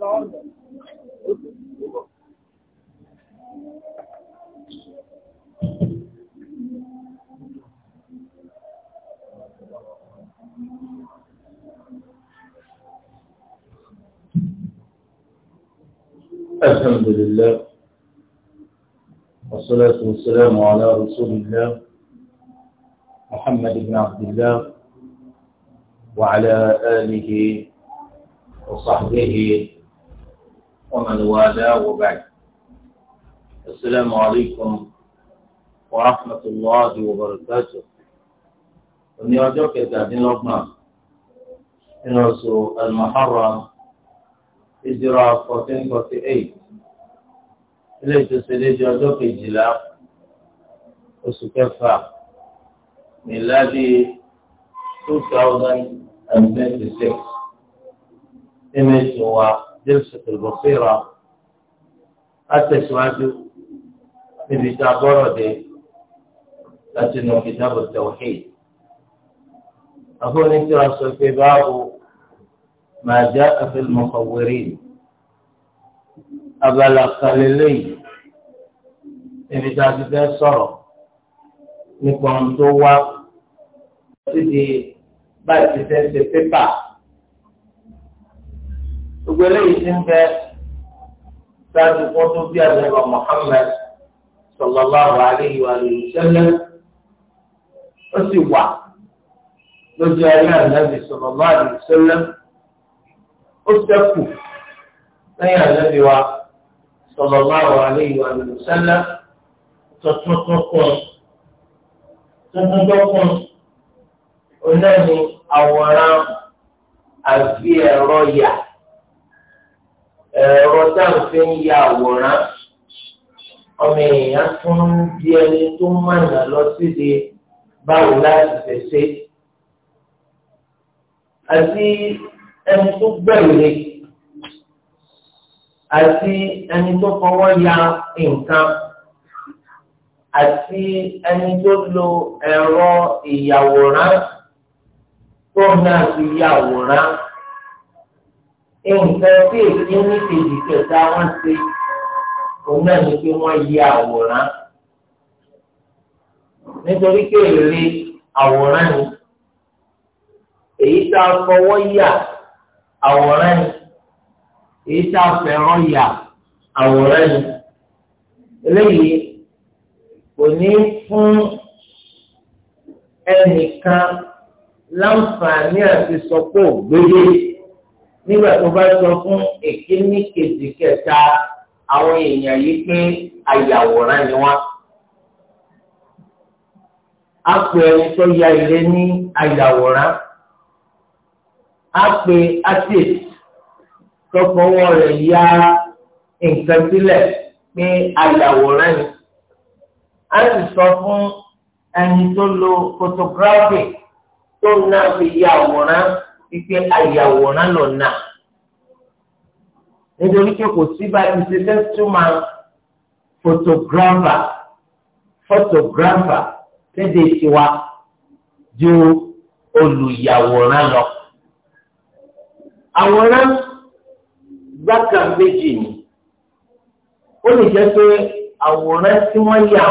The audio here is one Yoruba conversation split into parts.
الحمد لله والصلاة والسلام على رسول الله محمد بن عبد الله وعلى آله وصحبه ومن والاه وبعد السلام عليكم ورحمة الله وبركاته ní ọjọ́ kẹtàdínlọ́gbọ̀n nínú oṣù al-Muharram ìdíra fourteen forty eight ilé ìtòsílẹ̀ di ọjọ́ kejìlá oṣù kẹfà míládì two thousand and twenty six nínú ètò wa. جلسة البصيرة التسواج في كتاب ورد لكنه كتاب التوحيد أقول أنت في باب ما جاء في المصورين أبلغ قليلي ibi tá a نكون fẹ́ sọ̀rọ̀ nípa ohun tó gbogbo eléyìí ti ń bẹ sáájú fún tó bí àdébà Muhammad sallallahu alayhi wa sallam ó sì wà lójú ayé ànábì sallallahu alayhi wa sallam ó sẹ́kù lẹ́yìn ànábì wa sallallahu alayhi wa sallam tuntun tó kún àwòrán àbí ẹ̀rọ yà ẹ̀rọ táwọn fi ń ya àwòrán ọmọ èèyàn tún ń di ẹni tó mọ̀nà lọ síbi báwo láti fẹ̀sẹ̀ àti ẹni tó gbẹ̀rẹ̀ àti ẹni tó fọwọ́ ya nǹkan àti ẹni tó lo ẹ̀rọ ìyàwòrán tó náà fi yàwòrán nǹkan tí èyí ní kejì kẹta wọn ṣe òun náà ni pé wọn yí àwòrán nítorí pé èrè àwòrán ni èyí tá a fọwọ́ yà àwòrán ni èyí tá a fẹ̀rọ yà àwòrán ni eléyìí kò ní fún ẹnìkan láǹfààní àti sọ pé nígbà tó bá sọ fún èkíní kejì kẹta àwọn èèyàn yìí pé ayàwòrán ni wọn. a pè ẹni tó ya ilé ní ayàwòrán a pè artist tó fọwọ́ rẹ̀ ya nǹkan sílẹ̀ pé ayàwòrán ni a sì sọ fún ẹni tó lo photography tó náà fi ya àwòrán ìpè àyàwòrán lọ́nà nítorí pé kò sí bá ti ṣe fẹ́ túmọ̀ photographer photographer tẹ́lẹ̀ tiwa ju olùyàwòrán lọ. àwòrán gbàkà méjì ni ó lè jẹ́ pé àwòrán tí wọ́n yà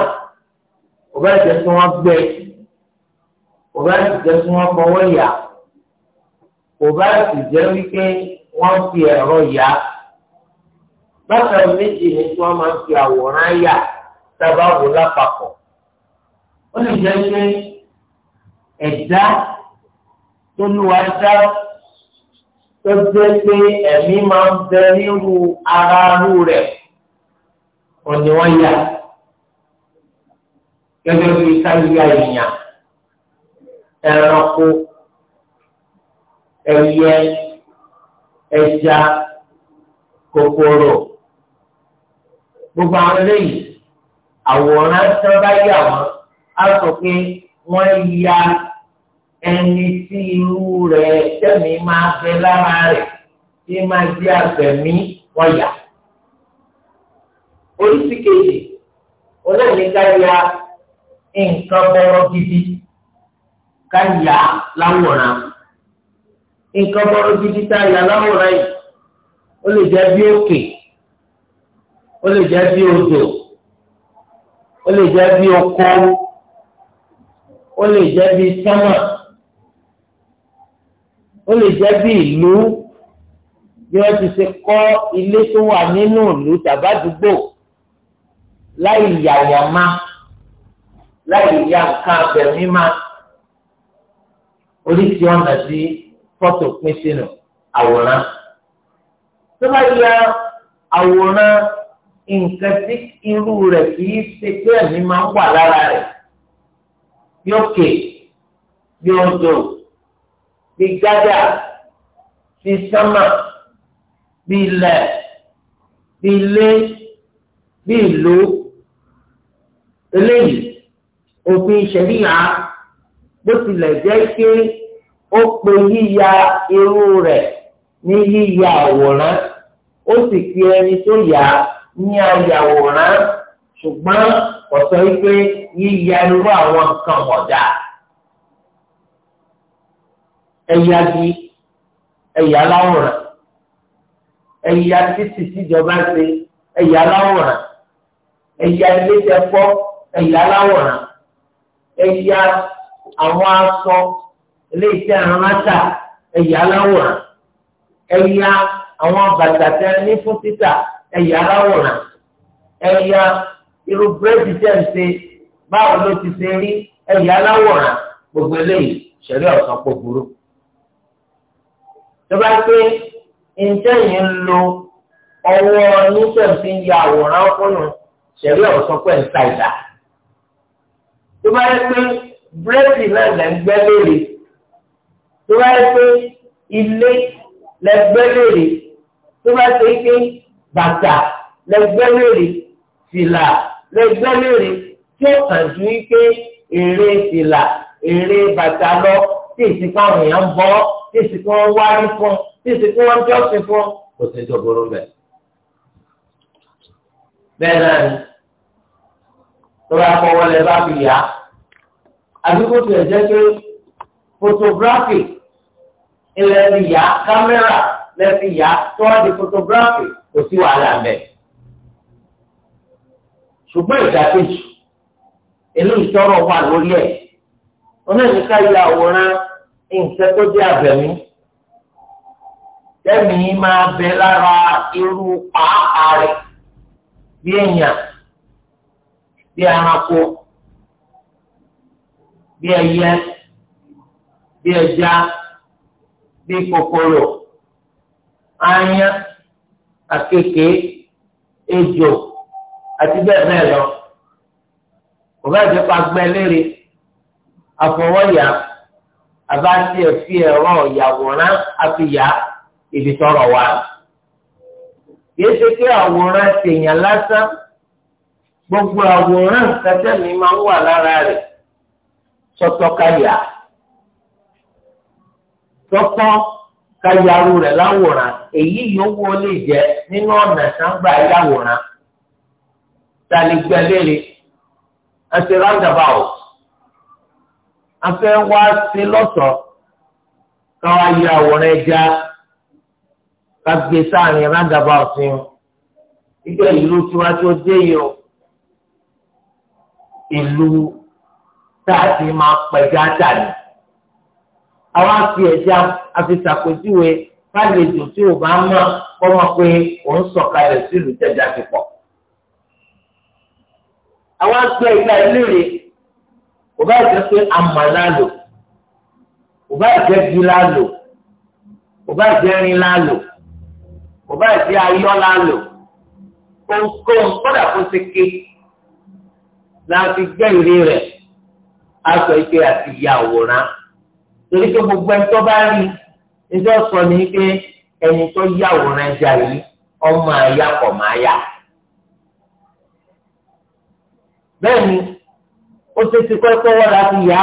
ó bá jẹ́ wọ́n gbẹ́ ó bá jẹ́ wọ́n fọwọ́ yà kò bá sì jẹ́ wípé wọ́n fi ẹ̀rọ yá bákan méjì ni tí wọ́n máa ń fi àwòrán yà sábà wò lápapọ̀ ó lè jẹ́ pé ẹ̀dá tó lúwa dá tó jẹ́ pé ẹ̀mí máa ń bẹ nírú ara rú rẹ̀ ọ̀nì wọ́n yà gẹ́gẹ́ bí káyọ̀ èèyàn ẹranko ẹyẹ ẹja kòkòrò gbogbo àwọn eléyìí àwòrán tí wọn bá yà wọn á sọ pé wọn ya ẹni tí irú rẹ̀ tẹmí máa bẹ lára rẹ̀ tí máa jẹ àgbẹmí wọn yà oríṣi kejì onáìníkà ya nǹkan bọrọ gidi ká yà láwòrán nǹkan bọ́rọ̀ gidi tá a yà láwòrán yìí ó lè jẹ́ bí òkè ó lè jẹ́ bí odò ó lè jẹ́ bí oko ó lè jẹ́ bí sánmà ó lè jẹ́ bí ìlú bí wọ́n ti ṣe kọ́ ilé tó wà nínú ìlú tàbádùgbò láì yàyà má láì yà nǹkan abẹ̀mí má oríṣi ọ̀nà sí fọ́tò pín sínú àwòrán tó bá ya àwòrán nǹkan tí irú rẹ̀ kì í ṣe pé ẹ̀mí máa ń wà lára rẹ̀ bí òkè bí gádà bí sánmà bí ilẹ̀ bí ilé bí ìlú eléyìí òfin ìṣẹ̀ríyà bó tilẹ̀ jẹ́ pé ó pe yíya irú rẹ̀ ní yíya àwòrán ó sì fi ẹni tó yà á ní ayàwòrán ṣùgbọ́n ọ̀sọ́ wípé yíya irú àwọn nǹkan ọ̀dà ẹ̀yà bí ẹ̀yà láwòrán ẹ̀yà títì tíjọba ṣe ẹ̀yà láwòrán ẹ̀yà ilé tẹ fọ́ ẹ̀yà láwòrán ẹ̀yà àwọn aṣọ ilé iṣẹ́ aráńtà ẹ̀yà aláwòrán ẹ̀yà àwọn bàtà tẹ ní fún títà ẹ̀yà aláwòrán ẹ̀yà irú búrẹ́dì tẹ̀ ń ṣe báwo ló ti ṣe rí ẹ̀yà aláwòrán gbogbo eléyìí ṣẹ̀rí ọ̀sán pọ̀ burú. tó bá pé ǹjẹ́ yìí ń lo ọwọ́ oníṣẹ́ǹfì ya àwòrán fúnnu ṣẹ̀rí ọ̀sán pẹ̀ ń ìdá. tó bá yẹ pé búrẹ́dì náà lẹ́ ń gbẹ́ lórí tó bá yẹ pé ilé lẹgbẹ́ lèrè tó bá ṣe pé bàtà lẹgbẹ́ lèrè fìlà lẹgbẹ́ lèrè tí ó kàn ju pé èrè fìlà èrè bàtà lọ tí ìsìnkú àwọn èèyàn ń bọ́ tí ìsìnkú wọn wárí fún tí ìsìnkú wọn jọ́sìn fún kò sí ìjọ burú bẹ́ẹ̀. bẹ́ẹ̀ náà ni tó bá fọwọ́ lẹ bá fi yá àdúgbò tó yẹ jẹ́ pé photographic ilẹ̀ ti yá kámẹ́rà lẹ́ẹ̀ fi yá tọ́ọ̀dì fotografi kò sí wàhálà bẹ́ẹ̀. ṣùgbọ́n ìdàkejì eléyìí tọrọ wà lórí ẹ̀ onáìníkà ya àwòrán nǹkan tó dé abẹ̀mí tẹ́mi máa bẹ lára irú pàápàá rẹ̀ bí èèyàn bí ẹranko bí ẹyẹ bí ẹja bí kòkòrò aáyán akeke, ejò àti bẹ́ẹ̀ bẹ́ẹ̀ lọ kò bá jẹ́ pa gbẹ́ léèrè àfọwọ́yà àbáṣe ẹ̀fí ẹ̀rọ ìyàwòrán àfìyà ibi tọrọ wa yìí ṣe pé àwòrán tèèyàn lásán gbogbo àwòrán kẹtẹ́mi máa ń wà lára rẹ̀ sọ́tọ́kàyà. So tọ́tọ́ ká yarú rẹ̀ láwòrán èyí yòówó lè jẹ́ nínú ọ̀nà sáńgbà yàwòrán taligbẹ́lẹ́lẹ́ àti roundabout afẹ́ wá sí lọ́sọ̀ọ́ ká wá yọ àwòrán ẹja ká gbé sáàrin roundabout yìí ìgbà ìlú tí dé yìí o ìlú tá máa pẹja tà ní àwọn afi ẹja àfisàpèjúwe fàlejò tí ò bá mọ kọ́mọ pé òun sọ̀kalẹ̀ sílùú tẹ̀jà ti pọ̀. àwọn afi ẹja ìlérè kò bá jẹ́ pé àmà lálò kò bá jẹ́ bí lálò kò bá jẹ́ rin lálò kò bá jẹ́ ayọ́ lálò ohunkóhun kọ́dà kó ṣe ké láti gbẹ́ ìrí rẹ̀ á ike àti ìyá àwòrán torí pé gbogbo ẹni tó bá rí ẹjọ́ sọ ni pé ẹni tó yàwòrán ẹja yìí ọmọ àyà kọ̀ máa yà. bẹ́ẹ̀ ni ó ṣe ti pẹ́pẹ́ wọ́n láti yá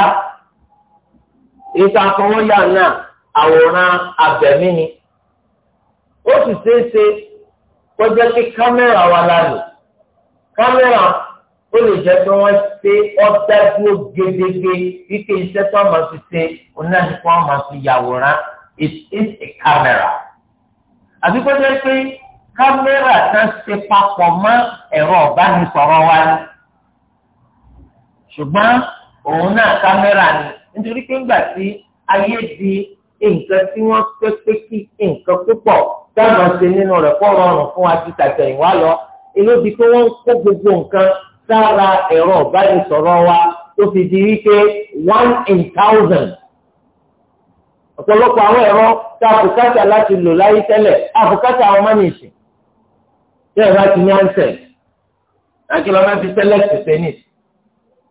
ètò àfọwọ́yà náà àwòrán abẹ̀mí ni ó sì ṣeé ṣe kọjá pé kámẹ́rà wa lálẹ́ kámẹ́rà ó lè jẹ́ pé wọ́n ṣe ọ́dájú gédégbé wípé iṣẹ́ tó máa fi ṣe onáà ní kí wọ́n máa fi yàwòrán it is a camera. àbí kó jẹ́ pé kámẹ́rà kan ṣe papọ̀ mọ́ ẹ̀rọ ìbánisọ̀rọ̀ wa ni ṣùgbọ́n òun náà kámẹ́rà ni nítorí pé ńgbà tí ayé di nǹkan tí wọ́n fẹ́ pé kí nǹkan púpọ̀ dáná ṣe nínú rẹ̀ kọ́ rọrùn fún wa ti tàtẹ̀yìnwá lọ èló di pé wọ́n kó gbogbo nǹkan sára ẹ̀rọ ìbánisọ̀rọ̀ wa tó fi di wípé one in thousand ọ̀pọ̀lọpọ̀ àwọn ẹ̀rọ tá a bùkátà láti lò láyé tẹ́lẹ̀ a bùkátà àwọn mánìsì tí ẹ̀rọ ti ní ànsẹ̀ láti lọ́ọ́ fẹ́ fi sẹ́lẹ̀tì sẹ́nìtì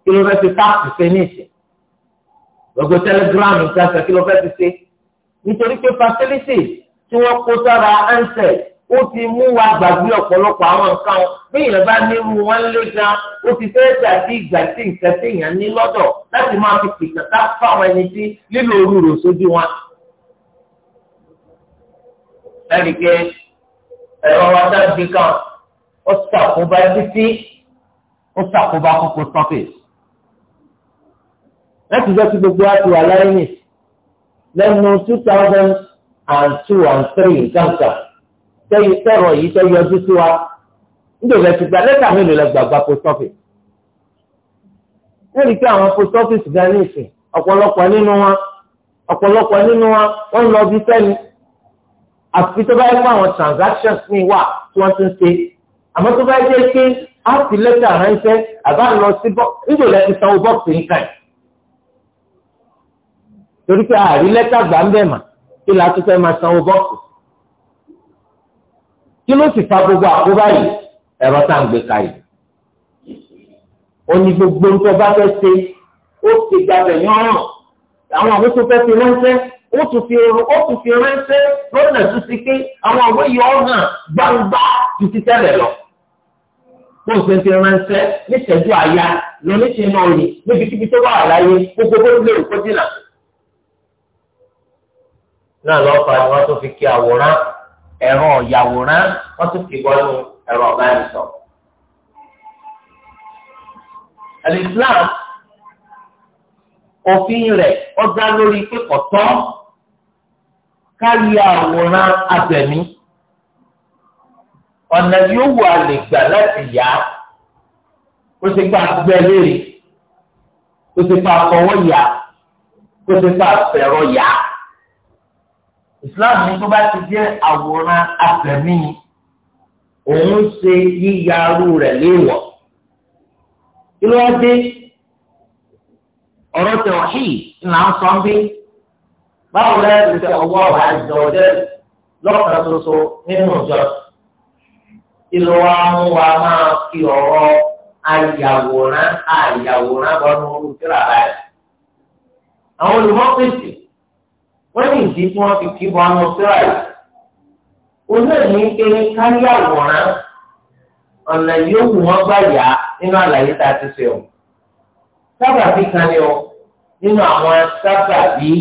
kí ló fẹ́ fi táàpù sẹ́nìtì gbogbo tẹlẹgíráàmù ìtàkùn kí ló fẹ́ fi ṣe nítorí pé facilities tí wọ́n kó sára ànsẹ̀ ó ti mú wa gbàgbé ọ̀pọ̀lọpọ̀ àwọn nǹkan bí èèyàn bá nírú wọn lé gan ó ti fẹ́ dàbí ìgbà tí nǹkan tí èèyàn ní lọ́dọ̀ láti máa fi pìtàkà fáwọn ẹni tí lílo oru rò sójú wọn. ẹnìkẹ́ ẹ̀rọ wa dájú kan ó ṣàkóbá títí ó ṣàkóbá kókó sọ́fẹ̀. láti jẹ́ kí gbogbo àti wà láyé nì lẹ́nu two thousand and two and three gángan tẹ́yìn tẹ́rọ yìí tẹ́ yọjú sí wa nítorí ẹ̀sìn gba lẹ́tà mi lè gbàgbà post office. lẹ́yìn tí àwọn post office gan ní ìsìn ọ̀pọ̀lọpọ̀ nínú wa ọ̀pọ̀lọpọ̀ nínú wa wọ́n ń lọ bí sẹ́ni àfi tó bá yẹ kó àwọn transactions mi wà tí wọ́n ti ń ṣe àmọ́ tó bá yẹ pé á fi lẹ́tà ránṣẹ́ àbá lọ sí bọ́ọ̀sì nítorí ẹ̀sìn sanwó bọ́ọ̀sì nǹkan ẹ̀ torí pé àrí lẹ́tà gbà ń bẹ̀ mà kí la tún fẹ́ máa sanwó bọ́ọ̀sì kí ló sì fa gbogbo àkóbá yìí ẹ̀rọ tá à ń gbé ka yìí. ó ní gbogbo ń tọ́ bá fẹ́ ṣe ó ti gbàgbẹ́ yọ̀ràn àwọn àwọn tó fẹ́ fi ránṣẹ́ ó tún fi ó tún fi ránṣẹ́ lọ́nà tó ti pé àwọn àwọn èyí ọ̀hàn gbangba ju ti tẹ́lẹ̀ lọ. bó o ṣe ń fi ránṣẹ́ níṣẹ́jú àyà lọ níṣẹ́ náà rí níbikíbi tó wà láyé gbogbo bó lè kó dínà. náà lọ́ọ́ fa ni wọ́n tún fi kí àwòrán ẹ̀rọ ìyàwòrán wọ́n tún fi bọ́nú ẹ̀rọ ọ̀bánisọ̀. Al-Islam òfin rẹ̀ ó dá lórí pípọ̀ tọ́ kárí àwòrán abẹ̀mí ọ̀nà yóò wà lè gbà láti yá ó ti gbà gbẹ léèrè ó ti gbà fọwọ́ yá ó ti gbà fẹ̀rọ yá islam ní tó bá ti jẹ́ àwòrán afẹ̀mí òun ṣe yíyarú rẹ̀ léèwọ̀ kí ló wá dé ọ̀rọ̀ tẹ̀ wọ́n yìí ńlá ń sọ bí báwo lẹ́ ti tẹ ọwọ́ àìsàn ọ̀dẹ́ lọ́kàn ṣoṣo nínú ìjọ kí ló wá mú wa máa fi ọ̀rọ̀ àyàwòrán àyàwòrán bọ́nú olùkíra báyìí àwọn olùmọ́pẹ̀sì wọ́n ní ìdí tí wọ́n fi kí bọ́ ọmọ síláì onídìí ń ké kárí àwòrán ọ̀nà yòówù wọ́n gbà yá nínú àlàyé tá a ti ṣe o sábàbí kan ni o nínú àwọn sábàbí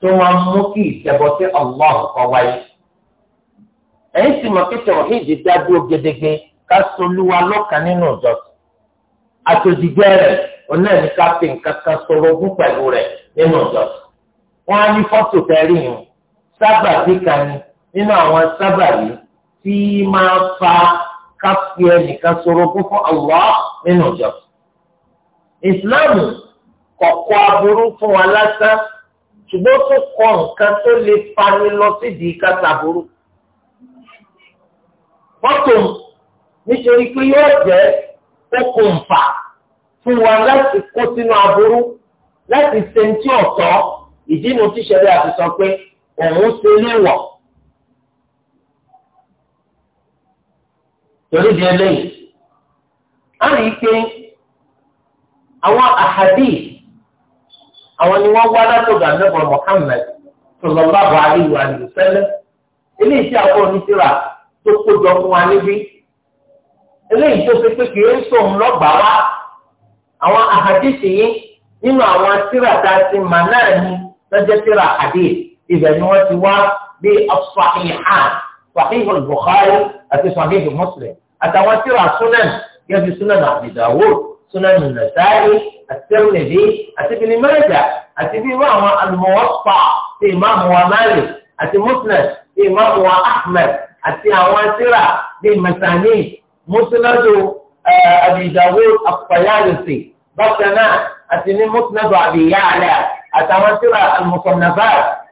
tó máa ń mú kí ìṣẹ̀bọ̀ sí Allah kọ́ wáyé ẹ̀yìn sì mọ̀ pé tẹ̀wọ̀n ìdí dá dúró gedegbe ká solúwa lọ́kàn nínú ìjọsìn àtòjìjẹ́ rẹ̀ onáà ní ká fi nǹkan kan sọ̀rọ̀ ogún pẹ̀lú rẹ̀ nínú ìjọsìn wọ́n á ní fọ́tò tẹ́rì yẹn sábà kíkà ni nínú àwọn sábà yìí tí máa fa káfí ẹnìkan sọ̀rọ̀ fún Allah nínú ìjọ. ìsìláàmù kọ̀kọ́ aburú fún wa lásán ṣùgbọ́n tó kọ nǹkan tó lè fani lọ sídìí kátàbúrú. fọ́tò nítorí pé yóò jẹ́ okùnfà fún wa láti kó sínú aburú láti ṣe ní tí ọ̀tọ̀. n'otu tíṣẹ̀rí àti sọ pé òun ṣe léwọ̀. torí di eléyìí a rí i pé àwọn àhàdì àwọn ni wọ́n wá látọ̀gà nẹ́bọ̀ Muhammad sallallahu alaihi wa sallam eléyìí àwọn oníṣẹ́ra tó kójọ fún wa níbí eléyìí tó ṣe pé فجسر حديث إذا هو نوت بالصحيحات صحيح البخاري أتي صحيح مسلم أتواتر سنن يجي يعني سنن أبي داوود سنن النسائي الترمذي أتي بن لماذا أتي بن في الموصى في ما هو مالك أتي مسند في ما هو أحمد أتي أواتر بالمسانيد مسند آه، أبي داوود الطيالسي بطنا أتي مسند أبي يعلى àtàwọn tíra àlùmùsọ̀nàfà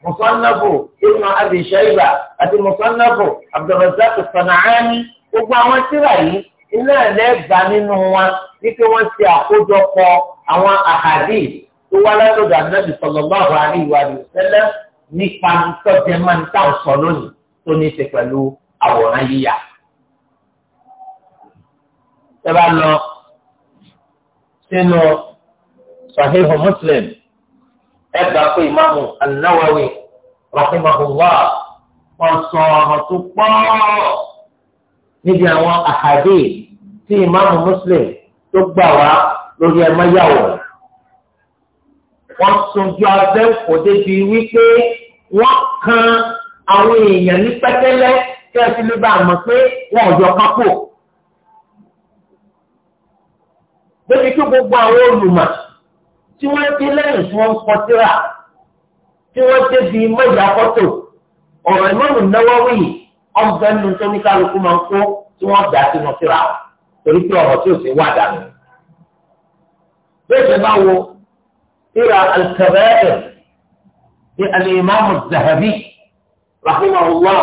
mùsọ̀nàfò ibnu abi shayba àti mùsọ̀nàfò abdulrazak sanaani gbogbo àwọn tíra yìí iná ẹlẹ́gbà nínú wọn ní kí wọ́n ṣe àkójọpọ̀ àwọn àhàdì tó wá látọ̀dọ̀ ànábì sallallahu alaihi wa sallam nípa tọ́jẹ́ máa ń tà sọ lónìí tó ní ṣe pẹ̀lú àwòrán yíyà. Ṣé bá lọ sínú Sahihu Muslim? ẹ gbà pé ìmáàmù anáwáwí rahimahullah wọn sọ ọ̀rọ̀ tó pọ̀ níbi àwọn àhàdé tí ìmáàmù muslim tó gbà wá lórí ẹmọ yàwó wọn sunjú abẹ́ kò débi wípé wọ́n kan àwọn èèyàn ní pẹ́tẹ́lẹ́ kí ẹ fi lè bá a mọ̀ pé wọn yọ kápò. débi tó gbogbo àwọn olùmọ̀ tí wọ́n dé lẹ́yìn tí wọ́n kọ síra tí wọ́n dé bí mẹ́yà fọ́tò ọ̀rọ̀ ìmọ̀mù náwó wì ọ̀gbẹ́ nu tó ní kálukú máa ń kó tí wọ́n dà sínú síra torí pé ọ̀rọ̀ tí ò sí wà dànù. bẹ́ẹ̀ bá wo síra alkabẹ́ẹ̀ ní alimami zahabi rahimahullah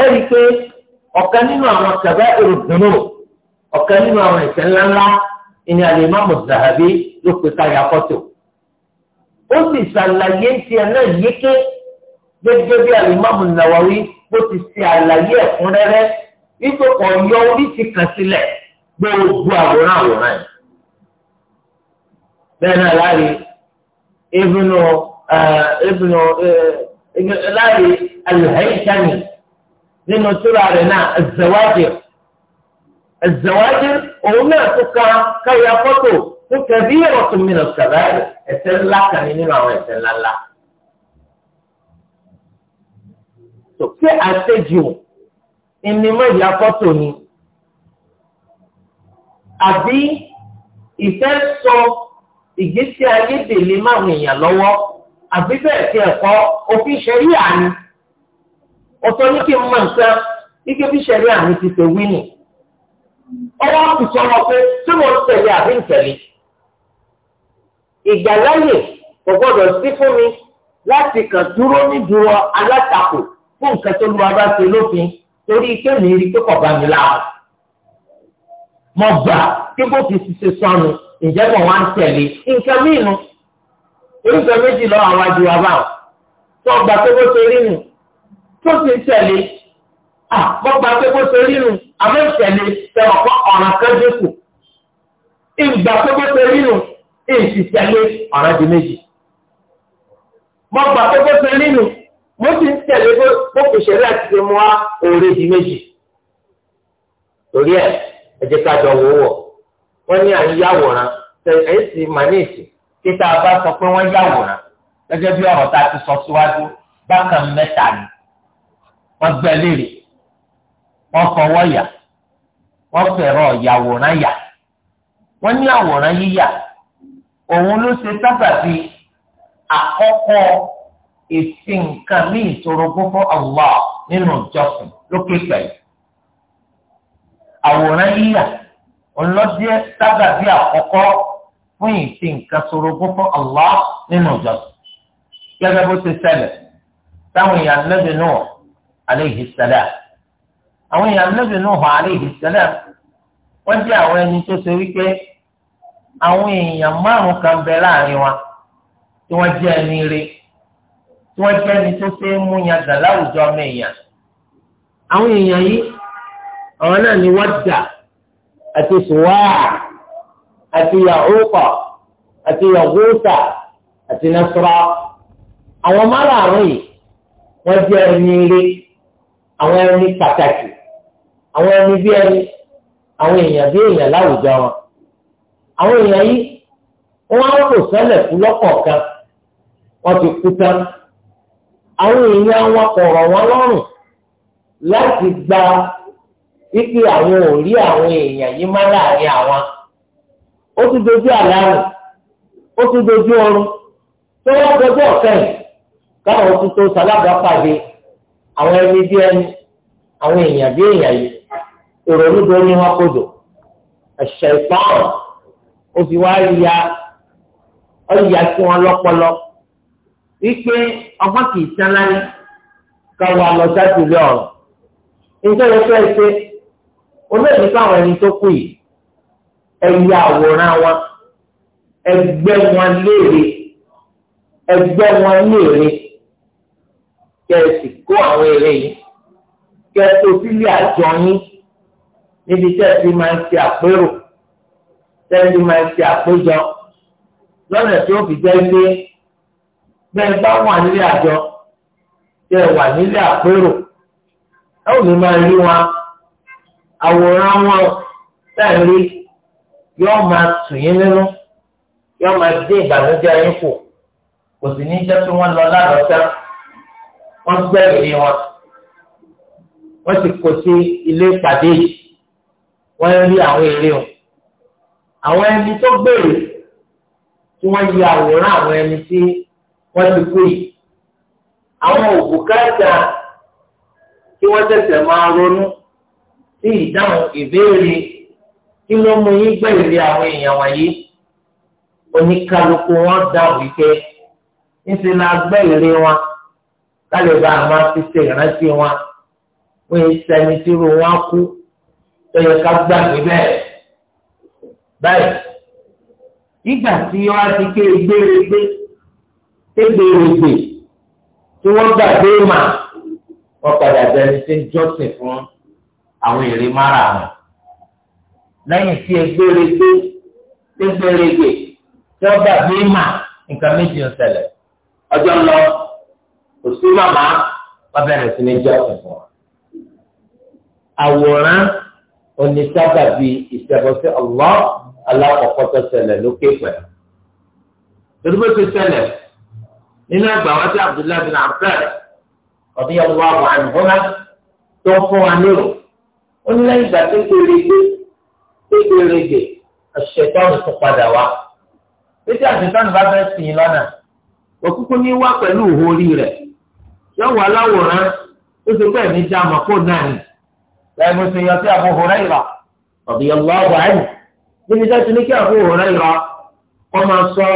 ẹ̀ rí i pé ọ̀kan nínú àwọn kabẹ́ẹ̀ rẹ̀ ọ̀kan nínú àwọn ìṣẹ̀lẹ̀ ńlá ìní alimami zahabi ló pe káyà fọ́tò ó sì ṣàlàyé ti ẹ̀ náà yéké gẹ́gẹ́ bí alimami nawawi bó ti ṣe àlàyé ẹ̀kúnrẹ́rẹ́ wípé ọ̀yọ́ orí ti kàn sílẹ̀ gbogbo àwòrán àwòrán yìí bẹ́ẹ̀ náà láàyè ibùnú ibùnú láàyè alìhẹ́yìntánì nínú túrọ̀ rẹ̀ náà ẹ̀zẹ̀wájú. الزواجر òun náà tó ka káyà fọ́tò tó kẹ̀bí ọ̀tún mi nà sàbà ẹ̀ṣẹ̀ ńlá kan nínú àwọn ẹ̀ṣẹ̀ ńlá ńlá. tó kí àṣejù ìnímọ̀ ìyá fọ́tò ni àbí ìfẹ́ sọ ìgbésí ayé dèlé máwọn èèyàn lọ́wọ́ àbí bẹ́ẹ̀ tí ẹ̀kọ́ òfin ṣẹ̀rí àní ọ̀tọ̀ ní kí n mọ̀ nǹkan ní kí òfin ṣẹ̀rí àní ti ṣe wí nìí ọwọ́ àkùsọ wọn pé tí mo ń tẹ̀lé àbí ń tẹ̀lé ìgbàláyè kò gbọdọ̀ sí fún mi láti kàn dúró ní dúró alátakò fún nǹkan tó lu abá ṣe lófin torí kéèmì rí pé kò bá mi láàbù mo gbà kí bó ti ṣiṣẹ́ sọnù ǹjẹ́ mo wá ń tẹ̀lé nǹkan mìíràn oríṣi méjì lọ́wọ́ àwọn adìyẹ wa báwọn tó gbà pé bó ṣe rí nù tó ti ń tẹ̀lé mo gba pé kó ṣe rí nu àmọ́ ìṣẹ̀lẹ̀ tẹ̀wọ̀n kọ́ ọ̀ràn kan dínkù ìgbà pé kó ṣe rí nu ìṣìṣẹ̀lẹ̀ ọ̀ràn di méjì mo gba pé kó ṣe rí nu mo ti ń tẹ̀lé bó kò ṣẹlẹ̀ àti ṣe mú wa òòrè di méjì torí ẹ ẹ jẹ́ ká jọ wò wọ̀ wọ́n ní à ń yàwòrán ẹ̀ sì màníìsì títa bá sọ pé wọ́n yàwòrán gẹ́gẹ́ bí ọ̀rọ̀ tá a ti sọ síwájú bákan mẹ́ta ni wọ́n gbẹ́ léèrè wọ́n fọwọ́ yà wọ́n fẹ̀rọ yàwòrán yà wọ́n ní àwòrán yíyà òun ló ṣe sábàbí àkọ́kọ́ èsì nǹkan ní ìṣorogún fún Allah nínú ìjọsìn lókè pẹ̀lú àwòrán yíyà òun ló jẹ́ sábàbí àkọ́kọ́ fún ìsìn nǹkan ṣorogún fún Allah nínú ìjọsìn gẹ́gẹ́ bó ṣe ṣẹlẹ̀ táwọn èèyàn lẹ́bi náà alayhi salam àwọn èèyàn Ànábì Nuhu alayhi salam wọ́n jẹ́ àwọn ẹni tó ṣe wípé àwọn èèyàn márùn kan bẹ láàrin wa tí wọ́n jẹ́ ẹni ire tí wọ́n jẹ́ ẹni tó ṣe é mú yan gà láwùjọ ọmọ èèyàn. àwọn èèyàn yìí àwọn náà ni Wadda àti Suwaa àti Ya'uqa àti Yaghutha àti Nasra àwọn márùn-ún yìí wọ́n jẹ́ ẹni ire àwọn ẹni pàtàkì. àwọn ẹni bí ẹni àwọn èèyàn bí èèyàn láwùjọ wọn àwọn èèyàn yìí wọn á kò ṣẹlẹ̀ kú lọ́kọ̀ọ̀kan wọn ti kú tán àwọn èèyàn wọn kò wọn lọ́rùn láti gba wípé àwọn ò rí àwọn èèyàn yìí má láàrin àwọn ó dojú àlárùn ó dojú ọrùn tó wọn yìí káwọn tó ìrònú tó ní wọn kó dò ẹ̀ṣẹ̀ ìpọ́n ó fi wá ya ọ̀yà sí wọn lọ́pọlọ wípé ọgbọ́n kì í tán láyé káwọn alọ́sáàtì ilé ọ̀rọ̀ nítorí wọ́n fẹ́ ṣe olóògbé káwọn ẹni tó kù yìí ẹ̀yà àwòrán wọn ẹgbẹ́ wọn léèrè ẹgbẹ́ wọn léèrè kẹ̀sì kó àwọn eré yìí kẹ̀sì sílé àjọ yín níbi tẹ́ẹ̀tì máa ń ṣe àpérò tẹ́ẹ̀tì máa ń ṣe àpéjọ lọ́nà tí ó fi jẹ́ pé bẹ́ẹ̀ bá wà nílé àjọ tẹ́ ẹ wà nílé àpérò ẹ ò ní máa rí wọn àwòrán wọn táà rí yóò máa tù yín nínú yóò máa dé ìbànújẹ́ yín kù kò sì ní jẹ́ pé wọ́n lọ ládọ́tà wọ́n gbẹ́rì wọn wọ́n sì kó sí ilé ìpàdé yìí. wọ́n rí àwọn eré o àwọn ẹni tó gbèrè tí wọ́n yí àwòrán àwọn ẹni tí wọ́n ti kú àwọn òkú káàkà tí wọ́n tẹ̀sẹ̀ máa ronú sí ìdáhùn ìbéèrè kí ló mú yín gbèrè àwọn èèyàn wọ̀nyí oníkálukú wọn la wọn kálíbà máa tó yẹ ká gbàgbé bẹ́ẹ̀ báyìí ìgbà tí wọ́n ti ké gbéregbé tẹ́gbéregbé tí wọ́n gbàgbé mà wọ́n padà bẹ̀rẹ̀ sí jọ́sìn fún àwọn èrè mára wọn lẹ́yìn tí egbéregbé tẹ́gbéregbé tí wọ́n gbàgbé mà nǹkan méjì ń ṣẹlẹ̀ ọjọ́ lọ kò sí màmá wọ́n bẹ̀rẹ̀ sí ní jọ́sìn fún wọn àwòrán oní sábàbí ìṣẹ̀bọ̀sí Allah alákọ̀ọ́kọ́ tó ṣẹlẹ̀ lókè pẹ̀. Tòdúbò ti ṣẹlẹ̀ nínú ẹgbà wọn tí Abdullahi bin Abdul ọdún yẹn wà wà ní fúnra tó fún wa nírò. Ó ní lẹ́yìn ìgbà tó gbèrègbè tó gbèrègbè àṣetọ́nù tó padà wá. Títí àṣetọ́nù bá fẹ́ sìn lọ́nà. Òkúkú ní wá pẹ̀lú òhórí rẹ̀. Yọ̀wọ̀ aláwòrán ó ti pẹ̀ ní jáàmù kó náà nì lẹ́yìn bó ṣe yọ sí Abu Hurairah radiyallahu anhu níbi tó ti ní kí Abu Hurairah kọ́ máa sọ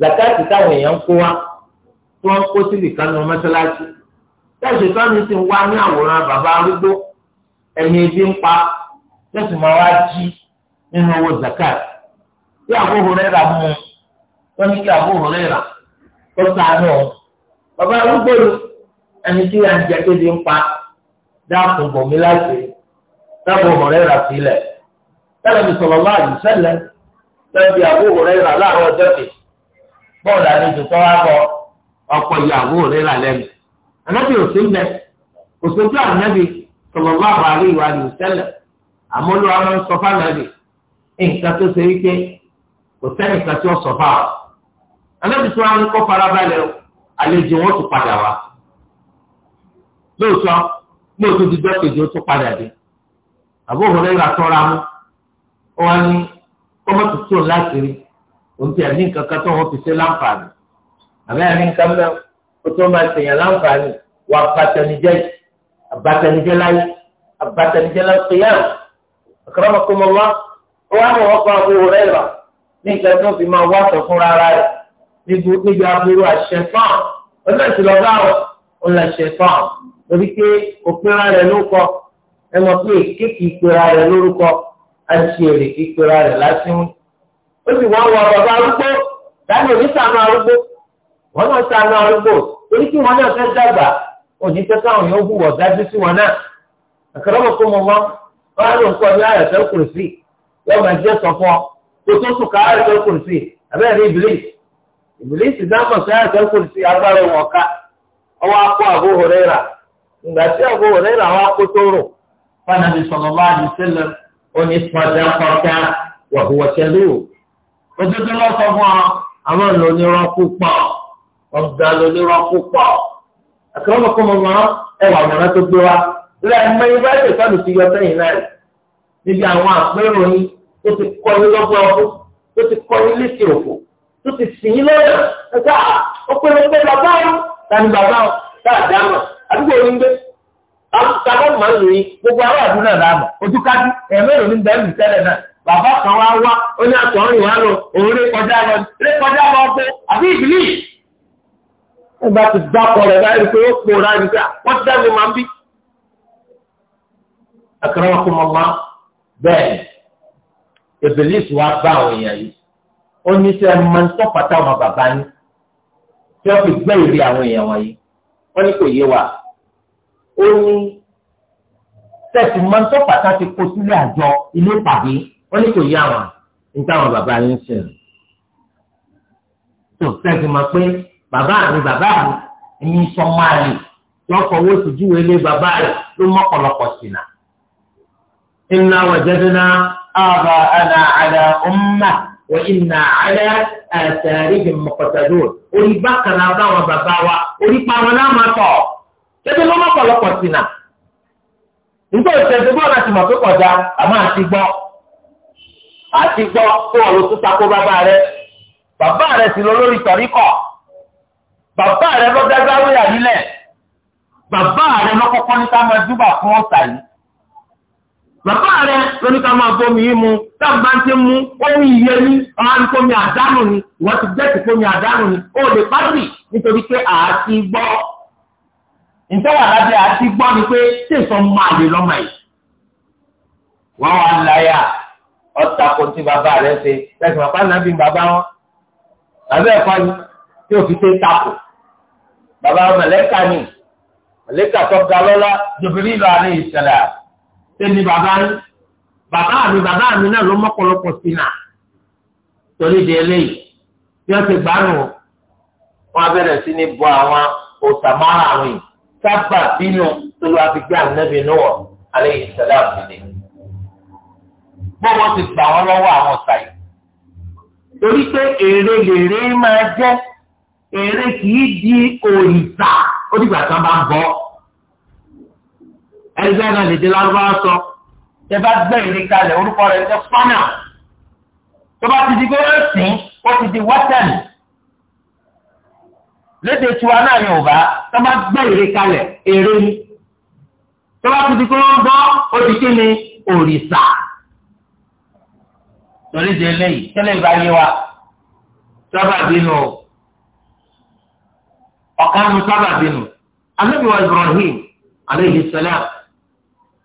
zakati táwọn èèyàn ń kó wa tí wọ́n ń kó síbi kan ní mọ́ṣáláṣí tẹ̀sí sọ́ni ti wá ní àwòrán bàbá arúgbó ẹ̀mí ebi ń pa tẹ̀sí máa wá jí nínú owó zakati tí Abu Hurairah mú wọ́n ní kí Abu Hurairah tó sàánú bàbá arúgbó ẹni tí wọ́n ń jẹ́ kébi ń pa dáàkùn bòmí láti dábò hòrẹ́rà sílẹ̀ tẹ́lẹ̀ mi sọ̀rọ̀ láàyè sẹ́lẹ̀ tẹ́lẹ̀ àbò hòrẹ́rà láàárọ̀ ọjọ́ kejì bọ́ọ̀lù àlejò tó wá bọ ọ̀pọ̀ ìyàwó hòrẹ́rà lẹ́nu ànábì òsín bẹ òsín tó ànábì sọ̀rọ̀ láàbọ̀ àríyí wa lè sẹ́lẹ̀ àmọ́lú àwọn sọ fánàbì nǹkan tó ṣe wípé kò sẹ́nìkan tí ó sọ fáwọn ànábì tó wá ń ní oṣù dídọ́ kejì ó tún padà dé àbó òhùrẹ́ ìlà tọ́ra mú ó wá ní kọ́mọ́ tuntun láti rí òun ti àní nǹkan kan tó wọ́n fi ṣe láǹfààní àbẹ́ àní nǹkan mẹ́ ó tó máa ṣèyàn láǹfààní wà bàtẹnijẹ́ àbàtẹnijẹ́ láyé àbàtẹnijẹ́ láyé kéyàwó àkàràmọ́kọ́mọ́wá ó wá ní wọ́n àbó òhùrẹ́ ìlà ní nǹkan tó fi máa wá sọ fúnra rẹ̀ níbi aburú àṣẹ fáwọn ọ̀nà ìṣìlọ́gbà wọn lọ ṣẹ fáwọn torí pé òpinra rẹ̀ ló kọ ẹ mọ̀ pé kéèkì ìpera rẹ̀ lórúkọ àti èrè ìpera rẹ̀ lásìmú ó sì wọ́n wọ bàbá arúgbó dáná òní sànú arúgbó wọ́n náà sànú arúgbó torí kí wọ́n náà fẹ́ dàgbà òní tẹ́ káwọn yóò hùwọ̀ dájú sí wọn náà àkàràmọ̀ kó mọ̀ mọ́ wọ́n á lò ń kọ́ ní àyàtọ̀ kùrìsì yóò máa jẹ́ sọ fún ọ tó sùn ká àyàtọ̀ kùrìsì abẹ́rẹ́ ìbílíìsì ìbílíìsì dáhùn sí àyàtọ̀ kùrìsì agbára wọn ká ọwọ́ akọ Abu Hurairah ìgbà tí Abu Hurairah àwọn akótóró fanabi sallallahu alaihi wasallam oní padà kọta wa huwa kadhub òdodo lọ sọ fún ọ àwọn ọ̀nà onírọ́ púpọ̀ ọ̀gá onírọ́ púpọ̀ akramakumullah ẹwà mọ̀nà tó gbé wa lẹ́yìn mọ ibà ètò ìtọ́jú ti yọ sẹ́yìn náà níbi àwọn àpérò yín tó ti kọ́ yín lọ́gbọ́n tó ti kọ́ yín létí òfò tó ti sìn yín lọ́yà ẹ̀ka ọ̀pẹ̀lẹ̀pẹ̀ bàbá wọn àdúgbò yín gbé tàbí ọmọ ń lòyìn gbogbo ará àdúrà náà dàbọ̀ ojú kájú ẹ̀mẹ́rin ní bẹ́ẹ̀ mi tẹ́lẹ̀ náà bàbá kan wá wá ó ní àtọ̀rìn wá lọ òun lè kọjá lọ lè kọjá lọ bó àbí ìbílí. nígbà tí dákọ̀ rẹ̀ báyìí pé ó wọ́n ti máa ń bí. wọn kò bẹ́ẹ̀ ìbílí bá àwọn èèyàn yìí ó ní sẹ́ máa ń ọmọ bàbá ó ní tẹ̀sí máa ń tọ́ pàtàkì kó sílé àjọ ilé ìpàdé wọ́n ní kò yá wọn ní táwọn bàbá yín ṣe rẹ̀. tó tẹ̀sí máa pé bàbá mi bàbá mi ẹ̀yin sọ máa lè lọ́kọ̀ owó na. lé bàbá rẹ̀ ló mọ́kànlọ́kọ̀ ala ala atharihim muqtadun orí bákan náà báwọn bàbá wa orí pa wọn náà máa ṣẹ́bi ló mọ́kànlọ́pọ̀ sí nà nígbà tó ṣẹ̀ṣẹ̀ bọ́ọ̀lù àti mọ̀ kọjá àmọ́ àti gbọ́ àti gbọ́ kó wọ́n lọ bàbá rẹ bàbá rẹ sì lọ lórí tọ̀ríkọ̀ bàbá rẹ lọ dágbáwéyà nílẹ̀ bàbá rẹ lọ kọ́kọ́ fún ọ̀sà yìí rẹ omi ní àdánù ni ìwọ́n ti jẹ́ ti àdánù ni ó lè nítorí pé ìtẹ́wà lábẹ́ àti gbọ́ ni pé tẹ̀sọ́ máa lè lọ́mọ yìí. wọ́n wá ń láyà ọ̀tà kò tí bàbá rẹ̀ ṣe lẹ́sìn bàbá náà bí bàbá wọn. bàbá ẹ̀kọ́ ni tí ò fi ṣe takò. bàbá mọ̀lẹ́kà ni mọ̀lẹ́kà tó ga lọ́lá jòbìrì lọ àárín ìṣẹ̀lẹ̀ tẹ́ni bàbá ń bàbá mi bàbá mi náà ló mọ́kànlọ́pọ̀ sí náà. torí di eléyìí bí wọ́n ti gbárùn wọn bẹ̀rẹ̀ sí ní bọ àwọn òṣàmárà àwọn sábà bínú tó lọ àfi gbé ànábì níwọ̀ alayhi salam àbílẹ̀. bó wọ́n ti gbà wọ́n lọ́wọ́ àwọn sàyè. torí pé èrè lèrè máa jẹ́ èrè kìí di òrìṣà ó dìgbà tí wọ́n bá ń bọ́. ẹgbẹ́ náà lè dé lárúbáwá sọ tẹ bá gbẹ́ èrè kalẹ̀ orúkọ rẹ̀ jẹ́ fánà. tó bá ti di pé ó sìn ó ti di wọ́tẹ̀lì lédè tiwa náà ni ò bá tó bá gbé ère kalẹ̀ ère ni tó bá ti di pé wọ́n gbọ́ ó di kí ni òrìṣà torí di eléyìí tẹ́lẹ̀ ìbá yé wa sábà bínú ọ̀kan nu sábà bínú Ànábì wa Ibrahim aleyhi salam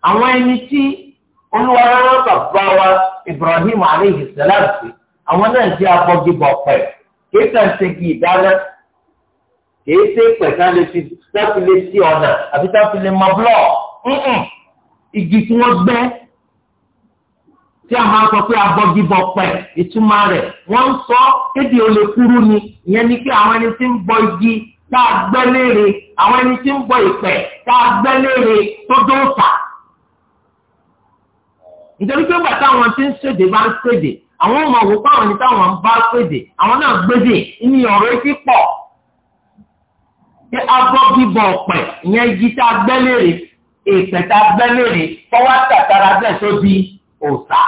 àwọn ẹni tí olúwa rárá bàbá wa Ibrahim aleyhi salam sí àwọn náà jẹ́ abọ́gibọ̀ pẹ̀ kí kàn ṣe kí ìdáná kìí ṣe pẹ̀sán lè fi táfi lè ṣe ọ̀nà àbí táfi lè mọ búlọ̀ọ̀ igi tí wọ́n gbẹ́ tí a máa sọ pé abọ́gibọ̀ pẹ̀ ìtumọ̀ rẹ̀ wọ́n ń sọ kéde olè kúrú ni ìyẹn ni pé àwọn ẹni tí ń bọ igi tá a gbẹ́ léèrè àwọn ẹni tí ń bọ ìpẹ̀ tá a gbẹ́ léèrè tó dóòtà. nítorí pé bàtà àwọn tí ń ṣèdè bá ń ṣèdè àwọn ọmọ òwò fáwọn ẹni táwọn ń bá ṣèdè àwọn náà gbèdè ní pé abọ́ bíbọ̀ ọ̀pẹ̀ ìyẹn igi tá a gbẹ́ léèrè èpẹ̀ tá a gbẹ́ léèrè fọwọ́ tàtàrà bẹ́ẹ̀ tó di òòṣà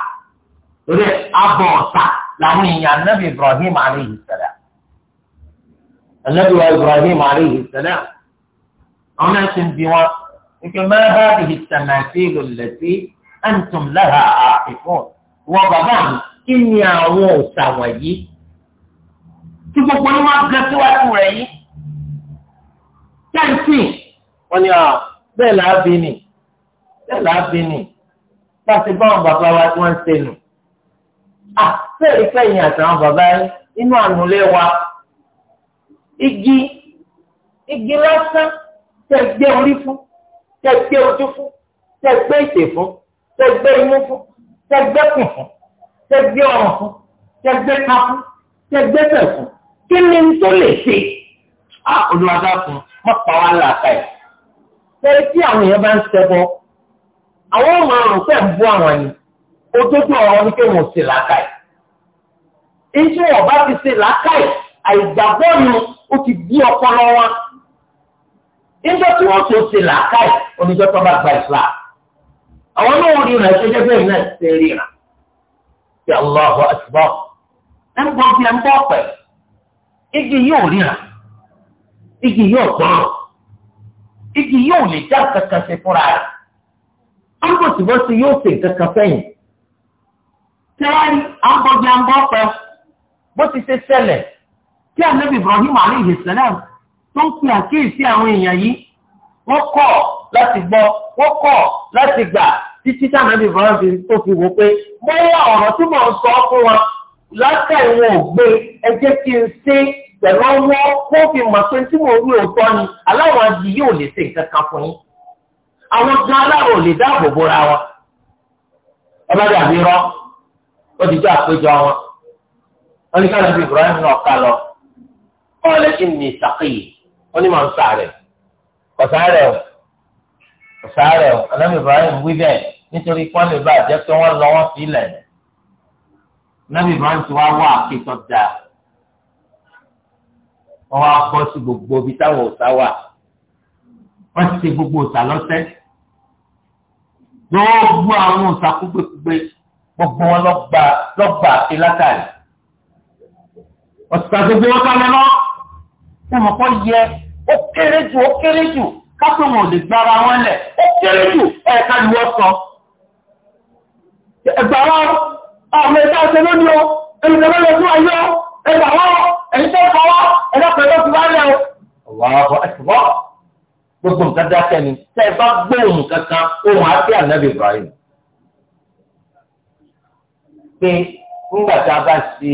torí abọ́ ọ̀ṣà làwọn èèyàn anábì Ibrahim alayhi salam anábì Ibrahim alayhi salam àwọn náà ti ń bi wọn ike ma hadhihi tamathil allati antum laha aakifun wọn bàbá mi kí ni àwọn òòṣà wọ̀nyí tí gbogbo ni wọ́n gbẹ síwájú rẹ̀ yìí tẹ́ǹtì wọ́n ní bẹ́ẹ̀ là á bí ni bẹ́ẹ̀ là á bí ni bá a ti bá àwọn bàbá wa tí wọ́n ń ṣe nù. àfẹ́rí kẹ́yìn àtàwọn bàbá yẹn inú ànulẹ̀ wa igi igi lásán tẹ́ gbé orí fún tẹ́ gbé ojú fún tẹ́ gbé ìtè fún tẹ́ gbé imú fún tẹ́ gbé kùn fún tẹ́ gbé ọrùn fún tẹ́ gbé ká fún tẹ́ gbé tẹ̀ fún kí ni tó lè ṣe. olùwàdà fún un má pa wá láàka ẹ̀. Bẹ́ẹ̀ tí àwọn èèyàn bá ń ṣẹbọ, àwọn ọmọ àrùn fẹ́ bú àwọn ni, ojoojú ọ̀rọ̀ ni pé wọ́n ṣe láàka ẹ̀. Iṣẹ́ ọ̀bá ti ṣe láàka ẹ̀, àìgbàgbọ́ ni ó ti bí ọpọlọ wa. Níjọ́ tí wọ́n tó ṣe láàka ẹ̀, oníjọ́ tó bá gba ìfúlà. Àwọn náà rí rẹ̀ ṣẹ́jẹ́ bẹ́ẹ̀ náà ṣe rí rà. Ṣé Allah ẹ̀ ń bọ́ bí ẹ̀ ń bọ́ pẹ̀? Igi yóò ríra igi yóò gbọ́n igi yóò lè já kankan ṣe fúnra rẹ̀ ambosibosi yóò ṣe kankan fẹ́yìn tẹ́wárí ambọ́jẹ́ ambọ́pẹ́ bó ti ṣe ṣẹlẹ̀ tí anabi Ibrahim aleyhi salam tó ń pin àkíyèsí àwọn èèyàn yìí wọ́n kọ̀ láti gbọ́ wọ́n kọ̀ láti gbà títí tí anabi Ibrahim tó fi wò pé mo wá ọ̀rọ̀ tí mò ń sọ fún wa látẹ̀ wọn ò gbé ẹ jẹ́ kí n ṣe é pẹ̀lú ọwọ́ kó fi mọ̀ pé tí mo rí òótọ́ ni aláwọ̀ adi yóò lè ṣe nǹkan kan fún yín àwọn gan aláwọ̀ ò lè dáàbò bóra wọn ẹ bá dàbí rọ ó ti jẹ́ àpéjọ wọn wọn ní káàdì Ibrahim náà kà lọ ó lè ṣe ní ìsàkéyè wọn ní màá ń sàárẹ ọ̀sàárẹ o ọ̀sàárẹ o ọ̀nàmì Ibrahim wí bẹ́ẹ̀ nítorí pọ́nlé bá jẹ́ pé wọ́n lọ wọ́n fi ilẹ̀ ọ̀nàmì Ibrahim ti wá wá àkẹ́tọ̀ dáa wọ́n wá bọ́ sí gbogbo ibi táwọn òòṣà wà wọ́n ti ṣe gbogbo òòṣà lọ́sẹ̀ gbogbo àwọn òòṣà kúgbèkúgbè gbogbo wọn lọ́gbà lọ́gbà àti látàrí ọ̀sà gbogbo wọn kalẹ̀ lọ wọ́n mọ̀ kọ́ yẹ ó kéré jù ó kéré jù kápẹ́ wọn ò lè gbára wọn lẹ̀ ó kéré jù ẹ̀ka ni wọ́n sọ ẹgbàá wọn àwọn ẹ̀ka ọ̀sẹ̀ lónìí o ẹnìkan ẹni tó fọwọ́ ẹlọ́pàá ló fi wá lẹ̀ o. ọ̀wọ́ ẹ̀fọ́ gbogbo nǹkan dákẹ́ ni tẹ́ ẹ bá gbóhùn kankan ohun àti ànábì Ibrahim. pé nígbà tá a bá ṣe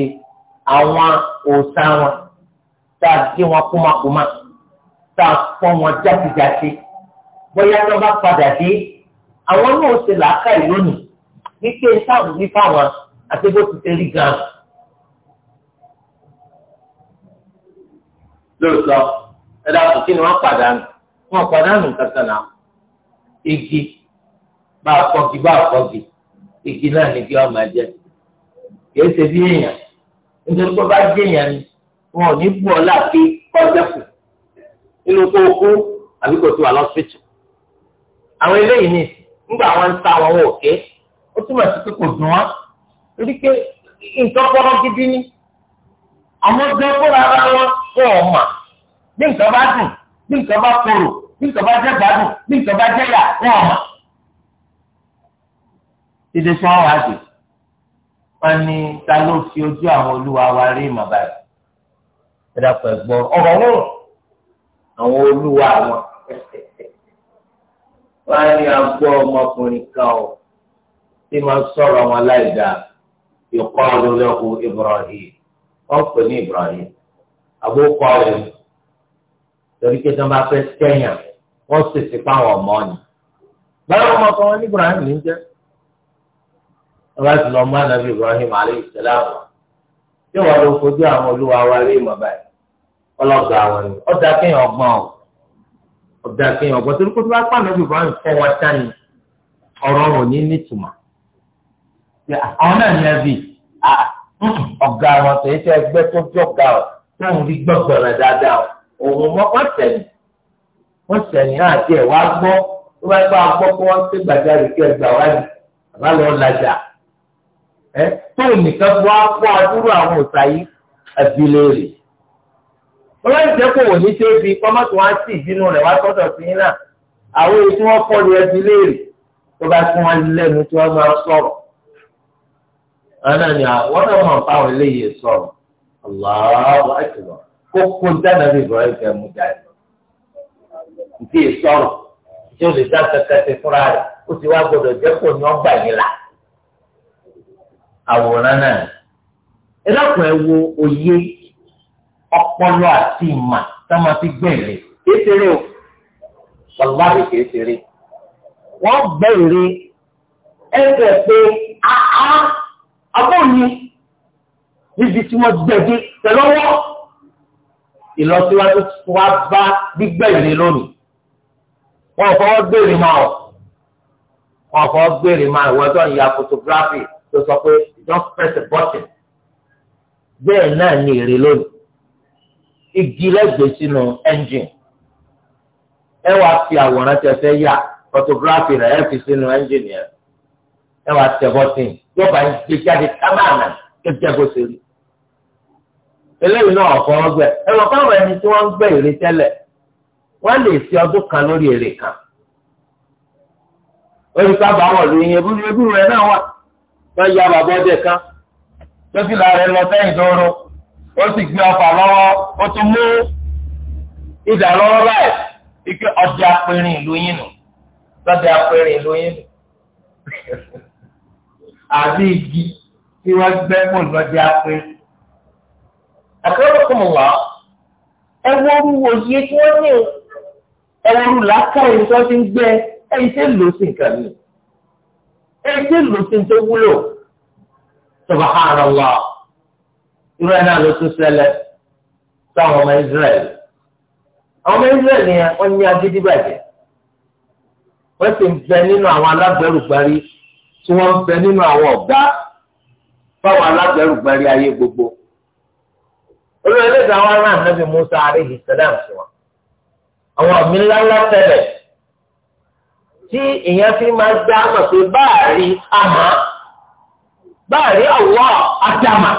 àwọn òòṣà wọn tá a gé wọn kúmakúma tá a pọ́n wọn jákèjáké bóyá tó bá padà dé àwọn náà ṣe làákàyè lónìí wípé táwọn ní fáwọn àti bó ti ṣe rí gan-an. lóòótọ́ ẹ dàpọ̀ kí ni wọ́n pàdánù wọ́n pàdánù kankan náà igi bá a kọ́gi bá a kọ́gi igi náà ni kí wọ́n máa jẹ kìí ṣe bí èèyàn nítorí pé bá jẹ èèyàn ni wọn ò ní bú ọ láti kọjá kù nínú kó kú àbí kò tó wà lọ́sítù àwọn eléyìí ni nígbà wọn ń ta àwọn owó òkè ó túmọ̀ sí pé kò dùn wọn torí pé nǹkan kọ́rọ́ gidi ni àwọn gbẹ́ fúnra ara wọn kọ́ ọ̀ bí nǹkan bá dùn bí nǹkan bá korò bí nǹkan bá jẹ́ gbádùn bí nǹkan bá jẹ́ yà wọ́n mọ̀. Ìdè tí wọ́n wá dé, wọ́n ní ta ló fi ojú àwọn olúwa wa rí ìmọ̀ báyìí. Ẹ ẹ̀gbọ́n ọ̀rọ̀ wọ̀n àwọn olúwa wọn. Wọ́n á ní agbọ́ ọmọkùnrin kan ọ̀ tí máa sọ̀rọ̀ wọn láì dáa ìkọ́ ọdún lẹ́kọ̀ọ́ Ibrahim. Wọ́n pè ní Ibrahim. Àbúkọ rẹ̀ ni torí pé tán bá fẹ́ sẹ́yìn wọ́n sèse fáwọn ọmọ ni. báwo ọmọ kan wọn ní Ibrahim ní jẹ́ wọ́n bá ti lọ mú anabi Ibrahim alayhi salam tí wọ́n lọ fojú àwọn olúwa wa rí ìmọ̀ báyìí ọlọ́gà wọn ni ọ̀dà kéèyàn ọgbọ́n o ọ̀dà kéèyàn ọgbọ́n torí pé tí wọ́n pa anabi Ibrahim fọ́ wọn sani ọ̀rọ̀ wọn ní nítumọ̀ àwọn náà ní ẹbí ah, ọ̀gá wọn tẹ̀yẹ́ tẹ́ ẹgbẹ́ tó bí ọ̀gá ọ̀ tó ń rí gbọ̀gbọ̀rẹ̀ dáadáa òun wọ́n sẹ̀yìn wọ́n sẹ̀yìn náà tiẹ̀ wá gbọ́ tó bá gbọ́ àgbọ́ kó wọ́n ti gbàjarì kí ẹ gbà wá ní àbá lọ làjà ẹ tó nìkan fún wa kó adúrú àwọn òòsà yìí àbílẹ̀ rẹ̀ ọlọ́run jẹ́ kó wò ní ṣé bí kọ́mọ́tò wá sí ìbínú rẹ̀ wá sọ́dọ̀ sí yín náà àwọn èyí tí wọ́n kọ́ ni ẹbílẹ̀ rẹ̀ tó bá tún wọn lẹ́nu tí wọ́n máa sọ̀rọ̀ ọ̀nà ni àwọn náà mọ̀ fáwọn eléyìí sọ̀rọ̀ kókó dáná bí Ibrahim fẹ́ mú jáde ìdí ìsọ̀rọ̀ tí ó lè dá kẹkẹtì fúnra rẹ̀ ó ti wá gbọdọ̀ jẹ́ kó ní ọgbà yín la àwòrán náà ẹ dákun ẹ wo òye ọpọlọ àti ìmà tá máa fi gbẹ̀rẹ̀ kékeré o wàlúwàbí kékeré wọ́n gbẹ̀rẹ̀ ẹsẹ̀ pé àá abóyin níbi tí wọ́n gbẹ̀dẹ̀ tẹ̀lọ́wọ́ ìlọsíwájú wa bá gbígbẹ̀rì lónìí wọn ò fọwọ́ gbèrè máa ọ̀ wọn ò fọwọ́ gbèrè máa ìwọ tó ń ya photography tó sọ pé just press a button bẹ́ẹ̀ náà ní èrè lónìí igi lẹ́gbẹ̀ẹ́ sínú engine ẹ wá fi àwòrán tẹ fẹ́ yà photography rẹ̀ ẹ fi sínú engine yẹn ẹ wá tẹ button yóò bá ń gbé jáde tábàánà kí ẹ jẹ́ kó ṣe rí. eléyìí náà ọ̀fọ́ ọgbẹ́ ẹ mọ̀ fáwọn ẹni tí wọ́n ń gbẹ́ èrè tẹ́lẹ̀ wọ́n lè fi ọdún kan lórí èrè kan olùkọ́ àbáwọ̀ lóyún ebú ebú rẹ̀ náà wà ya bàbá ọdẹ kan tó fi láàrin lọ sẹ́yìn dóró ó sì gbé ọfà lọ́wọ́ ó tún mú ìdá lọ́wọ́ báyìí ike ọdẹ ìlú yín nù lọ́dẹ ìlú yín nù àbí igi tí wọ́n gbẹ́ lọ́dẹ àkàràkùnmùwà ẹ wọ́rú òye tí wọ́n ní ẹ wọ́rú làákàyè tí wọ́n ti ń gbẹ ẹ̀yìn tí ń lò sí nǹkan mi ẹ̀yìn tí ń lò sí tó wúlò subhanallah irú ẹ̀ náà ló tún ṣẹlẹ̀ sáwọn ọmọ Israẹli àwọn ọmọ Israẹli yẹn wọ́n ní agídí bàjẹ́ wọ́n sì ń bẹ nínú àwọn alágbẹ̀rùgbárí tí wọ́n ń bẹ nínú àwọn ọ̀gá fáwọn alágbẹ̀rùgbárí ayé gbogbo olùwẹ̀ lẹ́sẹ̀ àwọn ará ànábì Musa àríhì sẹ́dáàmù sí wọn. àwọn àmì ńláńlá tẹ̀lẹ̀ tí ìyẹn fi máa gbá àmọ̀ pé báàrí àmọ́ báàrí àwọ̀ àdàmà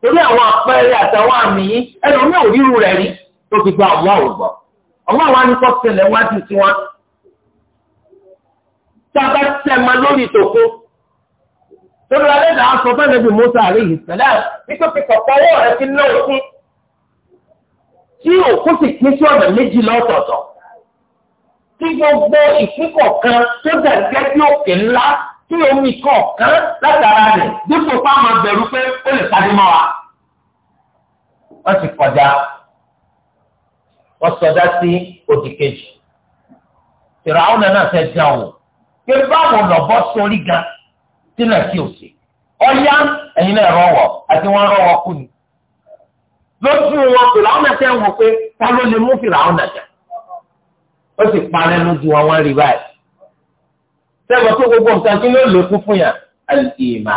torí àwọn àpẹẹrẹ àtàwọn àmì yìí ẹlòmíì ò ríru rẹ̀ rí tó fi gba àwọ̀ àwògbọ̀ ọmọ àwọn anìkọ́ tẹ̀lẹ̀ wájú sí wọn. tá a bá tẹ̀ ma lórí ìtòkó tóbi la lẹ́dàá aṣọ fún ẹ̀mẹ́bí Musa àríyí sẹ́lẹ̀ nítorí kọ̀ọ̀kan owó rẹ̀ ti ná òkun tí òkun sì pín sí ọ̀nà méjì lọ́tọ̀ọ̀tọ̀ tí gbogbo ìpín kọ̀ọ̀kan tó dàgbẹ́ sí òkè ńlá tí omi kọ̀ọ̀kan látara rẹ̀ dípò fáwọn abẹ̀rù pé ó lè sáré mọ́ wa. wọ́n ti kọjá wọ́n sọdá sí òdì kejì tìrọ̀ àwọn náà fẹ́ jẹun pé báwo lọ́bọ́ sórí gan-an dínà sí òsè ọyá ẹ̀yin náà rọwọ àti wọn rọwọ kú ni lójú wọn kò láwọn náà tẹ ń wò pé ta ló lè mú fìlà àwọn nàjà ó sì parẹ́ lójú wọn wọn rí báyìí sẹ́gbọ̀n tó gbogbo nǹkan kí ló lè kú fún yà alìmà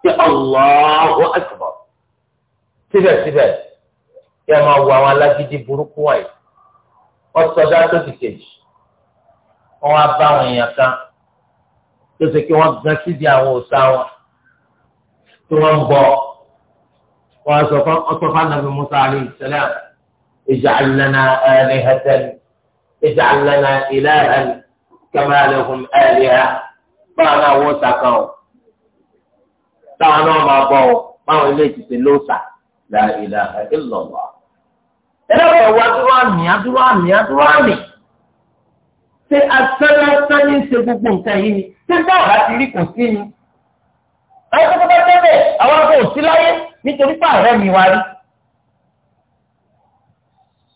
ti Allahu akbar síbẹ̀síbẹ̀ kí ẹ máa wo àwọn alágídí burúkú wọ̀nyí wọ́n sọdá tó ti kejì wọ́n wá bá àwọn èèyàn kan tó ṣe kí wọ́n gan síbi àwọn òòṣà wọn tí wọ́n ń bọ wọ́n sọ fún ọsọfà nàbí musa alayhi salam ij'al lana alihatan ij'al lana ilahan kama lahum aliha báwọn náà wọ́n sàkàn o táwọn náà máa bọ̀ o báwọn ilé ìtìsí ló sà la ilaha illallah. ẹlẹ́wọ̀n wa dúró àmì adúró àmì adúró àmì ṣé asánlásán ní ṣe gbogbo nǹkan yìí ni ṣé báwa ti rí kò sí ni. àwọn tó bá tẹ́lẹ̀ àwọn àgbà òsí láyé nítorí pé àárẹ̀ mi wá rí.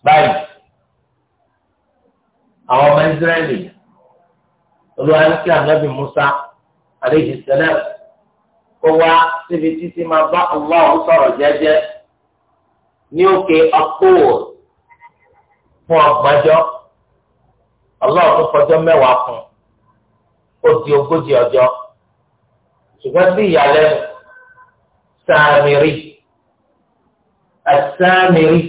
báyìí àwọn ọmọ Ísírẹ́lì olúwa ní kí ànábì Musa àlejò sẹlẹ̀ kó wá síbi títí máa bá Allah sọ̀rọ̀ jẹ́jẹ́ ní òkè ọkọ̀ fún ọgbàjọ́ ọlọ́run tó fọjọ́ mẹ́wàá fún ó di ogójì ọjọ́ ṣùgbọ́n sí ìyàlẹ́nu sàmìrì àsàmìrì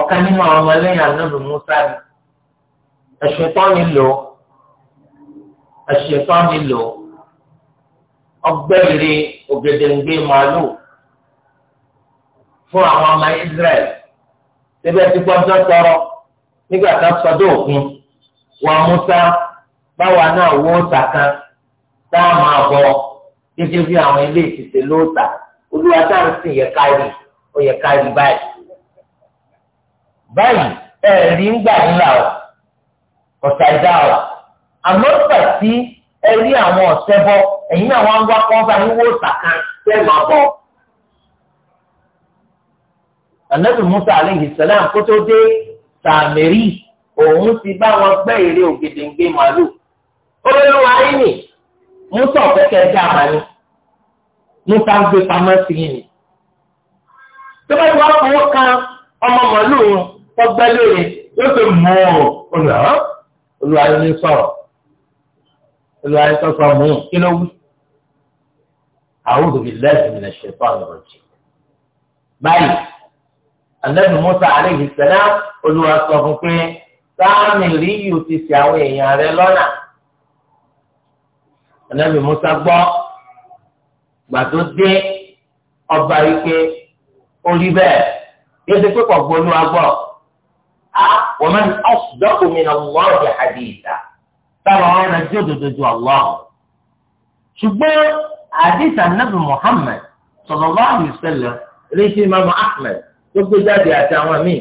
ọ̀kan nínú àwọn ọmọlẹ́yìn anábì musa ni ẹ̀ṣẹ̀tàn ni lò ẹ̀ṣẹ̀tàn ni lò ọgbẹ́rì ògèdèǹgbè màlúù fún àwọn ọmọ Israẹli síbẹ̀ tí gbọ́dọ̀ tọrọ nígbà tá a sọdọ òkun wọn musa báwa náà wọ ọta kan tá a máa bọ gẹ́gẹ́ bí àwọn ilé ìtìsẹ lóòótá olúwa tá a sì yẹ kárí ó yẹ kárí báyìí báyìí ẹẹrí ń gbà ńlá o ọ̀sà ìdá o àmọ́ pàtí ẹ rí àwọn ọ̀sẹ́ bọ́ ẹ̀yìn àwọn àwọn akọ́ bá ní wọ́ọ̀tà kan tẹ́ máa bọ̀. Ànábì Musa alayhi salam kó dé sàmìrì òun ti bá wọn gbẹ́ ère ògèdèǹgbè màlúù olórí ayéni mútọ̀ kẹ́kẹ́ dá a ní mútà ń gbé pamọ́ sí i ni tó bá ti wá fọwọ́ kan ọmọ màlúù tọgbẹ́ lóore yóò fi mú ọ olùwà olùwà ayéni sọ̀rọ̀ olùwà ayéni sọ̀rọ̀ mú kí ló wí. A'udhu billahi minash shaitanir rajim báyìí anabi musa aleyhi salam olúwa sọ fún pé sáàmì ríyù ti ṣe àwọn èèyàn rẹ̀ lọ́nà anabi musa gbọ́ gbà tó dé ọba yìí pé ó rí bẹ́ẹ̀ yóò ṣe pé kò gbólú agbọ́ wọ́n máa ń ọ̀ṣùdọ́kùn mi náà wọ́n ọ̀dẹ̀ àdìyíta táwọn ọ̀rọ̀ náà jó dododo ọlọ́run ṣùgbọ́n àdìsá nàbì muhammed sallallahu alaihi wasallam rí sí imaamu ahmed tó gbé jáde àti àwọn míì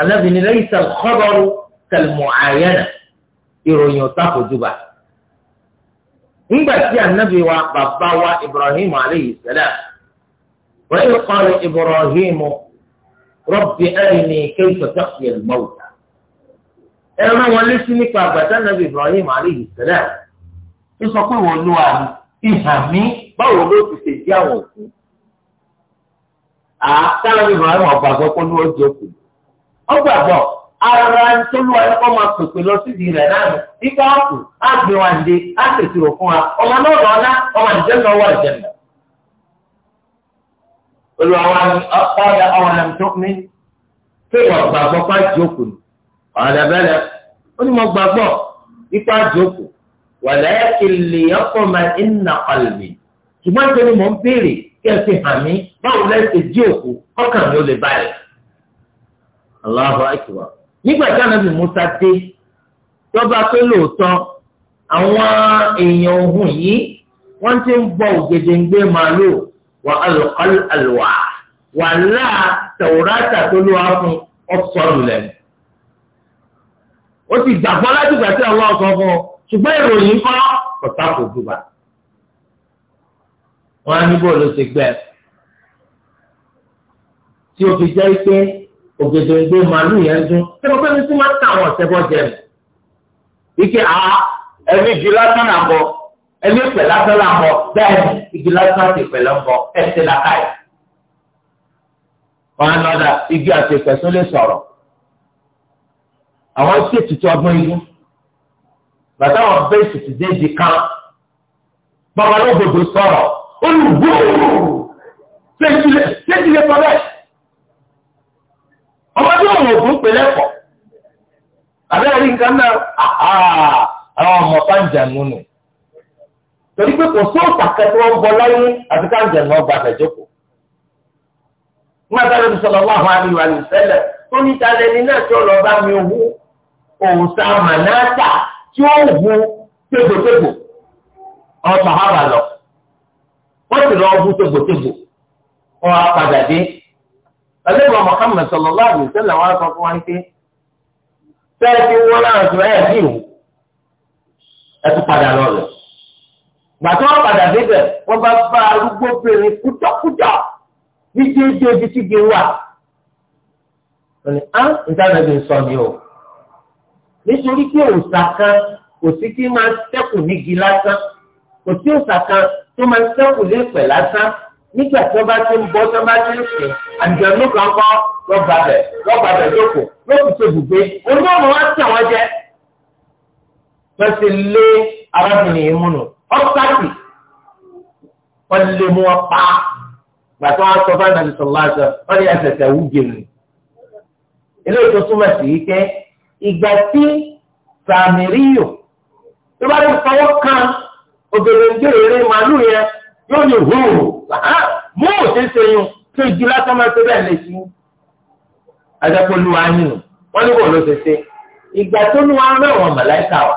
ànábì ní laysa al-khabaru kal-mu'ayana ìròyìn ọ̀tá fojúbà. nígbà tí ànábì wa bàbá wa ibrahim aleyhi salam wa idh qala ibrahim rabbi arini kayfa tahyi al-mawta. ẹ̀rọ wọn létí nípa àgbàdo ànábì ibrahim aleyhi salam. ó sọ pé wọ́n lù àmì ìhàmí báwo ló ti ṣe jẹ́ àwọn òkú àtàwọn ìmọ̀ràn ọ̀gbàgbọ́ kó ní ojú òkú. ọgbàgbọ́ ara ń tólú ayé kọ́ máa pèpè lọ sí ìdílé náà nípa ọ̀kù àgbẹ̀ wà ní àtẹ̀tì òfun wa ọmọ náà lọ ọ̀la ọmọ àdìjẹ́ náà wà jẹ́ nà. olùwàwà ọ̀dà ọ̀hún ẹ̀ tó pé ọ̀gbàgbọ́ pa jókòó ni ọ̀dà bẹ́lẹ̀ kẹsì hàmí báwo lẹ́sẹ̀ jí òkú ọkàn mi ò lè balẹ̀. Allahu akbar. Nígbà tí ànábì Musa dé, tọ́ba pé lóòótọ́ àwọn èèyàn ohun yìí wọ́n ti ń bọ ògèdèǹgbé màlúù wà alùpàlù àlùwà wà láà tẹ̀wúrátà tó lóra fún ọ̀sọ̀rù lẹ́nu. Ó ti gbàgbọ́ láti gbà tí àwọn ọ̀sán fún ṣùgbọ́n ìròyìn kọ́ kọ̀tà kò dùbà wọn á níbò ló ti gbẹ tí o fi jẹ́ pé ògèdè ń gbé màálù yẹn ń dún ṣé mo fẹ́ mi sí máa ń ta àwọn ọ̀sẹ̀ bọ́ jẹ mi. ike a ẹni ju lásán náà bọ ẹni pẹ̀ lásán náà bọ bẹ́ẹ̀ ni igi lásán ti pẹ̀ lọ́ bọ ẹ̀ ti là káyà. wọn á lọ da igi àti ìfẹ̀sùn lè sọ̀rọ̀ àwọn ṣètò tó ọgbọ́n yìí bàtà wọn bẹ́ẹ̀ ṣètò dé di kan bàbá ló gbogbo sọ̀rọ̀ olùgbòòrò ṣéjìlẹ̀ pọ̀lẹ́ ọmọ tí òun ògùn pè lẹ́kọ̀ọ́ àbẹ́rẹ́ rí nǹkan náà àwọn ọmọ pàǹjànú nù torí pé kò sóò pàkẹ́ tí wọ́n ń bọ láyé àti pàǹjànú ọgbà àtẹ̀jọ́kọ̀ mọ́tàlẹ́ bí sọ̀rọ̀ wà hàn àríwá ní sẹ́lẹ̀ tó ní talẹ́ ní náà tí ó lọ bá mi wú òun sá mànáàtà tí ó wú tégbòtégbò ọ̀sán àbàlọ́ wọ́n sì lọ bú tegbòtegbò wọ́n á padà dé àlébà Muhammad sallallahu alaihi wasallam wọ́n á sọ fún wa pé sẹ́ẹ̀tì wọ́n náà sọ ẹ̀ bí ìwò ẹ̀ tún padà lọ rẹ̀ gbàtọ́ wọ́n padà débẹ̀ wọ́n bá bá arúgbó bèrè kújọ́kújọ́ ní déédéé ibi tí gbé wà wọ́n ní á ìtànàbí sọ ni o nítorí pé òòsà kan kò sí kí máa ṣẹ́kù nígi lásán kò sí òòsà kan tó máa sẹ́kù lé pẹ̀ lásán nígbà tí wọ́n bá ti ń bọ́ tí wọ́n bá ti ń sìn àjẹmú kan kọ́ lọ́ba bẹ̀ lọ́ba bẹ̀ lóko lókùn tó bùgbé onímọ̀ wá sí àwọn jẹ́ wọ́n ti lé arábìnrin yìí múnu ọ́sàkì wọ́n lé mú wọn pa gbàtọ́ wọn sọ fún àdàlù sọ̀rọ̀ àṣọ wọ́n ní àṣẹṣẹ wú jèrè eléyìí tó túmọ̀ sí pé ìgbà tí sàmìríyò tó bá ti fọwọ́ kan obìnrin ń gbèrè eré màálù yẹn yóò ní hùwù mú òsè sẹyìn tó igi lásán máa ṣe bẹ́ẹ̀ lè ṣí. adẹ́pọ̀lù wa nínú wọ́n ní kò ló ṣe ṣe ìgbà tó ní wọn rẹ̀ wọn màláìkà wá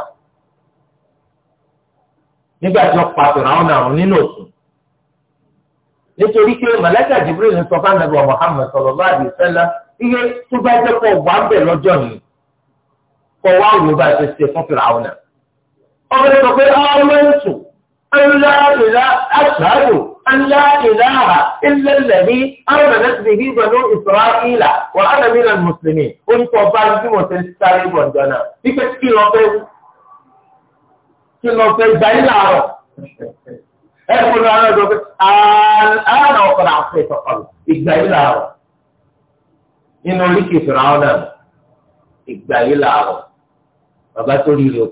nígbà tí wọ́n pa fìràwọn àrùn nínú òkun nítorí pé màláìkà Jibril ń sọ fún anabi Muhammad sallallahu alaihi wasallam iye tó bá jẹ́ kó wà ń bẹ̀ lọ́jọ́ yìí kó wá wò bá ṣe ṣe fún fìràwọn náà ọmọ rẹ̀ sọ pé ọmọ ẹ̀ sùn. أن لا إله أشهد أن إله إلا الذي آمنت به بنو إسرائيل وأنا من المسلمين وانت وبعد ما تستاري بندنا بيكت كيلو فيه كيلو فيه جاي أقول أنا دوك الآن وقد عصيت قبل إجاي إنه لك فرعون إجاي لارو بابا تقولي له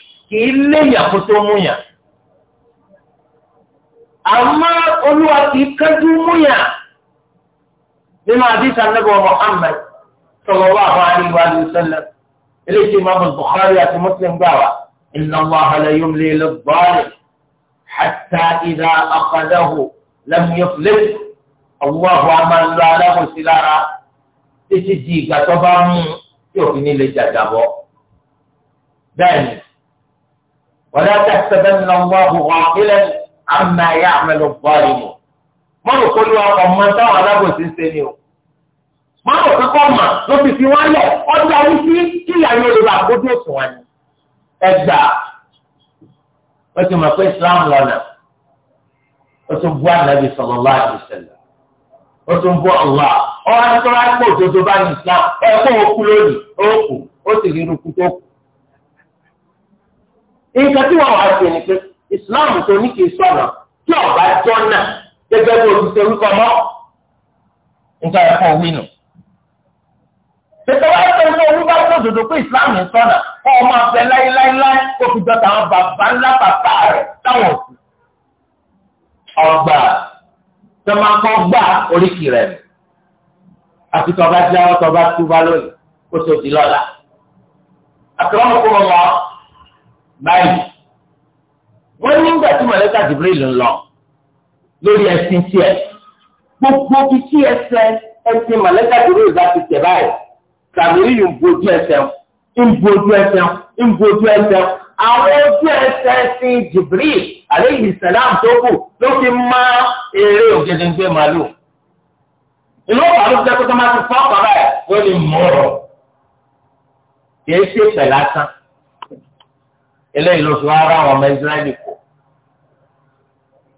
kìí léyà kó tó múyà àmọ́ olúwa kìí kájú múyà nínú àdìsá nàbọ Muhammad sallallahu alaihi wa sallam eléyìí imaamu Bukhari àti Muslim gbà wá inna Allaha la yumli lid-dhalim hatta idha akhadahu lam yuflih Allahu máa ń lọ alábòsí lára títí di ìgbà tó bá mú tí òfin ní lè jàjà bọ́ bẹ́ẹ̀ ولا تحسبن الله غافلا عما يعمل الظالمون má lò kó lóra ọmọ táwọn alábòsí ń ṣe ni o má lò kó kọ́ mà ló fi fi wọ́n lẹ̀ ọjà yìí sí kí ìyàwó lè bá àkójú òsùn wọn ni ẹgbà ó ti mọ̀ pé Islam lọ́nà ó tún bú ànábì sallallahu alaihi wasallam ó tún bú ọ̀la ọ̀hún tó bá ń pò òdodo bá ní Islam ẹ̀kọ́ òkú lónìí ó kù ó sì rí irú kú tó kù nǹkan tí wọ́n wá ṣe ni pé islam tó ní kì í sọ̀rọ̀ tí ọba jọ́nà gẹ́gẹ́ bí olùsọ wípé ọmọ nǹkan ẹ̀kọ́ òwe nù. tètè wá sọ wípé òun bá tó dòdò pé islam ń sọ̀nà kọ́ ọmọ afẹ́ láéláéláé kó fi jọ tàwọn bàbá ńlá bàbá rẹ̀ táwọn òkú. ọgbà tó máa kọ́ gbà oríkì rẹ̀ àti tọ́ba jáwọ́ tọ́ba túbá lónìí kó tó di lọ́la. àtúrọ̀ mọ́ kó báyìí wọ́n nígbà tí mọ̀lẹ́kà Jibril ń lọ lórí ẹṣin tiẹ̀ gbogbo bí tí ẹsẹ̀ ẹṣin mọ̀lẹ́kà Jibril bá ti tẹ̀ báyìí tàbí yìí ń bojú ẹsẹ̀ ń bojú ẹsẹ̀ ń bojú ẹsẹ̀ àwọn ojú ẹsẹ̀ ti Jibril alayhi salam tó kù ló fi má eré ògèdèǹgbè màlúù ìlú ọ̀pá ló jẹ́ kó tó má ti fọ́ ọ̀pá báyìí ó lè mọ̀ọ́rọ̀ kì í ṣe pẹ̀ lásán eléyìí ló fi wá rá àwọn ọmọ Israẹli kù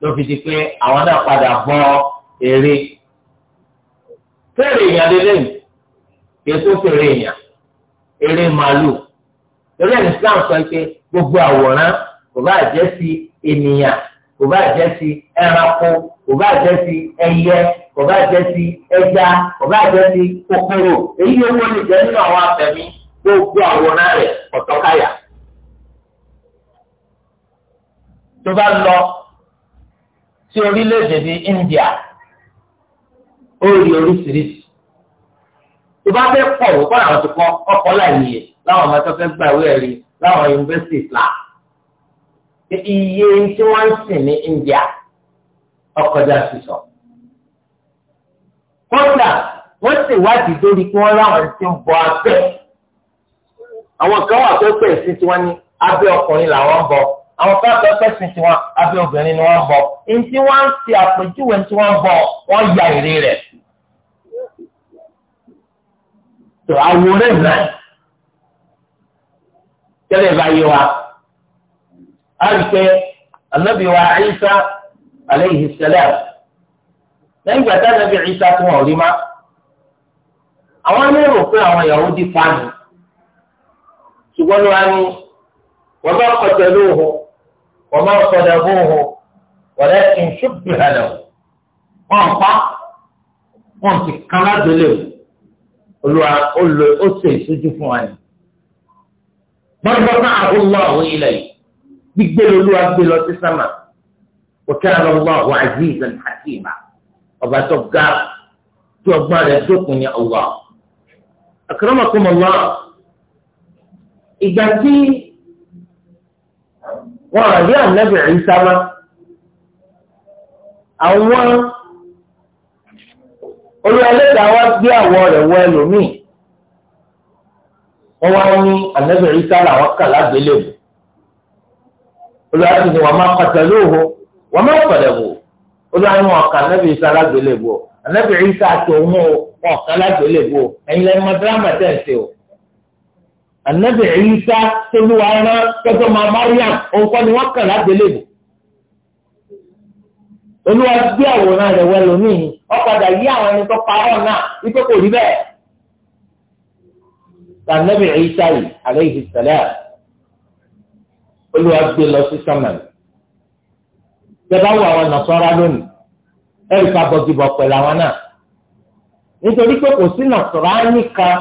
ló fi di pé àwọn náà padà bọ eré fèrè èèyàn lélẹyìn ètò fèrè èèyàn eré màlúù eré Islam sọ pé gbogbo àwòrán kò bá jẹ́ sí ènìyàn kò bá jẹ́ sí ẹranko kò bá jẹ́ sí ẹyẹ kò bá jẹ́ sí ẹja kò bá jẹ́ sí kòkòrò èyí ló wọlé jẹ nínú àwọn abẹ̀mí gbogbo àwòrán rẹ̀ ọ̀tọ̀káyà. tó bá lọ sí orílẹ̀-èdè bíi India ó rí oríṣiríṣi tó bá fẹ́ pọ̀ wò kọ́ làwọn ti kọ́ ọkọ̀ láìníye láwọn ọmọ tó fẹ́ gbà wí ẹ̀rí láwọn yunifásitì Islam iye tí wọ́n ń sìn ní India ọkọjá sísọ. kọ́ńtà wọ́n sì wádìí lórí kí wọ́n láwọn ti ń bọ abẹ́ àwọn kan wà tó pẹ̀ sí tí wọ́n ní abẹ́ ọkùnrin làwọn ń bọ àwọn káàtó pẹ̀sìn tiwọn abẹ́ obìnrin ni wọ́n bọ̀ ntí wọ́n ń ṣe àpèjúwe ntí wọ́n bọ̀ wọ́n ya èrè rẹ̀. tó àwòrán náà tẹ́lẹ̀ bá yé wa a rí pé anabi wa Isa aleyhi salam lẹ́yìn ìgbà anabi Isa tún wọ̀ rí ma àwọn lérò pé àwọn Yahudi fáànù ṣùgbọ́n ló wá ní wọ́n bá kọjá lóhùn. وما صلبوه ولكن شبه له wọ́n pa wọ́n ti kan ládùúlẹ̀ olùwà olè ó ṣe ìṣojú fún wa ni. bọ́dọ̀bọ́dọ̀ àbúrò àwọn ilẹ̀ yìí gbígbé lolúwa gbé lọ sí sámà òkè àlọ́wọ́ àwọn azizan hakima ọba tó ga tí ọgbọ́n rẹ̀ dókun ní ọwọ́. àkàràmọ̀kùnmọ̀ lọ ìgbà tí. wọn àrí ànábì Ìsá mọ́ àwọn olùyàlẹ́dàá wa gbé àwọ̀ rẹ̀ wọ ẹlòmíì wọ́n wá ní ànábì Ìsá làwọn kà lágbélébù olùyàlẹ́dàá ni wọ́n máa pàtẹ́lú òhun wọ́n máa pẹ̀lẹ́ bò olùyàlẹ́dàá ni wọ́n kà ànábì Ìsá lágbélébù ànábì Ìsá ànábì Ìsá tolúwa rán kẹtọ́ máa Mariam òǹkọ́ ni wọ́n kàn lágbélé bò olúwa gbé àwòrán rẹ̀ wẹ̀ lónìí ọ̀padà yí àwọn ẹni tó parọ́ náà wípé kò rí bẹ́ẹ̀ ànábì Ìsá yìí alayhi salam olúwa gbé lọ sí sámánì tẹ́lá wọ àwọn nàṣọ́ra lónìí ẹ̀rí ká bọ́gibọ̀ pẹ̀lú àwọn náà nítorí pé kò sí nàṣọ́ra nìkan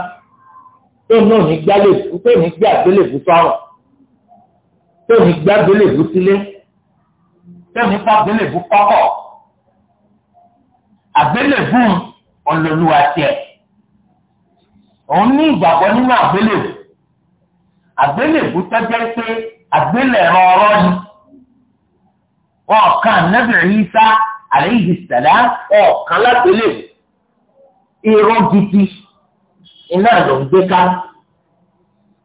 tó náà ní gbálẹ̀bù tó ní gbé àgbélébù sọ̀rọ̀ tó ní gbé àgbélébù sílé tó ní gbé àgbélébù kọ́kọ́ àgbélébù ọlọ́lúwa tiẹ̀ òun ní ìgbàgbọ́ nínú àgbélébù àgbélébù tó jẹ́ pé àgbélẹ̀rọ ọ̀rọ̀ ni wọn kàn nẹ́bẹ̀rẹ̀ yìí sá àlẹ́ yìí sẹ̀dá ọ̀kan lágbélébù èrò gidi iná ló ń gbé ká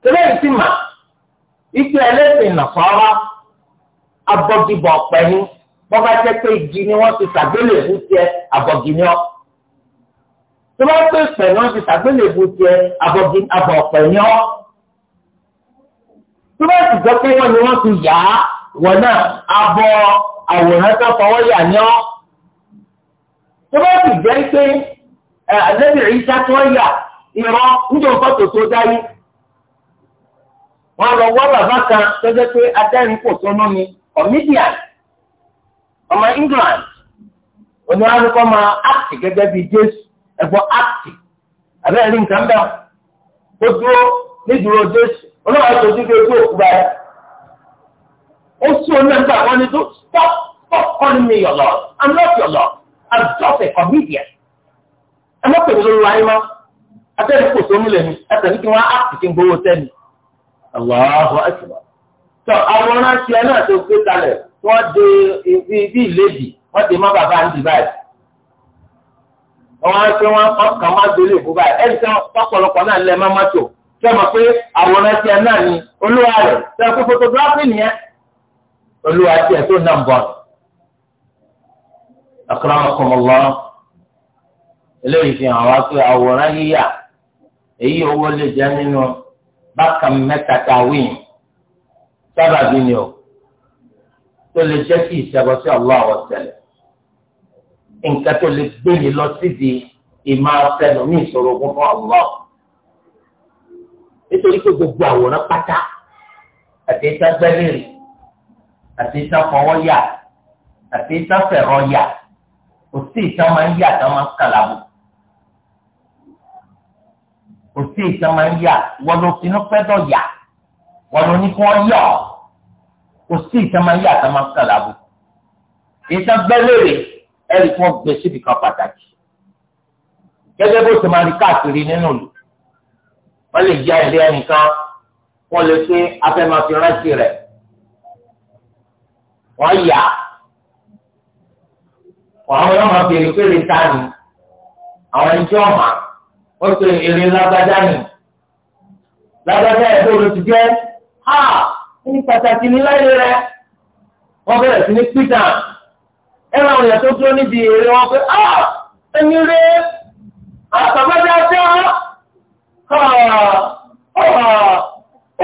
tẹ́lẹ̀ sì mà ike ẹlẹ́sìn nàfọ́rọ́ abọ́gibọ̀ ọ̀pẹ ni wọ́n bá jẹ́ pé igi ni wọ́n ti sàgbélébú tiẹ̀ abọ́gi ni ọ́ tí wọ́n pè pẹ̀ ni wọ́n ti sàgbélébú tiẹ̀ abọ́gi abọ́ ọ̀pẹ ni ọ́ tí wọ́n sì jẹ́ pé wọ́n ni wọ́n ti yá wọ́n náà abọ́ àwòrán tó fọwọ́ yà ni ọ́ tí wọ́n sì jẹ́ pé ẹ̀ẹ́dẹ́gbẹ̀rẹ́ irọ́ níjọ fọ́tò tó dáyé wọn lọ wá bàbá kan tó jẹ́ pé adáyìn kò sọnù ni comedian ọmọ England oníwàlùkọ́ máa act gẹ́gẹ́ bíi Jésù ẹ̀fọ́ act abẹ́rẹ́ ní nǹkan bẹ́ẹ̀ ó dúró nídúró Jésù olóòwò tó dúró ojú òkú báyìí ó sí onígbà wọn ni tó stop stop calling me your lord I'm not your lord I'm just a comedian ẹ má pèmí lórí wáyé máa. atẹ́lẹ̀ kò sómi lẹ́nu ẹsẹ̀ ní kí wọ́n á kìkì gbowó sẹ́ni. Allahu akbar. Tọ́ àwòrán tiẹ̀ náà tó gbé kalẹ̀ wọ́n de ibi ibi ìlédì wọ́n de má bàbá ń di báyìí. Wọ́n á pé kàn má báyìí. náà má pé náà ni olúwa rẹ̀? o fotografi nìyẹn? Olúwa tó nà ń bọ̀. èyí owó lè jẹ́ nínú bákan mẹ́ta tá a wí sábàbí ni o tó lè jẹ́ kí ìṣẹ́gun sí Allah àwọn tẹ̀lẹ̀ nǹkan tó lè gbé ni lọ síbi ìmọ̀ ọ̀sẹ̀nu ní ìṣòro ogun fún Allah nítorí pé gbogbo àwòrán pátá àti ìtàgbẹ́lẹ̀rì àti ìtàfọwọ́yà àti ìtàfẹ̀rọ̀yà kò sí ìtàn máa ń yà tán máa ń kàlàbù kò sí ìtàn máa ń yà wọ́n ló finú pẹ́ dọ̀ yà wọ́n ló ní kí wọ́n yọ̀ kò sí ìtàn máa ń yà tán máa ń kàn lábù ìtàn gbẹ́lẹ́rè ẹ̀rí kí wọ́n gbé síbi kan pàtàkì gẹ́gẹ́ bó ti máa rí káàkiri nínú ìlú wọ́n lè ya ilé ẹnìkan wọ́n lè pé afẹ́ máa rẹ̀ wọ́n yà àwọn yóò máa béèrè pé lè ta ni àwọn ẹni tí wọ́n máa wọ́n pe èrè lágbájá nì lágbájá ẹ̀ bóòlù ti jẹ́ ha ní pàtàkì ní láyé rẹ wọ́n bẹ̀rẹ̀ sí ní pítà ẹ máa wọ̀nyẹ̀ tó dúró níbi èrè wọn pé a ẹni rẹ a bàbájá tẹ́ ọ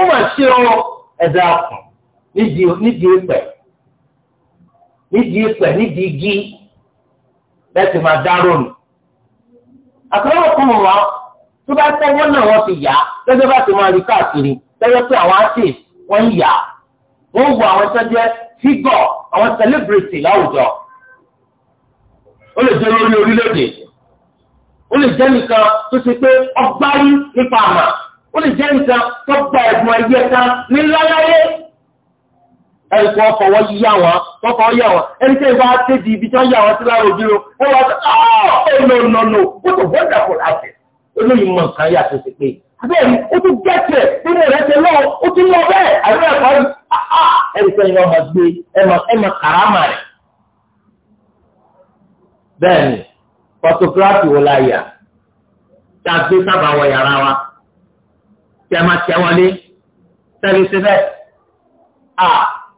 ó mà ṣe ọ ẹ̀dá kan nídìí ìpẹ́ nídìí ìpẹ́ nídìí igi lẹ́sìn máa dá rónù àtọ́wọ́ fún wọn tó bá tẹ́wọ́ náà wọ́n ti yá lọ́jọ́ bá ti máa rí káàkiri lọ́jọ́ pé àwọn artist wọ́n ń yá wọ́n wọ àwọn tó fígọ̀ àwọn celebrity láwùjọ ó lè jẹ́ lórí orílẹ̀-èdè ó lè jẹ́ nìkan tó ṣe pé ọgbárí nípa àmà ó lè jẹ́ nìkan tó gba ẹ̀gbọ́n ẹgbẹ́ kan ní láláyé ẹni kò fọwọ́ ẹni tẹ́ ìwà tẹ́bi ibi tí wọ́n yá wọn sí lára ah, oh, no no no ó tó wonderful àti olóyìn mọ̀ nǹkan yà tó ti pé abẹ́rẹ́ ó tún gẹ́tẹ̀ nínú rẹ̀ ṣe lọ́wọ́ ó tún lọ bẹ́ẹ̀ àbẹ́rẹ́ ẹ̀kọ́ ah, ah. ẹni tẹ́ ìwà máa gbé ẹ máa kàrámà rẹ̀ bẹ́ẹ̀ni fọtográfì wo la yà tá a gbé sábà wọ yàrá wa tí a máa tẹ wọlé tẹ́lifíṣẹ́ bẹ́ẹ̀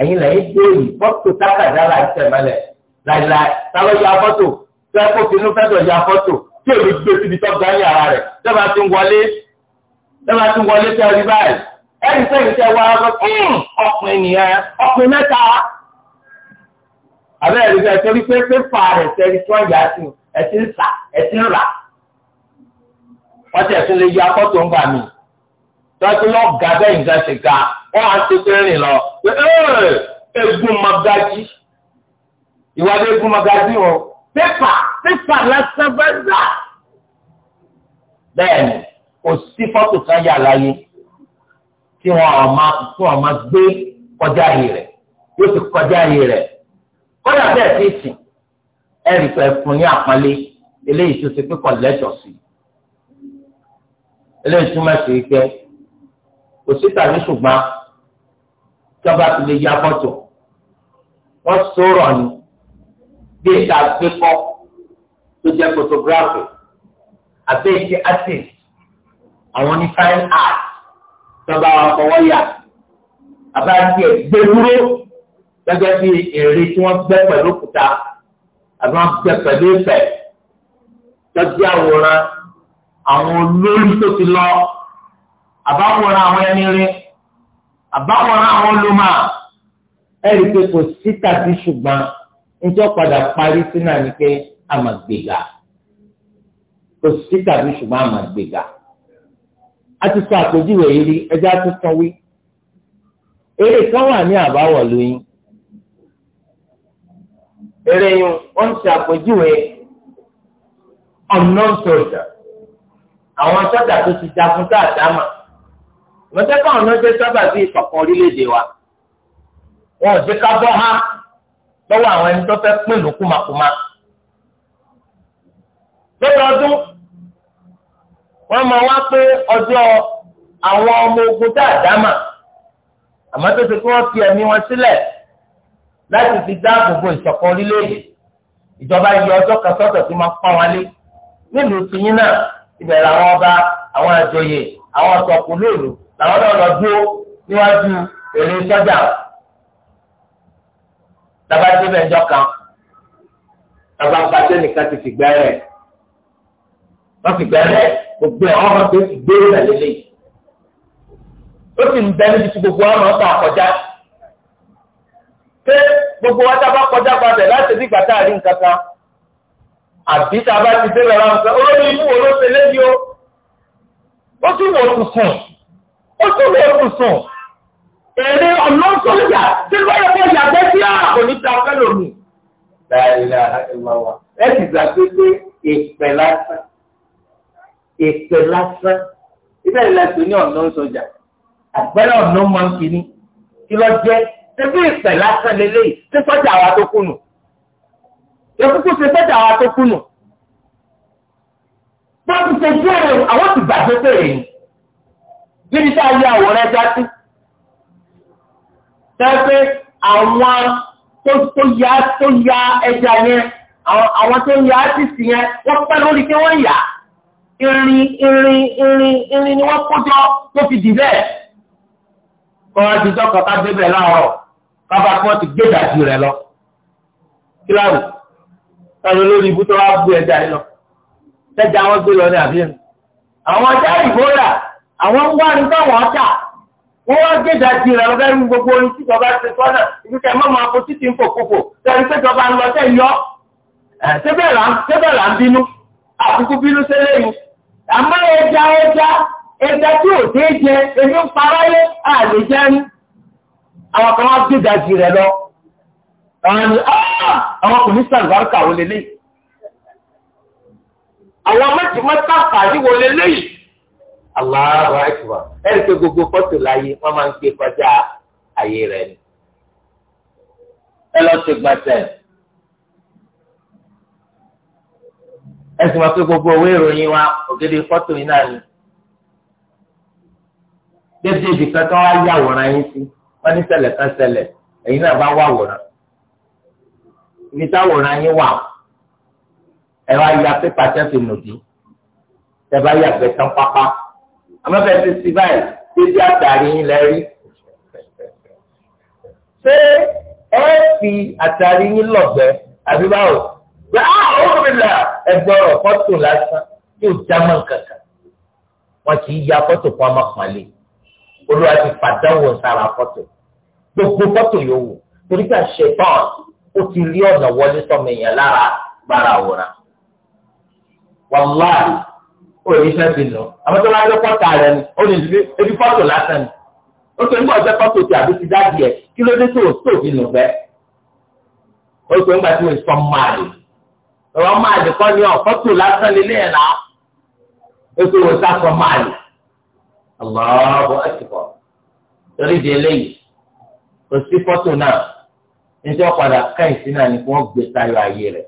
ẹ̀yin lẹ́yìn béèrè fọ́tò tákàdá là ń tẹ̀mọ́lẹ̀ láìláì táwọn ya fọ́tò tó ẹ̀kọ́ fínú fẹ́tọ̀ ya fọ́tò tí èmi gbé síbi tó gbá yàrá rẹ̀ tẹ́lá ti ń wọlé tẹ́lá ti ń wọlé tẹ́ rí báyìí ẹ̀rí sẹ́yìn tẹ́ wá hmm, ọkùnrin nìyẹn ọkùnrin mẹ́ta àbẹ́ ẹ̀rí sẹ́yìn torí pé pépà rẹ̀ sẹ́yìn tí wọ́n yà sí ẹ̀ ti ń sà ẹ̀ ti ń rà wọ́n tẹ̀ tún lè ya fọ́tò ń gbà mí tọ́jú lọ́ọ́ gà bẹ́ẹ̀ ń gà ṣe ga wọ́n máa ń ṣe pé rìn lọ pé egun magaji ìwádìí egun magaji o pépà pépà lásán bẹ́ẹ̀dá. bẹ́ẹ̀ni kò sí fọ́tò kan yà láyé tí wọ́n máa tí wọ́n máa gbé kọjá yìí rẹ̀ yóò ti kọjá yìí rẹ̀ kọ́dà bẹ́ẹ̀ ti sìn ẹ̀rì pẹ̀ fún ní àpọ́nlé eléyìí tó ti pé kọ̀ lẹ́tọ̀ sí i eléyìí túmọ̀ sí i pé kò sí tàbí ṣùgbọ́n tọ́ba tó lè ya fọ́tò wọ́n sọ̀rọ̀ ni bí ìta gbẹ́kọ́ tó jẹ́ photography àti ìṣe artist àwọn ní fine art tọ́ba wa fọwọ́ yà àbájáde ẹgbẹ́ dúró gẹ́gẹ́ bí èrè tí wọ́n gbẹ́ pẹ̀lú òkúta àbí wọ́n gbẹ́ pẹ̀lú ìfẹ́ tọ́jú àwòrán àwọn olórí tó ti lọ àbáwòrán àwọn ẹni rí àbáwọn àwọn olùmọ̀ ẹ̀rí pé kò sí tàbí ṣùgbọ́n níjọ́ padà parí sí náà ni pé àmàgbègà kò sí tàbí ṣùgbọ́n àmàgbègà a ti sọ àpèjúwe yìí rí ẹjẹ́ a ti eré kan wà ní àbáwọ̀ lóyún eré yìí ó ń ṣe àpèjúwe unknown soldier àwọn sọ́jà tó ti jagun tá a dá mà wọ́n jẹ́ káwọn náà jẹ́ sábà bí ìṣọ̀kan orílẹ̀-èdè wa wọn ò jẹ́ ká bọ́ há lọ́wọ́ àwọn ẹni tó fẹ́ pín ìlú kúmakúma. lọ́dọọdún wọ́n máa wá pé ọjọ́ àwọn ọmọ ogun tá a dámà àmọ́ tó ṣe kí wọ́n fi ẹ̀mí wọn sílẹ̀ láti fi dáàbò bo ìṣọ̀kan orílẹ̀-èdè ìjọba yọ ọjọ́ kan sọ́tọ̀ tí máa pọ́n wọn lé nílùú tìyín náà ìbẹ̀rẹ̀ àwọn ọba àwọn àjọyè àwọn ọ̀sọ̀kùn lóòlù làwọn náà lọ dúró níwájú èrè sọ́jà tàbá tí bẹ́ẹ̀ jọ kan tàbá pàṣẹ nìkan ti fìgbẹ́ rẹ̀ wọ́n fìgbẹ́ rẹ̀ gbogbo àwọn ọmọ tó ti gbé rẹ̀ lélẹ̀ ó sì ń bẹ níbi tí gbogbo ọmọ ọ̀tọ̀ àkọjá pé gbogbo wa tá a bá kọjá padà láti ní ìgbà tá a rí nǹkan kan àbí tá a bá ti dé lọ́la nǹkan olórí ikú wo ló ṣe lébi o ó tún wọ òkú sùn ó tún wọ òkú sùn èrè ọ̀nà sọ́jà tí wọ́n yẹ kó yàgbẹ́ sí àkòní ta ọ̀fẹ́ lòmù. ẹ ti gbà pé pé ìpè lásán ìpè lásán ibẹ̀ lẹ́sùn ní ọ̀nà sọ́jà àgbẹ̀rẹ̀ ọ̀nà máa ń kíní kí lọ jẹ́ ṣébí ìpè lásán lélẹ́yìí tí sọ́jà wa tó kùnù. ìkúkú ṣe sọ́jà wa tó kùnù bó ti ṣe jẹ́ ẹ̀rọ àwọn ti gbàgbé pèrè yìí níbi tá a yẹ àwòrán ẹja sí. Tẹ́fẹ́ àwọn tó ya tó ya ẹja yẹn àwọn tó ya títì yẹn wọ́n pẹ́ lórí kí wọ́n yà irin irin irin irin ni wọ́n kó jọ tó fi dì bẹ́ẹ̀. Kọ́ra ti dọ́kọ̀ ká débẹ̀ láàárọ̀ kábà kí wọ́n ti gbé dàjú rẹ̀ lọ. Kíláàrù, táwọn olórí ibú tó wá bú ẹja yìí lọ. tẹ́jà wọn gbé lọ ní àfihàn àwọn ọjà ìbóra àwọn ń wá ní táwọn ọjà wọ́n wá gbèjà di ní gbogbo orin títí ń fò fòfò ń lọ yọ ṣébẹ̀ là ń bínú àkókò bínú sẹ́lẹ̀ yìí àmọ́ ẹja ẹja ẹja tí ò dé jẹ ń paráyé àlè jẹ́ ní àwọn mọ̀tìmọ́tà fàájì wọlé léyìí. Allahu akbar ẹ̀rí pé gbogbo fọ́tò láyé wọ́n máa ń gbé kọjá ayé rẹ̀ ni. ẹ lọ sí gbàtẹ́ ẹ sì máa pé gbogbo owó ìròyìn wa ògidì fọ́tò yìí náà ni. dédé ibìkan tó wá yà wòran yín sí wọ́n ní ṣẹlẹ̀ kan ṣẹlẹ̀ ẹ̀yin náà bá wà wòran. ibi táwòrán yín wà ó ẹ wá ya pépà tẹ́fì nòdì ẹ bá yà pẹ́ tán pápá amẹ́fẹ́ ti sí báyìí títí àtàrí yín lẹ́rí. ṣé ẹ fi àtàrí yín lọ̀gbẹ́ àbí báwo gbé àwọn òmìnira ẹgbọràn fọ́tò lásán yóò já mọ́ kankan wọn kì í ya fọ́tò kan máa pàlè olúwa ti fàdánwò sára fọ́tò gbogbo fọ́tò yòówù torí pé àṣepọ́n ó ti rí ọ̀nà wọlé sọmọ èèyàn lára gbára àwòrán wàláì ó ní fẹ́ fi lọ àmọ́ tó bá yẹ pọ́tà rẹ ni ó ní ebi fọ́tò lásán ni ó tó ń bọ̀ jẹ́ fọ́tò tí àbí ti dáàbì ẹ̀ kí ló dé tó o tó fi lò bẹ́ẹ̀ ó tó ń gbà tí o sọ máàlì ọ̀rọ̀ máàlì kọ́ ni ọ̀ fọ́tò lásán ni lẹ́yìn náà ó tó o sá sọ máàlì Allahu akbar torí di eléyìí kò sí fọ́tò náà níjọ́ padà káyìí sí náà ni wọ́n gbé tayọ ayé rẹ̀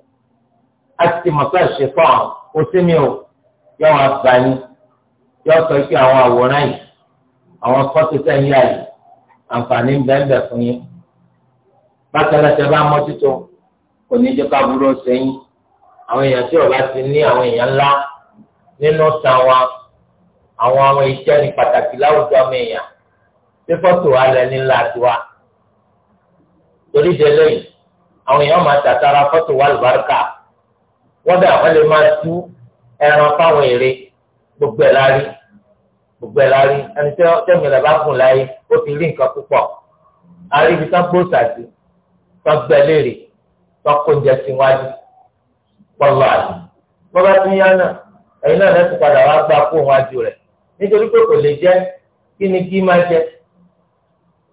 á ti mọ̀ kò sí mi o yọ wọn gbà ní yọ sọ pé àwọn àwòrán yìí àwọn fọ́tò sẹ́yìn àyè àǹfààní ń bẹ́ẹ̀ bẹ́ẹ̀ fún yín bákan náà tẹ bá mọ́títọ́ kò ní jẹ́ ká burú sẹ́yìn àwọn èèyàn tí ọba ti ní àwọn èèyàn ńlá nínú san wa àwọn àwọn iṣẹ́ ní pàtàkì láwùjọ àwọn èèyàn tí fọ́tò alẹ́ nílá tiwa torí délé àwọn èèyàn máa tàtàrà fọ́tò wà lùbáríkà kódà wọ́n lè máa tú ẹran fáwọn èrè gbogbo ẹ̀ lárí gbogbo ẹ̀ lárí ẹni tẹ́ tẹ́mìlẹ̀ bá gùn láyé ó ti rí nǹkan púpọ̀ àríbi tán gbóòsà sí tán gbẹ́lérè tán kóúnjẹ síwájú pọ̀lọ́ àdì bọ́bá tún yá náà ẹ̀yin náà lẹ́sìn padà wá gba kó wájú rẹ̀ nítorí pé kò lè jẹ́ kí ni kí máa jẹ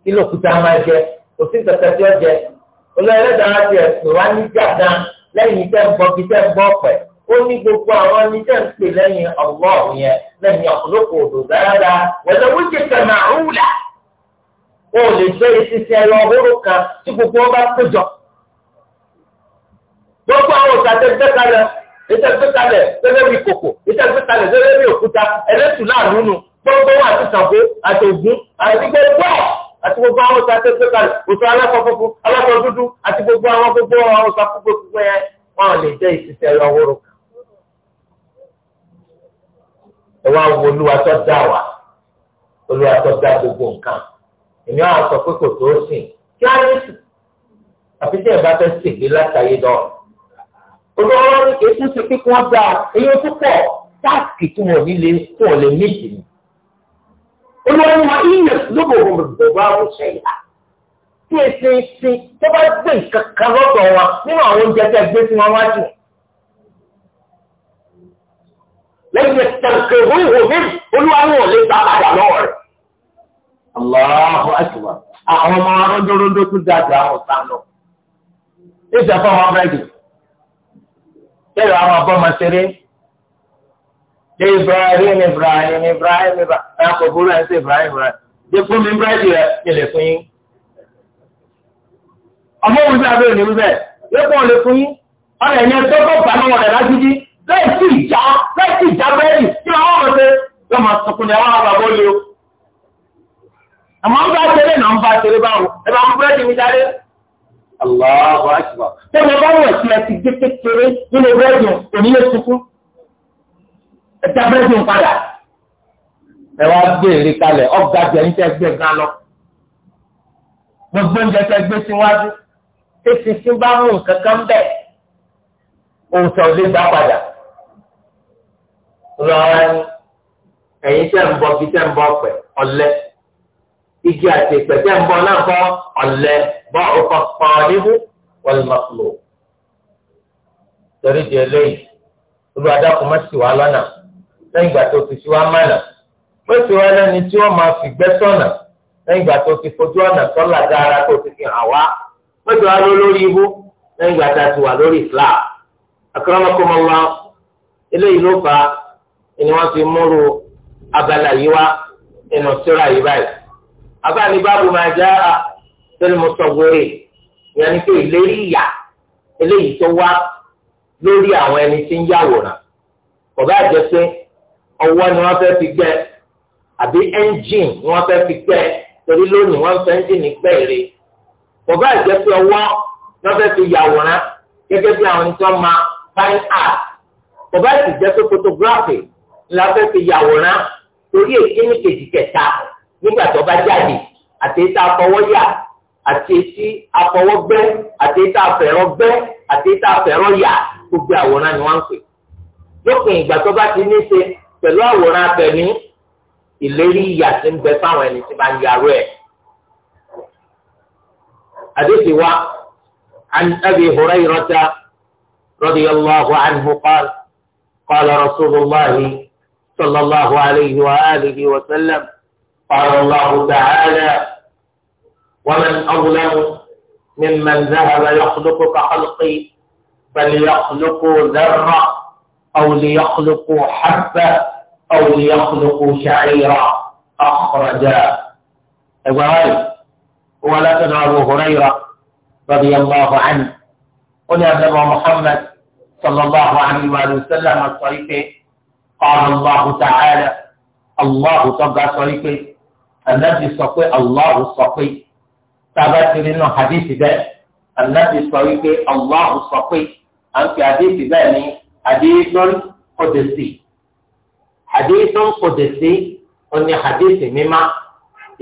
kí lòkúta máa jẹ òfin kẹkẹ tí jẹ olóyè lẹ́dàá ti ẹ̀sìn wá ní gàdán lẹ́yìn tẹ́ ń bọ bí tẹ́ ń bọ pẹ̀ ó ní gbogbo àwọn ní tẹ́ ń pè lẹ́yìn Allah yẹn lẹ́yìn ọ̀pọ̀lọpọ̀ òdò dáadáa wẹ̀lẹ̀ wíjì kẹ̀mà rúùlà ó lè fẹ́ ìsinsin ẹ̀rọ òhóró kan tí gbogbo wọn bá péjọ. gbogbo àwọn òṣàtẹ gbẹ́kalẹ̀ ìtẹ̀gbẹ́kalẹ̀ gẹ́gẹ́ bí kòkò ìtẹ̀gbẹ́kalẹ̀ gẹ́gẹ́ bí òkúta ẹlẹ́tù láàrúnú gbogbo wọn àti sàgbó àtògún àti gbogbo àti gbogbo àwọn oṣù àtẹ́sẹ̀ kalẹ̀ oṣù alákọ̀ funfun alákọ̀ dúdú àti gbogbo àwọn gbogbo àwọn oṣù àkókò gbogbo yẹn wọn lè jẹ́ ìṣiṣẹ́ lọ́wọ́rọ́. ẹ wá wo olúwatọ́ dá wa olúwatọ́ dá gbogbo nǹkan èmi àwọn sọ pé kò tó sìn kí á ní sùn àfi tí ẹ bá fẹ́ ṣègbè látàyè lọ. olúwa wọn ní kí ètò ṣe pé kí wọ́n dá èyí pọ̀ táàkì tí wọn ò olùwàlúwà ìyẹn lóko òun gbogbo àwọn ṣẹ̀yà tí èsì èsì tó bá gbé kankan lọ́dọ̀ wa nínú àwọn oúnjẹ tí a gbé sí wọn wájú. lẹ́yìn ìtànkè ìwé ìwò mi olùwàlúwà lè gbà padà lọ́wọ́ rẹ̀. Allahu akbar àwọn ọmọ arọ́jọ́rọ́jọ́ tún dáadáa àwọn ọ̀sán lọ. Ìjọba wọn bẹ́ẹ̀ dì. Bẹ́ẹ̀ ni àwọn abọ́ máa ṣeré dé Ibrahim Ibrahim Ibrahim Ibrahim ẹ̀kọ́ burú ẹ̀ ń sè Ibrahim Ibrahim dé fún mi búrẹ́dì rẹ̀ ilẹ̀ fún yín. ọmọ òun sí abẹ́rẹ́ nínú bẹ́ẹ̀ yóò kàn lè fún yín ọ̀rẹ́ ẹ̀yẹ tọ́kọ̀ pàmò rẹ̀ lágídí bẹ́ẹ̀ sì já bẹ́ẹ̀ sì já bẹ́ẹ̀lì kí wọ́n wọ́n ṣe yóò máa sunkún ní àwọn àbàbọ̀ lé o. àmọ́ ń bá tẹ̀lé náà ń bá tẹ̀lé báwo ẹ bá mú búrẹ́dì mi jáde. Allahu akbar. Tẹ́lẹ̀ bá wọ̀ sí ẹ ti gé kékeré nínú búrẹ́dì òní lè sunkún ẹ̀tí abẹ́rẹ́ tó ń padà ẹ wá béèrè kalẹ̀ ọ̀gá jẹ̀yìn tẹ́ gbé gan lọ gbogbo oúnjẹ tẹ́ gbé síwájú tẹ́sí sí bá mú nǹkan kan bẹ́ẹ̀ òun sọ lé gbà padà lọ́ra ni ẹ̀yin tẹ́ ń bọ bí tẹ́ ń bọ pẹ̀ ọ̀lẹ́ igi àti ìpẹ́ tẹ́ ń bọ náà bọ́ ọ̀lẹ́ bọ́ ọkọ̀ pọ̀ níbú wọ́n lọ́ fún torí di eléyìí olùwàdàkùn má sì wá lọ́nà lẹ́yìn ìgbà tó ti fi wá mánà mọ́tò wa lẹ́ni tí wọ́n máa fi gbẹ́ sọ̀nà lẹ́yìn ìgbà tó ti fojú ọ̀nà sọ́là dára tó ti fi hàn wá mọ́tò wa ló lórí ibú lẹ́yìn ìgbà tá a ti wà lórí Islam wa eléyìí ló fà á ni wọ́n fi múru abala yìí wá nínú síra yìí báyìí abáni báàbù máa já sẹ́ni mo sọ wẹ́rẹ́ ìyẹn pé ìlérí ìyà eléyìí tó wá lórí àwọn ẹni tí ń yàwòrán kò bá jẹ́ pé ọwọ́ ni wọ́n fẹ́ fi gbẹ́ àbí ẹ́ńjìn ni wọ́n fẹ́ fi gbẹ́ torí lónìí wọ́n fẹ́ ẹ́ńjìnì gbẹ́ ère bọ̀bá ìjẹ́ pé ọwọ́ ni wọ́n fẹ́ fi yàwòrán gẹ́gẹ́ bí àwọn tó ma fine art bọ̀bá ìjẹ́ pé photography ni wọ́n fẹ́ fi yàwòrán torí èké ní kejì kẹta nígbà tó bá jáde àti ètò àfọwọ́yà àti etí àfọwọ́gbẹ́ àti ètò àfẹ̀rọ̀gbẹ́ àti ètò àfẹ̀rọ̀yà gbogbo àwòrán ni wọ́n ń pè lópin ìgbà tó bá ti ní ṣe pẹ̀lú àwòrán abẹ̀mí ìlérí ìyà tí ń bẹ fáwọn ẹni tí bá ń yarú ẹ̀. حديث عن أبي هريرة رضي الله عنه قال قال رسول الله صلى الله عليه وآله وسلم قال الله تعالى ومن أظلم ممن ذهب يخلق كخلقي فليخلقوا ذرة أو ليخلقوا حبة أو يخلق شعيرا أخرجا إبراهيم ولا تدع أبو هريرة رضي الله عنه قلنا أبو محمد صلى الله عليه وآله وسلم الصحيح قال الله تعالى الله تبع صحيح النبي صحيح الله صحيح تابعت لنا حديث ده النبي صحيح الله صحيح أنت حديث ده حديث قدسي hadithun qudsi ọ̀nì hadithi mímá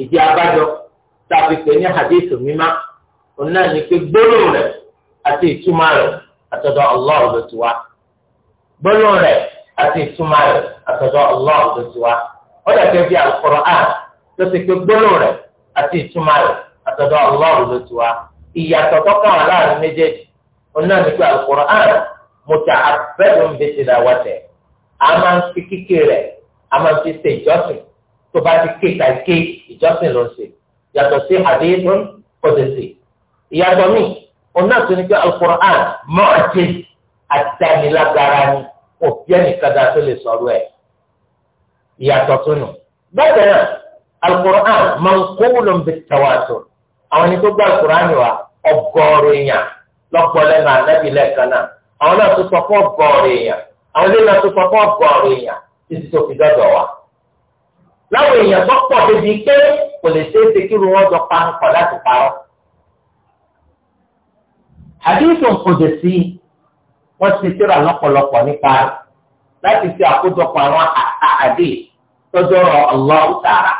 ìdí abájọ tàbí pé ní hadithi mímá ọ̀nà ní pé gbólóhùn rẹ̀ àti ìtumá rẹ̀ àtọ̀dọ̀ Allah ló ti wá gbólóhùn rẹ̀ àti ìtumá rẹ̀ àtọ̀dọ̀ Allah ló ti wá ó dàgbẹ́ bí al-Qur'an ló ti pé gbólóhùn rẹ̀ àti ìtumá rẹ̀ àtọ̀dọ̀ Allah ló ti wá ìyàtọ̀ tó kàn án láàrin méjèèjì ọ̀nà ní pé al a máa ń fi kíkì rẹ̀ a máa fi ṣe ìjọsìn tó bá ti ké ka ké ìjọsìn ló ń ṣe yàtọ̀ sí àdéhùn pọ̀tẹ́sì ìyàtọ̀ mi òun náà tún ní pé alukur'an mọ́ọ̀tì àdánilágara ni òbí ẹnìkan dáa tó lè sọ̀rọ̀ ẹ̀ ìyàtọ̀ tún nù bẹ́ẹ̀ náà alukur'an máa ń kó wúlò bí tawàtò àwọn ẹni tó gbọ́ alukur'an wa ọgọ́rùn-ún èèyàn lọ́gbọ́ lẹ́nu lẹ́ẹ̀kan náà àwọn náà tún sọ fún ọgọ́rùn-ún èèyàn àwọn ilé náà tó sọ fún ọ̀gọ̀ ọ̀rọ̀ èèyàn títí tó fi dọ́dọ̀ wa. láwọn èèyàn tó pọ̀ débi pé kò lè ṣeé ṣe kí wọn jọ pankọ̀ láti parọ́. àdéhùn kòdè sí wọ́n ti tíra lọ́pọ̀lọpọ̀ nípa láti fi àkójọpọ̀ àwọn àdé tọ́jọ́ rọ̀ ọlọ́run tààrà.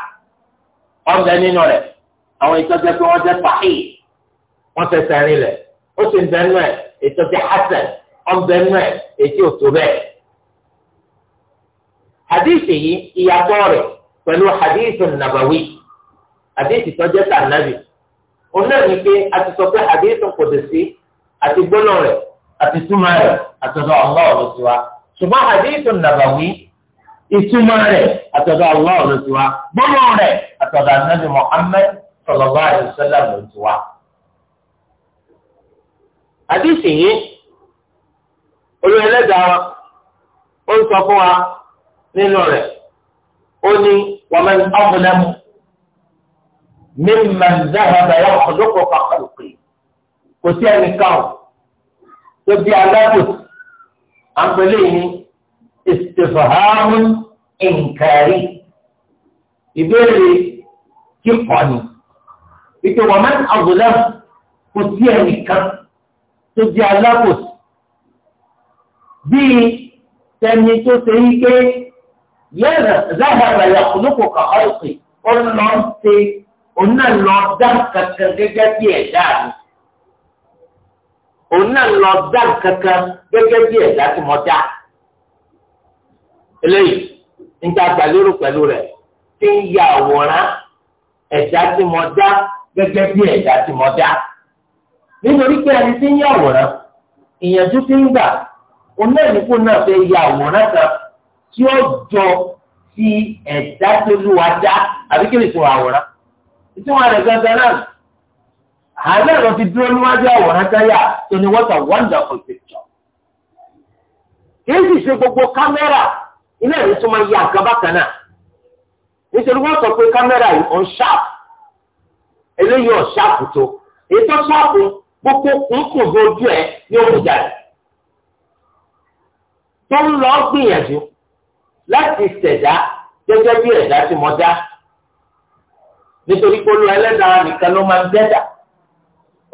wọ́n bẹ nínú rẹ̀ àwọn ìtọ́jú pé wọ́n jẹ́ pàṣẹ wọ́n fẹsẹ̀ rinlẹ̀ ó sì bẹ́ẹ̀ nù ẹ̀ ìtọ́jú ọbẹ̀ nù ẹ̀ bẹ́ẹ̀. hadithi yìí ìyàtọ̀ rẹ̀ pẹ̀lú hadithi nàbàwí hadithi tọ́jẹ́ tà nàbì òun ní a ti sọ pé hadithi kò dé sí àti gbóná rẹ̀ àti túmọ̀ rẹ̀ Allah ló ti wá ṣùgbọ́n hadithi nàbàwí ìtumọ̀ rẹ̀ àtọ̀dọ̀ ló ti wá gbóná rẹ̀ àtọ̀dọ̀ olú ẹlẹ́dàá wa ó ń sọ fún wa nínú rẹ̀ ó ní wàmẹ́n ọ̀bùnẹ́mù mímẹ́n dáhàbà yà ọ̀dọ́kọ̀ kàkàlùkì kò sí ẹnì kan tó bí aláàbò àgbélé yìí ìsìtìfàhámù ìǹkàrí ìbéèrè kíkọ́ ni ìpè wàmẹ́n ọ̀bùnẹ́mù kò sí ẹnì tó bí aláàbò bíi tẹni tó ṣe yí pé yẹ́rẹ̀ zábàbà yàkùnúkù kàkọ́ ìpè ó lọ ṣe òun náà lọ dá kankan gẹ́gẹ́ bí ẹ̀dá mi òun náà lọ dá kankan gẹ́gẹ́ bí ẹ̀dá tí mo dá eléyìí níta gbàlérò pẹ̀lú rẹ̀ tí ń ya àwòrán ẹ̀dá tí mo dá gẹ́gẹ́ bí ẹ̀dá tí mo dá nítorí pé ẹni tí ń ya àwòrán ìyẹn tó ti ń gbà oná ìníkù náà fẹ́ ya àwòrán kan tí ó jọ ti ẹ̀dá tó lù wá dá àbí kí ni ìtumọ̀ àwòrán ìtumọ̀ rẹ̀ gangan náà àárẹ̀ lọ ti dúró níwájú àwòrán táyà tó ní what a wonderful picture kì í sì ṣe gbogbo kámẹ́rà iná ìlú tó máa ya nǹkan bákan náà nítorí wọ́n sọ pé kámẹ́rà yìí on sharp eléyìí on sharp tó èyí tó sharp gbogbo kùnkùn ojú ẹ̀ ní ojú jáde tó ń lọ gbìyànjú láti ṣẹ̀dá gẹ́gẹ́ bí ẹ̀dá tí mo dá nítorí pé olú ẹlẹ́dàá nìkan ló máa ń dẹ́dà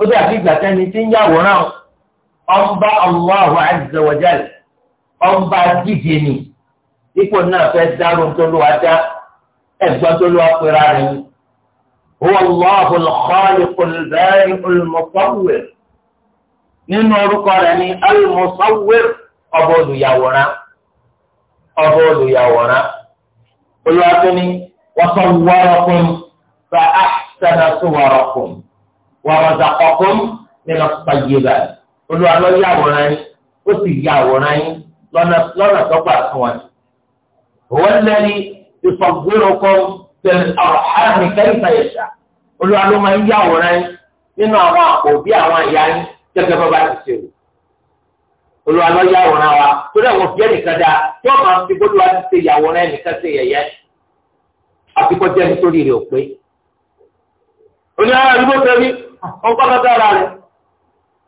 ó dàbí ìgbà sẹ́ni tí ń yàwòrán ọ̀nba Allahu azza wa jalla ọ̀nba díje ni ipò náà fẹ́ dárò tó ló wá dá ẹ̀gbọ́n tó ló wá pera rẹ̀ ni. huwa Allahu al-khaliqul bari'ul nínú orúkọ rẹ̀ ni al ọba olùyàwòrán ọba olùyàwòrán olùwàtúni wọ́sọ̀ wọ́rọ̀kùn fa ahsana suwarakum wa razaqakum min at-tayyibat olùwà lọ yàwòrán yín ó sì yàwòrán yìí lọ́nà lọnà tó tọ́gbà fún wọn. huwa alladhi yusawwirukum fil arhami kayfa yasha olùwà ló máa ń yàwòrán yìí nínú àwọn òbí àwọn ìyá yìí gẹ́gẹ́ bá bá ti ṣe wò. olúwa lọ yàwòrán wa torí àwọn òbí ẹnìkan dáa tí wọn máa fi gbólúwa ti ṣe yàwòrán ẹnìkan ṣe yẹ̀yẹ́ àfikọ́ jẹ́ nítorí rẹ̀ ò pé oní ara ah, àdúgbò tẹ̀lé ọkọ̀ lọ́dọ̀ ara rẹ̀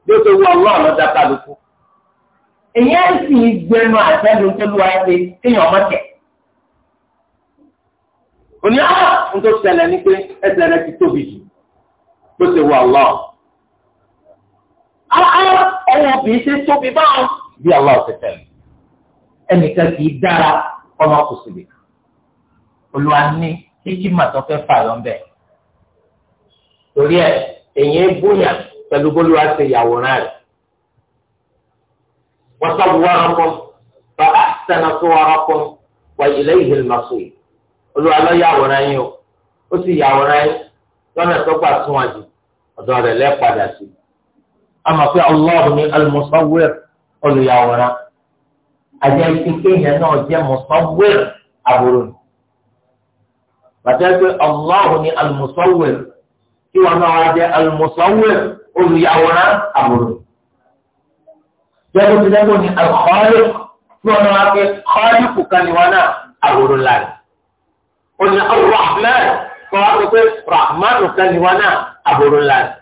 bí ó ti wú ọlọ́run lọ́dọ̀ kálukú èyí á sì gbẹnu àtẹ́lu tó lu ayé pé kéèyàn ọmọ tẹ̀. òní ah, tó ṣẹlẹ̀ ní pé ẹsẹ̀ rẹ ti tóbi jù tó ṣe wà lọ ọwọ́ kì í ṣe tóbi báwọn bí Allah ti fẹ́ mi ẹnìkan kì í dára ọmọ kò sì lè olúwa ní kíkí màtọ́ fẹ́ fà lọ bẹ́ẹ̀ torí ẹ èyí ń bóyá pẹ̀lú bólúwa ṣe yàwòrán rẹ̀ wọ́n sábà wá rọ́pọ̀ bá a sẹ́nà tó wá rọ́pọ̀ wà ilé ìhìlmọ̀sọ̀ yìí olúwa lọ yàwòrán yín o ó sì yàwòrán yín lọ́nà tó gbà tún wájú ọ̀dọ̀ rẹ̀ lẹ́ẹ̀ sí i àmọ́ pé Allah ni al-musawwir olùyàwòrán àjẹ́ ìkéyàn náà jẹ́ musawwir àbúrò ni bàtà pé Allah ni al-musawwir tí wọn náà wá jẹ́ al-musawwir olùyàwòrán àbúrò ni jẹ́kọ̀ tí lẹ́kọ̀ọ́ ni al-khaliq tí wọn náà wá pé khaliq kan ni wọn náà àbúrò láàyè ó ní al-rahman kọ́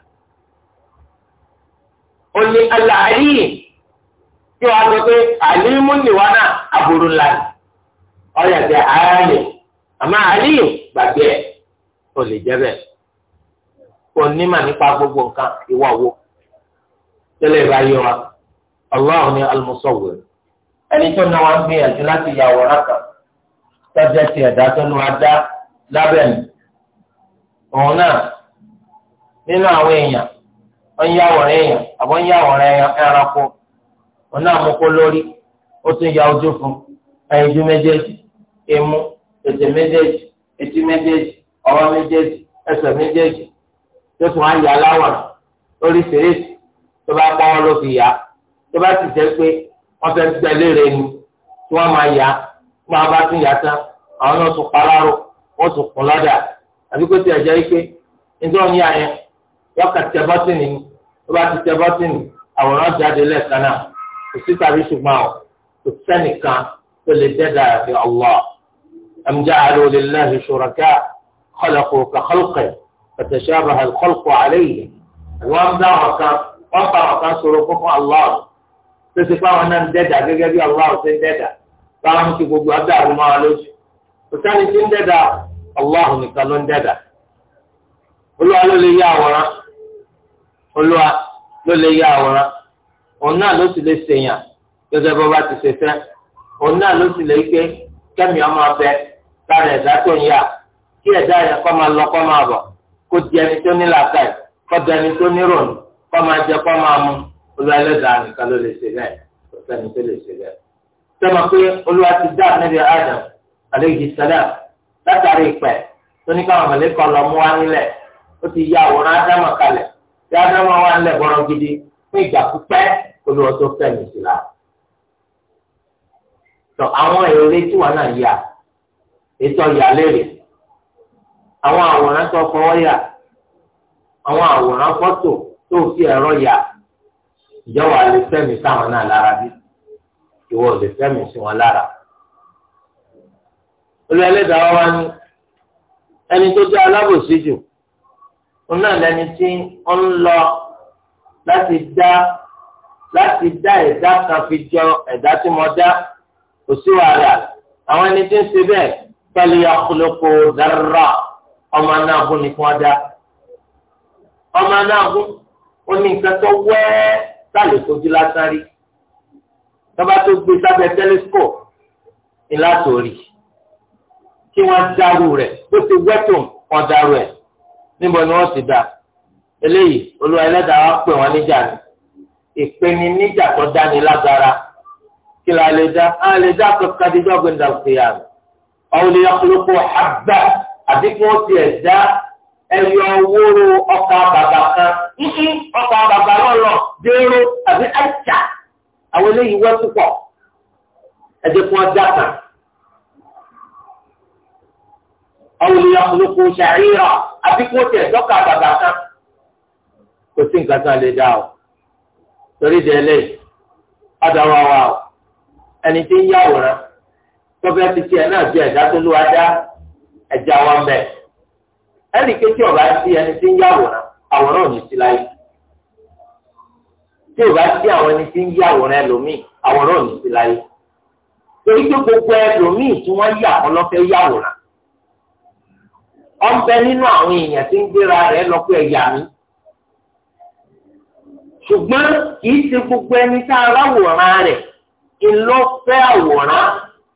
onye ala aláàyè tí wàá sọ pé àlímú nìwọ náà aburú ńlá ni ọyà tẹ ààyè àmọ́ àlíyè gbàgbé ẹ ó lè bẹ́ẹ̀ nípa gbogbo nǹkan ìwà wo tẹ́lẹ̀ bá wa ni al ẹni tó náà wá ń gbìyànjú láti yàwòrán kan tọ́jà ti ẹ̀dá tó nu adá lábẹ́ mi òun náà nínú wọ́n yá àwòrán èèyàn àbọ̀ ń yá ẹranko lori náà ya ojú fún ẹyinjú méjèèjì imú ètè méjèèjì etí méjèèjì ọwọ́ méjèèjì ẹsẹ̀ méjèèjì tó tún á yà láwòrán lóríṣiríṣi tó bá pọ́n ló fi yá tó bá sì jẹ́ pé wọ́n fẹ́ ni tí wọ́n máa yá tí wọ́n bá tún yá tán àwọn náà tún wọ́n tún kún lọ́dà tó bá ti tẹ bọ́tìnì àwòrán jáde lẹ́ẹ̀kan náà kò sí tàbí ṣùgbọ́n o kò sẹ́nìkan tó lè dẹ́dà àfi Allah am ja'alu lillahi shuraka khalaqu ka khalqihi fatashabaha al wọ́n dá wọn wọ́n bá wọn sọ̀rọ̀ fún Allah tó ti fáwọn náà ń dẹ́dà gẹ́gẹ́ bí Allah ṣe ń dẹ́dà báwọn ti gbogbo ọdọ àrùmọ́ lójú kò sẹ́ni tí ń dẹ́dà Allah nìkan ló ń dẹ́dà olúwa ló lè yá àwòrán olúwa ló lè ya àwòrán òun náà ló sì lè ṣèyàn gẹ́gẹ́ bó bá ti ṣe fẹ́ òun náà ló sì lè gbé kẹ́mi ọmọ ọbẹ lára ẹ̀dá tó ń yà kí ẹ̀dá yẹn kọ́ máa lọ kọ́ máa bọ̀ kó di ẹni tó ní làákàyè kó di ẹni tó ní rònú kọ́ máa jẹ kọ́ máa mu olúwa ẹlẹ́dàá nìkan ló lè ṣe bẹ́ẹ̀ kò sẹ́ni tó lè ṣe bẹ́ẹ̀. sọ́mọ pé olúwa ti dá ànábì Adam àlejò sẹ́lẹ̀ látàrí ìpẹ́ tó ní káwọn mọ̀lẹ́kọ̀ lọ mú wá nílẹ̀ ó ti ya àwòrán Ádámà kalẹ̀ yàrá wọn wà ń lẹ́bọ̀rọ̀ gidi fún ìgbà pípẹ́ olùwọ́ tó sí la. tọ àwọn èrè tí wọn náà yà ètò ìyàlérè àwọn àwòrán tó fọwọ́ yà àwọn àwòrán fọ́tò tó fi ẹ̀rọ yà ìjọba lè fẹ̀mí sáwọn náà lára bí ìwọ lè fẹ̀mí sí wọn lára. olùyẹlẹ́dàá wa ni ẹni tó jẹ́ alábòsí jù. òun náà lẹni tí ó ń lọ láti dá láti dá ẹ̀dá kan fi jọ ẹ̀dá tí mo dá kò sí wàhálà àwọn ẹni tí ń ṣe bẹ́ẹ̀ pẹ̀lú akólókò dára ọmọ náà gún ni kí wọ́n dá ọmọ náà gún ó ní nǹkan tó wẹ́ẹ́ sálè fojú lásán rí tọ́ba tó gbé sábẹ́ tẹlẹsikópù ni látòrí kí wọ́n dárú rẹ̀ bó ti wẹ́tò wọn dárú ẹ̀ níbo ni wọ́n ti dà eléyìí olúwa ẹlẹ́dàá wa pè wọ́n níjà ni ìpinnu níjà tó dáni lágara kí la lè dá á lè dá kankan dídọ́ gbẹ̀ndà òkèèyà rẹ̀ ọ̀hún lè yọkùlùkù àgbà àbí kí wọ́n ẹyọ wóró ọkà bàbà kan ọkà bàbà lọ́lọ́ dérò àbí àjà àwọn eléyìí wọ́n púpọ̀ ẹ̀jẹ̀ kí wọ́n kan. àwòlíyà olóko ṣàríyà àti kó tẹ̀ dọ́kà bàbà kan kò sí nǹkan kan lè dá o torí délé ọ̀dàwà wa o ẹni tí ń yàwòrán tọ́fẹ́ ti tiẹ̀ náà bí ẹ̀dá tó ló wá dá ẹ̀já wa ń bẹ̀ ẹnì kékeré ọ̀bá sí ẹni tí ń yàwòrán àwòrán ò ní sí láyé tí o bá sí àwọn ẹni tí ń yí àwòrán ẹlòmíì àwòrán ò ní sí láyé torí pé gbogbo ẹlòmíì tí wọ́n yà wọ́n lọ fẹ́ ọ̀nbẹ nínú àwọn èèyàn tí ń gbéra rẹ̀ lọ pé ẹ̀yà mi. ṣùgbọ́n kì í ṣe gbogbo ẹni tá a ráwòrán rẹ̀ ìlọ́fẹ́ àwòrán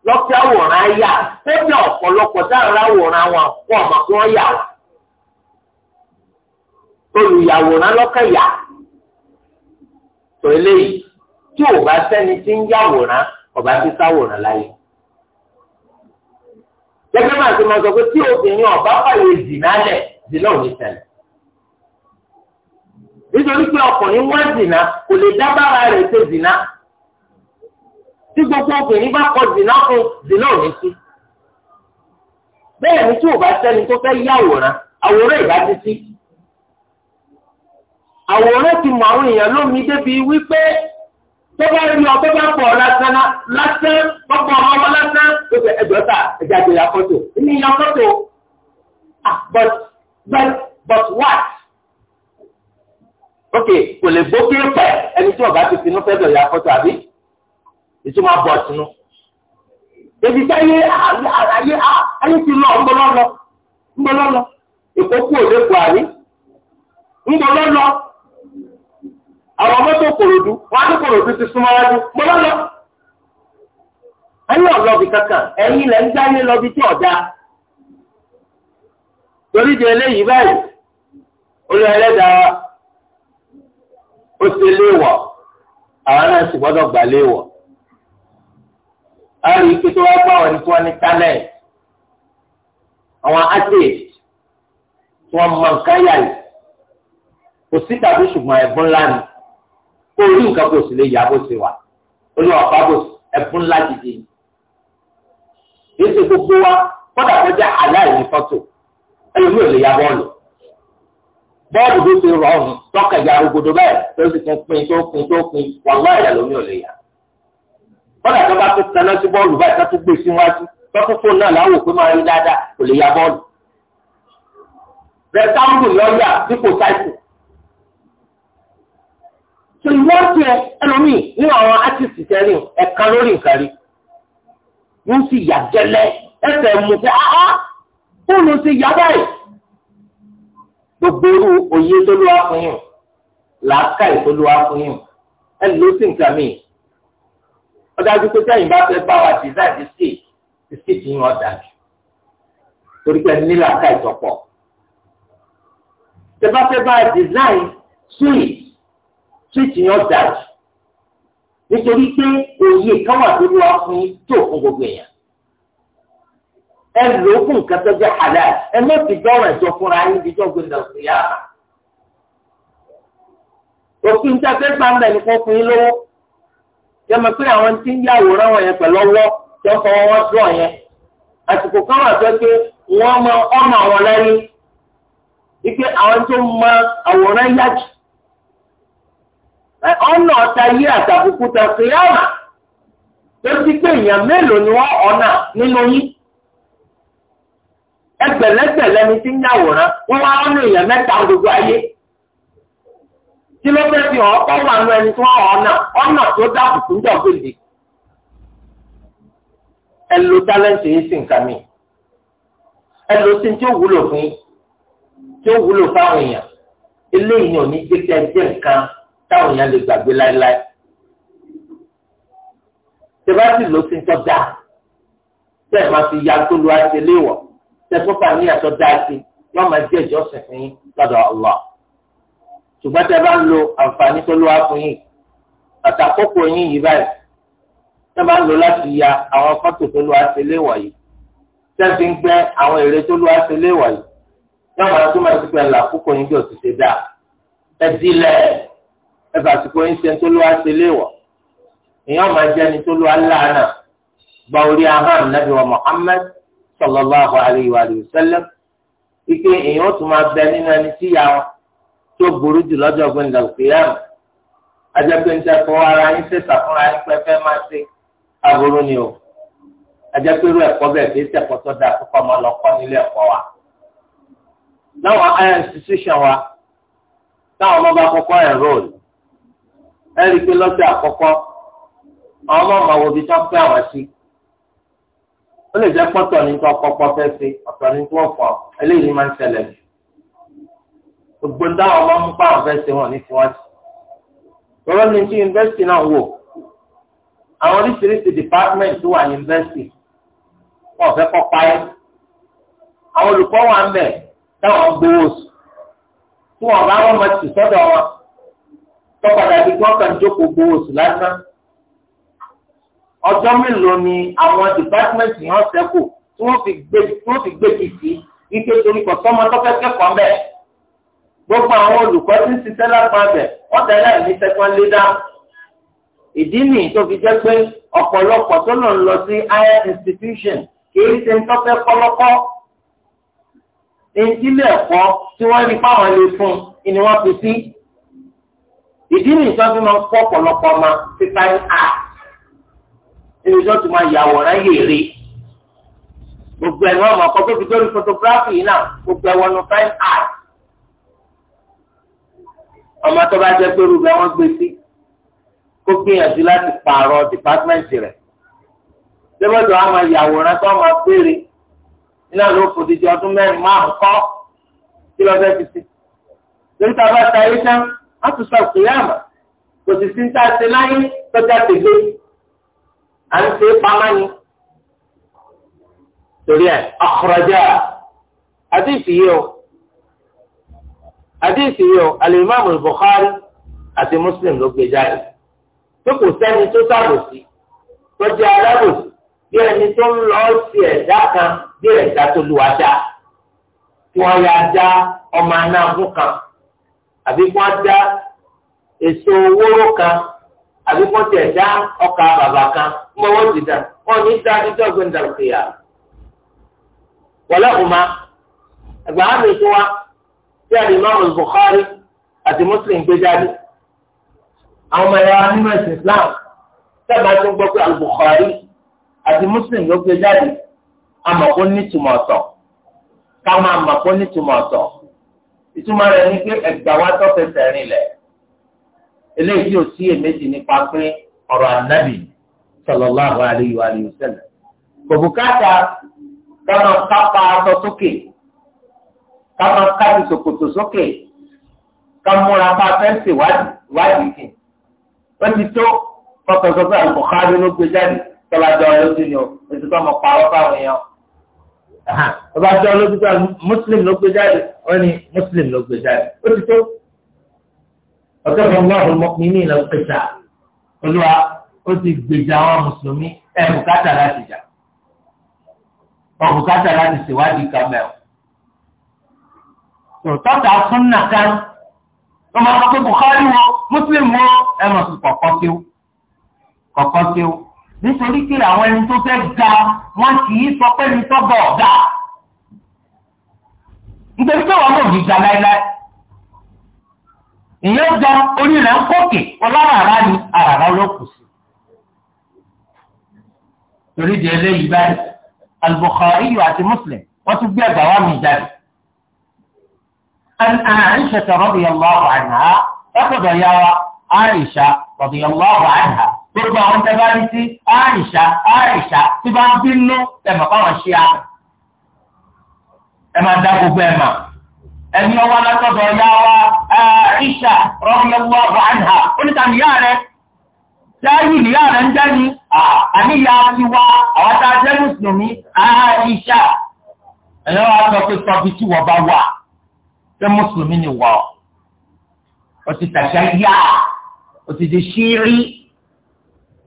lọ́fẹ́ àwòrán yà fẹ́ẹ́ ọ̀pọ̀lọpọ̀ tá a ráwòrán wọn kọ́ ọ̀mọ̀ kí wọ́n yà wá. olùyàwòrán lọ́kàn yà tó eléyìí tí ò bá sẹ́ni tí ń yàwòrán ọ̀bá ti sáwòrán láyé gẹ́gẹ́ bá ti máa sọ pé tí obìnrin ọ̀bá fàyè zìnà lẹ̀ zìnà ò ní ṣẹlẹ̀. nítorí pé ọkùnrin wá zìnà kò lè dábàrà rẹ̀ ṣe zìnà. tí gbogbo obìnrin bá kọ zìnà fún zìnà ò ní sí. bẹ́ẹ̀ ni tí ò bá sẹ́ni tó fẹ́ yá àwòrán àwòrán ìbá ti sí. àwòrán ti mọ àwọn èèyàn lómi débi wípé tọ́ba ẹni ọ tọ́ba pọ̀ lásán lásán tọ́pọ̀ ọmọ lásán tó fẹ́ ẹjọ́ ta ẹja tó ní ya but but but what ok kò lè pẹ ti finú fẹ́ àbí ìtumọ̀ bọ̀ sínú àwọn mọ́tò kòròdú wọn á tó kòròdú ti súnmọ́ wájú mọ́ lọ́lọ́. ẹ̀yin ọ̀lọ́bì kankan ẹ̀yin lẹ́ ń jáde lọ́bi tí ọ̀dà. torí di eléyìí báyìí olú ẹlẹ́dàá ó ṣe léèwọ̀ àwọn náà sì gbọ́dọ̀ gbà léèwọ̀. a rí tó wá gbọ́ àwọn ẹni tí ní talent àwọn artist tí wọ́n mọ nǹkan yà yìí kò sí tàbí ṣùgbọ́n ẹ̀bùn ńlá kó orí nǹkan kò sì lè yà bó ṣe wà ó ní ọ̀pá bò ẹ̀fún ńlá dìde yìí ṣe gbogbo wa kọ́dà tó jẹ́ aláìní fọ́tò ẹlòmí ò lè ya bọ́ọ̀lù bọ́ọ̀lù tó ti rọ̀ ọ̀hún tọ́ka ìyá arúgbòdò báyìí tó sì tún pin tó pin tó pin wàhálà ẹlòmí ò lè ya kọ́dà tó bá tó tẹná sí bọ́ọ̀lù báyìí tó tún gbé síwájú tọ́kùn fóònù náà láwò pé máa rí dáadáa kò lè ya bọ́ọ̀lù rẹ̀ táwọn lọ́ọ̀yà dípò sáìkù tó ìwọ tiẹ̀ ẹlòmíì nínú àwọn artist tẹrí ẹka lórí nǹkan rí wọn sì yà gẹlẹ ẹsẹ mú sí áá fóònù sì yà báyìí gbogbo irú òye tó lọ fún yìí làákàyè tó lọ fún yìí ẹ ló sì nǹkan mi ọdájú pé sẹ́yìn bá fẹ́ bá wa design the state the state yìí wọn dájú torí pé ní làákàyè tó pọ̀ tẹ bá fẹ́ bá design suit. tíìtì yẹn ọ̀dà jù nítorí pé òye kan wà tó lọ́wọ́ fún yín tó fún gbogbo èèyàn ẹ lò fún nǹkan tó ẹ fúnra yín bí yá òfin tí a fẹ́ gbà àwọn tí ń yá àwòrán wọn pẹ̀lú ọwọ́ fọwọ́ wọn yẹn àsìkò kan wà ọmọ àwọn lẹ́yìn ike àwọn tó mọ àwòrán yá ọ̀nà ọ̀tá yé àtàkùkù tàṣí yàrá tó ti pé èèyàn mélòó ni wọ́n ọ̀nà nínú yín ẹgbẹ̀lẹ́gbẹ̀lẹ́ ni ti ń yàwòrán wọ́n wá ọ̀nà èèyàn mẹ́ta gbogbo ayé kí ló fẹ́ fi ọ̀ọ́kọ́ wà nù ẹni tí wọ́n ọ̀nà ọ̀nà tó dàbùkù ń dọ̀ gbèdè ẹ lo tálẹ́ǹtì yìí sí nǹkan mi ẹ lo sí tí ó wúlò fún yín tí ó wúlò fáwọn èèyàn eléyìí ni ò ní jẹ́ kí ẹ jẹ́ táwọn èèyàn lè gbàgbé láéláé tẹ́bátì ló ti ń tọ́ dáa tẹ́ ẹ̀ máa fi ya tó lu àti léwọ̀ tẹ́fúnfà ní àtọ́ dáa sí wọ́n máa jẹ́ ìjọsìn fún yín lọ́dọ̀ Allah ṣùgbọ́n tẹ́ bá ń lo àǹfààní tó lọ́wọ́ fún yín àtàkókò yín yìí báyìí tẹ́ bá ń lo láti ya àwọn fọ́tò tó lọ́wọ́ àti léwọ̀ yìí tẹ́ fi ń gbẹ́ àwọn èrè tó lọ́wọ́ àti léwọ̀ yìí wọ́n máa túmọ̀ sí pé làkókò yín bí òṣìṣẹ́ ẹ fàsìkò yín ṣe tó ló wá ṣe léwọ̀ èèyàn máa jẹ́ ni tó ló wá láàánà gba orí ahọ́n nàbí wa Muhammad sallallahu alayhi wa sallam ike èèyàn tún máa bẹ nínú ẹni tí ya wọn tó burú jù lọ́jọ́ gbẹ̀ndà òkèèyàn ajẹ́pẹ́ ń ara yín ṣèṣà fúnra yín pẹ́pẹ́ máa ṣe aburú ni o ajẹ́pẹ́ ẹ̀kọ́ bẹ́ẹ̀ kì ṣẹ̀kọ́ tó dáa kókó ọmọ lọ kọ́ nílé ẹ̀kọ́ wa láwọn higher institution wa táwọn ọmọ bá kọ́kọ́ enroll ẹ̀rí pé lọ́sẹ̀ àkọ́kọ́ àwọn ọmọ ọmọ òbí tó pé àwọn sí ó lè jẹ́ pọ́tọ̀ ní tó kọ́kọ́ fẹ́ ṣe ọ̀tọ̀ ní tó ọ̀pọ̀ eléyìí máa ń ṣẹlẹ̀ jù gbogbo táwọn ọmọ ń bá àwọn fẹ́ ṣe wọn ní tiwọn ní ti yunifásitì náà wò àwọn oríṣiríṣi department tó wà yunifásitì wọn fẹ́ kọ́ páyé àwọn olùkọ́ wà ń bẹ̀ táwọn gbowó sùn tí wọn bá wọn mọ̀ sí sọ́dọ̀ wọn tọ́padà bí gbọ́kàn jókòó gbowó oṣù lásán. ọjọ́ mélòó ni àwọn dìpátímẹ́ǹtì yẹn ṣẹ́kù tí wọ́n fi gbé tí wọ́n fi gbé kìkì ike torí kò sọ́mọ tó fẹ́ kẹ́kọ̀ọ́ bẹ́ẹ̀. gbogbo àwọn olùkọ́ tí ń ṣiṣẹ́ lápá bẹ̀ wọ́n tẹ̀lé àìní sẹ́kọ́n lé dá. ìdí ni, tó fi jẹ́ pé ọ̀pọ̀lọpọ̀ tó lọ lọ sí higher institution kìí ṣe ń tọ́fẹ́ kọ́lọ́kọ́. ìdílé ẹ̀kọ́ tí wọ́n rí fáwọn ilé fún ni wọ́n fi sí ìdí ni ìjọ fi máa ń kọ́ ọ̀pọ̀lọpọ̀ ọmọ fífa ní a nínú ìjọ tó máa yàwòrán yèrè gbogbo ẹ̀rọ ọmọ kan tó fi dórí photography yìí náà gbogbo ẹ̀wọ̀n ní fine art ọmọ tó bá jẹ́ pé rúbẹ̀ wọ́n gbé sí kó gbìyànjú láti pààrọ̀ dìpátmẹ́ǹtì rẹ̀ lébọ̀dọ̀ á máa yàwòrán tó máa béèrè iná ló fò ọdún mẹ́rin márùn-ún kọ́ kí lọ́fẹ́ fi sí. lórí a bá ta ayé tán wọ́n tún sọ ìyáàmà kò sì sí tá a ṣe láyé tọ́jà tèlé à ń ṣe pamá ni. torí ẹ akhraja àdìsí yìí o àdìsí yìí o alimami Bukhari àti Muslim ló gbé jáde tó kò sẹ́ni tó sábòsí tọ́jà alábòsí bí ẹni tó ń lọ sí ẹ̀dá kan bí ẹ̀dá tó lu ajá tí wọ́n yá ajá ọmọ anáàbù kan àbí kí wọ́n dá èso wóró kan àbí kí wọ́n tẹ̀ dá ọkà bàbà kan mọ́ wọ́n ti dá wọ́n ní dá nítorí ọ̀gbìn dàrúkìyà. wọ́lẹ́ kùmá ẹgbàá mi tó wá tí àdé Imam Bukhari àti Muslim gbé jáde. àwọn ọmọ ẹ̀yà nínú ẹ̀sìn Islam sábà tó gbọ́ pé Al-Bukhari àti Muslim ló gbé jáde àmọ̀kó nítumọ̀ ọ̀tọ̀ ká máa mọ̀kó nítumọ̀ ọ̀tọ̀ ìtumọ̀ rẹ̀ ni pé ẹgbà wa tó fẹsẹ̀ rìn lẹ̀ eléyìí tí ò sí èméjì nípa pé ọ̀rọ̀ ànábì sallallahu alayhi wa sallam bòbùkátà káma kápá aṣọ sókè káma kábi ṣòkòtò sókè kámúra bá fẹ́ǹsì wádìí kì wọ́n ti tó kọ́tọ̀ sọ́kè àlùkò káàdì ló gbé jáde tọ́lájọ́ ọ̀yọ́ sí ni o ètò tó ọmọ pàrọ̀ báwọn èèyàn ọba tí wọn lójú pé muslim ló gbé jáde wọn ni muslim ló gbé jáde ó ti tó ọjọ́ kan wọ́n ọ̀hún mọ́kùnrin ní ìlànà pẹ̀sà olúwa ó ti gbèjà àwọn mùsùlùmí ẹ̀ bùkátà láti jà ọ̀ bùkátà láti ṣèwádìí kamẹ́ọ̀. tọ́tà súnà kan wọ́n máa sọ pé Bukhari wo muslim wo ẹ̀ mọ̀ sí kọ̀kọ́ sí kọ̀kọ́ sí o nítorí pé àwọn ẹni tó fẹ́ ga wọn kì í sọ pé ní tọ́gbà ọ̀gá nítorí pé wọn náà ní ga láéláé ìyẹn ga orí rẹ̀ ń kókè ọlọ́ràrá ni àràrá ló kù sí. torí di eléyìí báyìí Al-Bukhari àti Muslim wọ́n tún gbé ẹgbà wá mi jáde. Aisha radiyallahu anha ẹ̀kọ́dọ̀ yá wa Aisha radiyallahu anha gbogbo àwọn tẹ bá rí sí àìṣà àìṣà tí bá ń bínú ẹ mọ̀ káwọn ṣe àpò ẹ máa dá gbogbo ẹ mà ẹni ọwọ́ alátọ́dọ̀ ya wa àìṣà radiyallahu anha onítàníyà rẹ sáyì níyà rẹ ń jẹ́ ni ti wá àwọn tá mùsùlùmí àìṣà ẹ̀yọ́ wa sọ pé tọ́bi tí wọ́n bá wà ṣé mùsùlùmí ni wọ́ ọ ti tàṣà yá ọ ti di ṣírí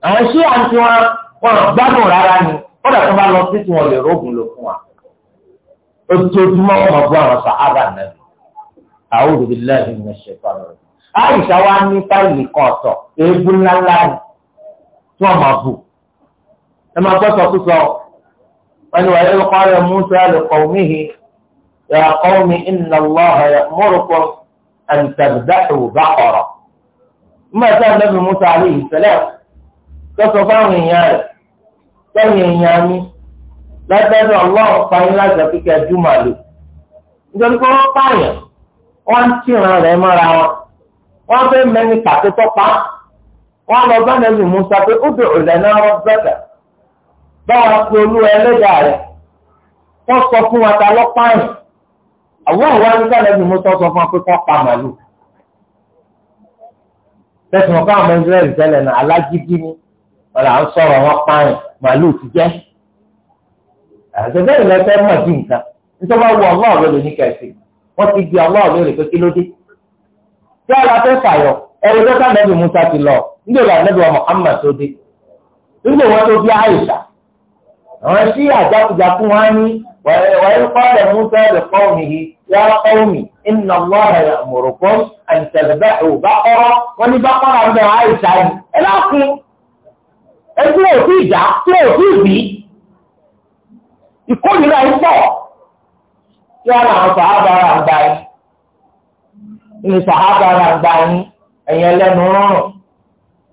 àwọn ṣé àǹtí wọn wọn gbádùn rárá ni kódà tó bá lọ sí tí wọn lè rógùn lò fún wa ojoojúmọ́ wọn máa bú àwọn sàhábà nàbì àwọn olùdílé ẹ̀hìn ní ṣèkọ́ rẹ̀ àìsà wa ní táìlì kan ọ̀tọ̀ èébú ńláńlá ni tí wọn máa bù ẹ máa gbọ́ sọkúsọ wọn ni wàá yẹ kọ́ ẹ mú sí àlùkọ́ míhìn yà kọ́ mi ìnà lọ́hà yà mọ́rùkọ́ àǹtàgbẹ́dàgbò bá ọ̀rọ̀ mú ẹ̀ sẹ́ tọ́sọ fáwọn èèyàn rẹ̀ sẹ́yìn èèyàn mi lágbẹ́dọ̀ ọlọ́run pààyàn láti ọ̀kíkẹ́ dùmà lò nítorí pé wọ́n pààyàn wọ́n ń tìran rẹ̀ mọ́ra wọn wọ́n fẹ́ mẹ́ni tọ́pa wọ́n lọ pé ó báwa pe olú rẹ̀ wọ́n sọ fún wa ta pààyàn àwọn ìwà ní sọ fún wa pé kọ́ pa màlúù tẹ̀sán fáwọn ọmọ wọn là ń sọ̀rọ̀ wọn pààyàn màálù ti jẹ́ àtẹ̀bẹ́rẹ̀ lọ́fẹ́ mọ̀ sí nǹkan nítorí wọ́n wọ ọlọ́ọ̀ lórí ní kẹsì wọ́n ti di ọlọ́ọ̀ lórí pé kí ló dé. tí ọ̀la fẹ́ fàyọ̀ ẹ̀rọ dọ́kà nẹ́bí Musa ti lọ nígbà nẹ́bí wa Muhammad tó dé nígbà wọn tó bí Àìṣà àwọn sí àjákujàkú wọn ní wàyí kọ́lẹ̀ Musa lè kọ́ mi yìí yá kọ́ mi iná lọ́ọ̀rẹ̀ mọ̀rọ̀kọ́ àìsàn bẹ́ẹ̀ ò kọ́rọ́ wọn ní bá kọ́ra ẹgbẹ́ òfin ìdá tí òfin ìbí ìkórìíra ń pọ̀ tí wọn àwọn sàábàárà ń gba yín ní sàábàárà ń gba yín ẹ̀yìn ẹlẹ́nu rọrùn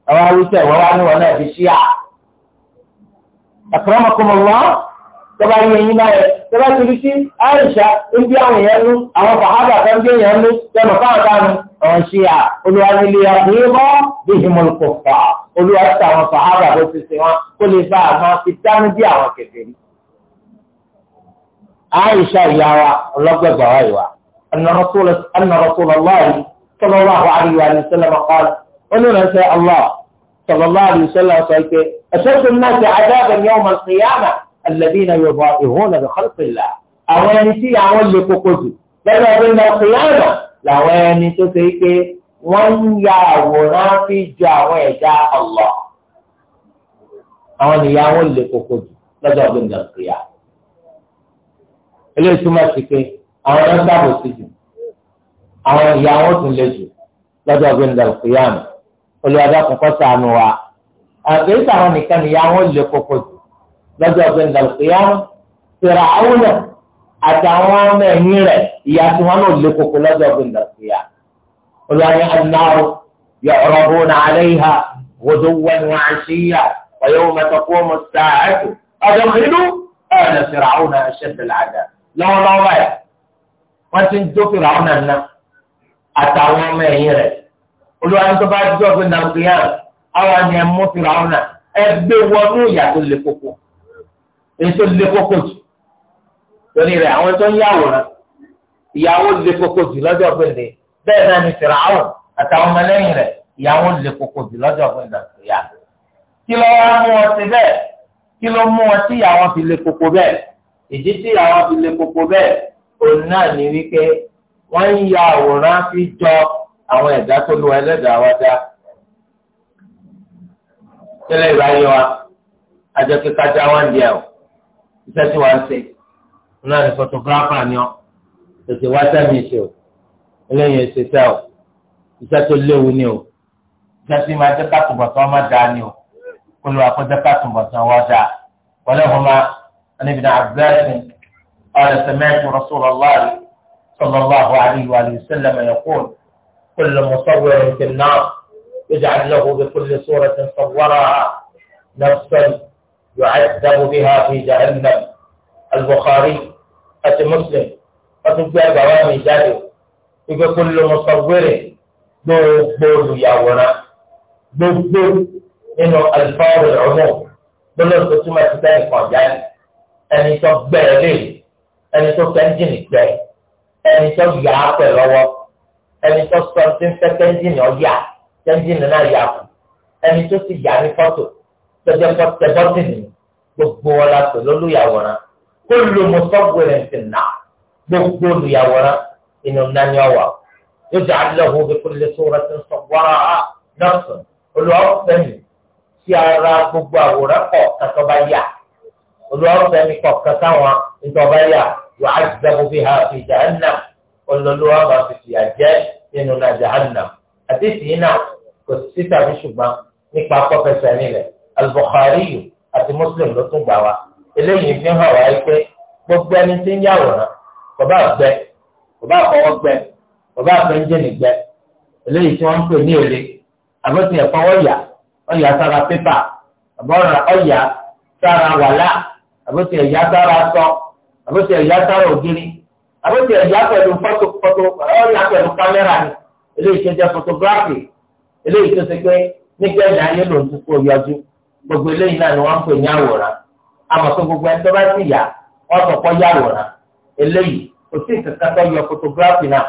àwọn arúgbó ẹ̀wọ̀n wá níwọ̀n náà fi ṣíà akramakumullah tọ́ba yín ẹ̀yìn náà yẹ tọ́ba ti rí sí àìsà ń bí àwọn èèyàn nú àwọn sàábàárà kan bí èèyàn nú tẹnu fáwọn tánu. àwọn ṣíà olúwa nílé ọ̀hìnbọ̀ àwọn sàhábà bó ti ṣe wọn kó lè bá àwọn fitánú bí àwọn kèfèrí. عائشة يا الله جزاها أن رسول أن رسول الله صلى الله عليه وآله وسلم قال أننا شاء الله صلى الله عليه وسلم قال أشد الناس عذابا يوم القيامة الذين يضاهئون بخلق الله أو ينسي أو اللي كوكوزي لأن يوم القيامة làwọn ẹni tó ṣe pé wọ́n ń ya àwòrán fi ju àwọn ẹ̀dá ọ̀lọ́ àwọn ìyàwó lè koko jù lọ́jọ́ ọdún nàìjíríà eléyìí túmọ̀ sí pé àwọn ẹ̀rọ sábò sí jù àwọn ìyàwó tún lè jù lọ́jọ́ ọdún nàìjíríà nù olùwàdà kọ̀kọ́ sànù wa àgbẹ̀ sàwọn nìkan ìyàwó lè koko jù lọ́jọ́ ọdún nàìjíríà nù tẹ̀rẹ̀ àwọn náà. àtàwọn ọmọ ẹ̀yìn rẹ̀ ìyá tí wọn náà lé koko lọ́jọ́ gbẹ̀ndà síyà. olùwànyí anáwó yọ̀rọ̀bù nàlẹ́yà wọ́dọ̀wọ́n wọn àṣeyà ọ̀yẹ́wò mẹ́tọ́kọ́ mọ́ sàáàtù ọ̀dọ̀ ìlú ẹ̀rọ fìràwọn náà ṣẹ̀dẹ̀ làdà lọ́wọ́lọ́wọ́ ẹ̀ wọ́n ti ń jó fìràwọn náà àtàwọn ọmọ ẹ̀yìn rẹ̀ olùwànyí tó bá jọ́ gbẹ̀ndà síyà àwọn ni ẹ̀ mú fìràwọn náà ẹ gbé wọnú ìyà tó lé koko èyí tó lé koko jù torí rẹ̀ àwọn tó ń yàwòrán ìyàwó lè koko jù lọ́jọ́ gbèndé bẹ́ẹ̀ náà ni fìràwọ̀ àtàwọn ọmọlẹ́yìn rẹ̀ ìyàwó lè koko jù lọ́jọ́ gbèndé àtúnyà. kí ló wá mú wọn sí bẹ́ẹ̀ kí ló mú wọn tí ìyàwó fi lè koko bẹ́ẹ̀ ìdí tí ìyàwó fi lè koko bẹ́ẹ̀ òun náà ni wípé wọ́n ń ya àwòrán fi jọ àwọn ẹ̀dá tó lu ẹlẹ́dàá wa dá. tẹ́lẹ̀ ìbáyé wa àjọ kíkájá wá ń di ẹ̀ náà ní photographer ni ọ tètè wá sẹ́mi ṣe o eléyìí ẹ̀ ṣe ise o iṣẹ́ o ise léwu ni o iṣẹ́ tí máa jẹ́ kátùbọ̀tán ọmọ dáa ni o kó ló wá kó jẹ́ kátùbọ̀tán wọ́n dáa wọlé wọn máa ẹni bí náà abẹ́rẹ́sìn ọ̀rẹ́ sẹ́mẹ́ẹ̀tì Rasulullah sallallahu alaihi wa sallam yaqul kullu musawwirin fi an-nar yaj'al lahu bi kulli suratin sawwaraha nafsan yu'adhabu biha fi jahannam al-Bukhari àti Muslim wọ́n tún gbé àgbàwá mi jáde wípé kó ló mọ sọgbére gbogbo olùyàwòrán gbogbo nínú alifáwọ̀rọ̀ ọ̀hún lọ́lọ́ tó túmọ̀ sí sẹ́yìn kan jáde ẹni tó gbẹ̀rẹ̀ lè ẹni tó kẹ́ńjìnì gbẹ̀ ẹni tó yà á pẹ̀ lọ́wọ́ ẹni tó sọ tí ń fẹ́ kẹ́ńjìnì ọ̀yà kẹ́ńjìnì náà yà kù ẹni tó sì yà ní fọ́tò tẹ́jọ́ tẹ́jọ́ sì nì gbogbo ọ̀la pẹ̀lú kó lo mọ̀sọ́gbẹ̀rẹ̀ ti nà gbogbo olùyàwòrán inú nání ọ̀wà yóò jẹ́ àdìlẹ́hùn bí kò lè sọ̀rọ̀ tó ń sọ wọ́rọ̀ á nọ́ọ̀sùn olùwàwọ̀sẹ̀mì sí ara gbogbo àwòrán kọ̀ọ̀kan tó bá yà olùwàwọ̀sẹ̀mì kọ̀ọ̀kan táwọn nítorí ọba yà yóò àdìlẹ́hùn bí ha fi jahannam olùlọ́wọ́ máa fi fìyà jẹ́ nínú na jahannam àti tìyín kò sí tàbí ṣùgbọ́n nípa kọ́fẹ́sẹ̀ nílẹ̀ al-Bukhari àti Muslim ló tún gbà wá eléyìí fi hàn wá pé gbogbo ẹni tí ń yàwòrán bàbá àgbẹ bàbá àkọwọ́ gbẹ bàbá àgbẹ ń jẹ́ nìgbẹ eléyìí tí wọ́n ń pè ní èlé àbẹ̀tì ẹ̀fọ́ ọ̀yà ọ̀yà sára pépà àbọ̀ràn ọ̀yà sára wàlà àbẹ̀tì ẹ̀yà sára sọ àbẹ̀tì ẹ̀yà sára ògiri àbẹ̀tì ẹ̀yà pẹ̀lú fọ́tò fọ́tò ọ̀yà pẹ̀lú kámẹ́rà ni eléyìí tó jẹ́ fọ́tògráfì eléyìí tó ṣe pé nígbẹ̀yìn ayé lòun ti yọjú gbogbo eléyìí náà ni wọ́n ń pè ní àwòrán àmọ́ tó gbogbo ẹni tó bá sì yà wọ́n sọ pé yàwòrán eléyìí kò sí kankan tó yọ photography náà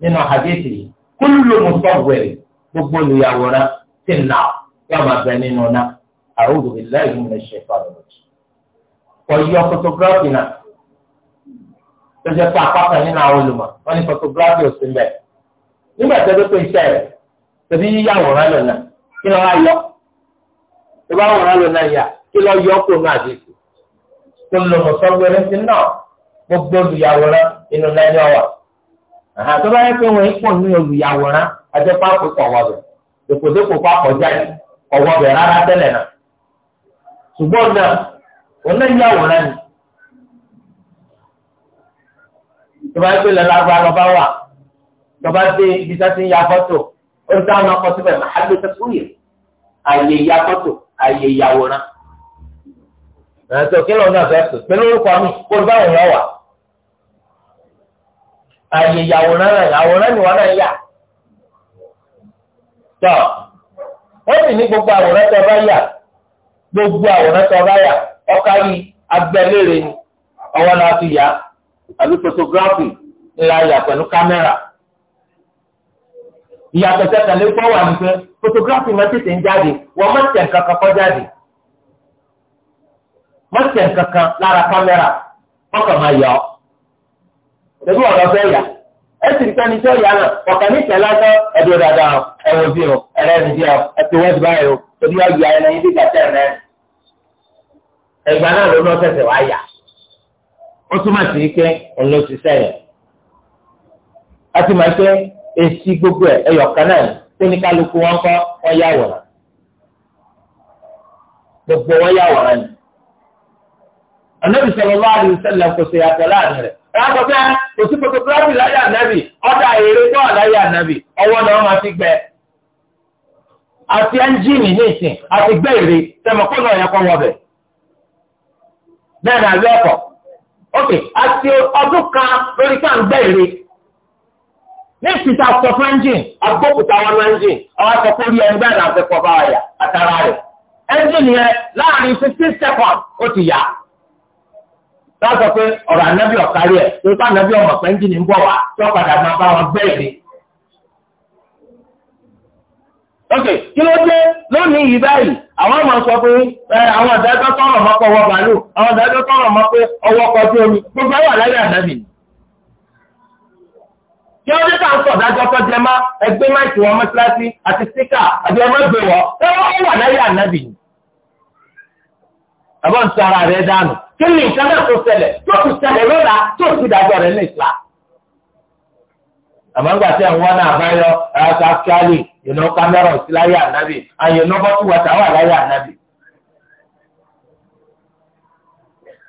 nínú hadith yìí kúlù mùsọ̀wẹ̀rì gbogbo olùyàwòrán ti nà yóò máa bẹ nínú náà a'udhu billahi minash shaitanir rajim. kò yọ photography náà tó jẹ́ pé apáta nínú àwọn olùmọ̀ wọ́n ní photography ò sí mbẹ̀. nígbà tó dé pé iṣẹ́ rẹ̀ tẹ̀sí yíyàwòrán lọ́nà kí ló yọ kó náà dé kullu musawwiratin náà gbogbo olùyàwòrán inú náà ni ọwà àhàn tó bá yẹ pé wọn pọ̀ ní olùyàwòrán ajẹ́pá kò kọ̀ wọ́bẹ̀ dèkòdèkò kọ́ àkọ́jà yìí kọ̀ wọ́bẹ̀ rárá tẹ́lẹ̀ náà ṣùgbọ́n náà wọn náà yàwòrán ni tó bá yẹ pé lọ́la gba lọ́ba wà lọ́ba dé ibi tá ti ń ya fọ́tò ó ń dáhùn ọkọ̀ síbẹ̀ màá ló tẹ́kùrì àyè ya fọ́tò àyè yàwòrán ẹ̀sọ́ kílọ̀ náà fẹ́ pè pẹ̀lú orúkọ mi kó o báwọn yàn wà. àyè ìyàwòrán náà àwòrán nìwọ náà yà. tọ́ wọ́n sì ní gbogbo àwòrán tó bá yà gbogbo àwòrán tó bá yà ọ̀kárí agbẹ́lére ni ọwọ́ la fi yà àbí photography ńlá yà pẹ̀lú kámẹ́rà ìyàtọ̀ tẹ̀tẹ̀lé fọ́wọ́ àmì pé photography máa ń jáde wọ́n máa tẹ̀ nǹkan jáde mọ̀tẹ̀ kankan lára kámẹ́rà ọkàn máa yọ ọ́ ṣebí ọ̀rọ̀ fẹ́ yà ẹ sì ń sẹ́ni tó yà náà ọ̀kàn ní ìṣẹ̀lá sọ ẹ̀dùn dáadáa ẹ̀wọ̀n bí o ẹ̀rẹ́ni bí o ẹ̀tì wọ́n ti báyìí o torí wá yà ẹ̀rẹ́ yín nígbà tẹ̀ rẹ̀ ẹ̀gbà náà ló lọ sẹ̀sẹ̀ wá yà ó túmọ̀ sí pé òun ló ti sẹ́yìn a ti máa pé èsì gbogbo ẹ̀ ẹ̀yọ̀ kan náà tóníkàlùkù wọn kọ́ wọ́n yà wọ̀ràn gbogbo wọn yà wọ̀ràn ni anabi sallallahu alaihi wasallam kò ṣe àtẹ láàrin rẹ̀ láàbọ̀ bẹ́ẹ̀ kò sí photography láyé ànábì ọ̀dà èrè tó wà láyé ànábì ọwọ́ náà wọ́n máa fi gbẹ. àti ẹ́ńjìnì ní ìsìn àti gbé èrè tẹ̀mọ̀kọ́ náà yẹ kọ́ wọbẹ̀. bẹ́ẹ̀ náà lé ọkọ̀ ok àti ọdún kan lórí ká ń gbé èrè. ní tá a sọ fún ẹ́ńjìn agbókùtà wọn lọ ẹ́ńjìn ọwọ́ sọ fún yẹn bẹ́ẹ̀ náà fẹ́ kọ́ bá yà àtàrà rẹ̀ ẹ́ńjìn yẹn láàrin fifteen seconds ó ti yà wọ́n sọ pé ọ̀rọ̀ ànábì ọ̀kárí ẹ̀ tó bá ànábì ọmọ pẹ́ńjì ní bọ̀ wá tó padà máa bá wọn bẹ́ẹ̀ ni. ok kí ló dé lónìí yìí báyìí àwọn ọmọ sọ pé àwọn ìdájọ́ tọrọ mọ́ pé ọwọ́ bàálù àwọn ìdájọ́ tọrọ mọ́ pé ọwọ́ kọjú omi gbogbo ẹwà láyé ànábì ni. kí ló dé ká ń sọ àdájọ́ tó jẹ má ẹgbẹ́ máìkì wọn mọ́ṣáláṣí àti síkà àti ọmọ ìgbéwọ̀ ẹwà àbọ̀ nsọ ara rẹ̀ dànù kí ni nǹkan náà tó ṣẹlẹ̀ tó ti ṣẹlẹ̀ lọ́la tó ti dàgbà rẹ̀ ní ìsìlá. àmọ́ ńgbà tí àwọn náà bá yọ kíálì ìná kámẹ́rà sí láyé ànábì àyè náà bọ́tù wọ̀tà wà láyé ànábì.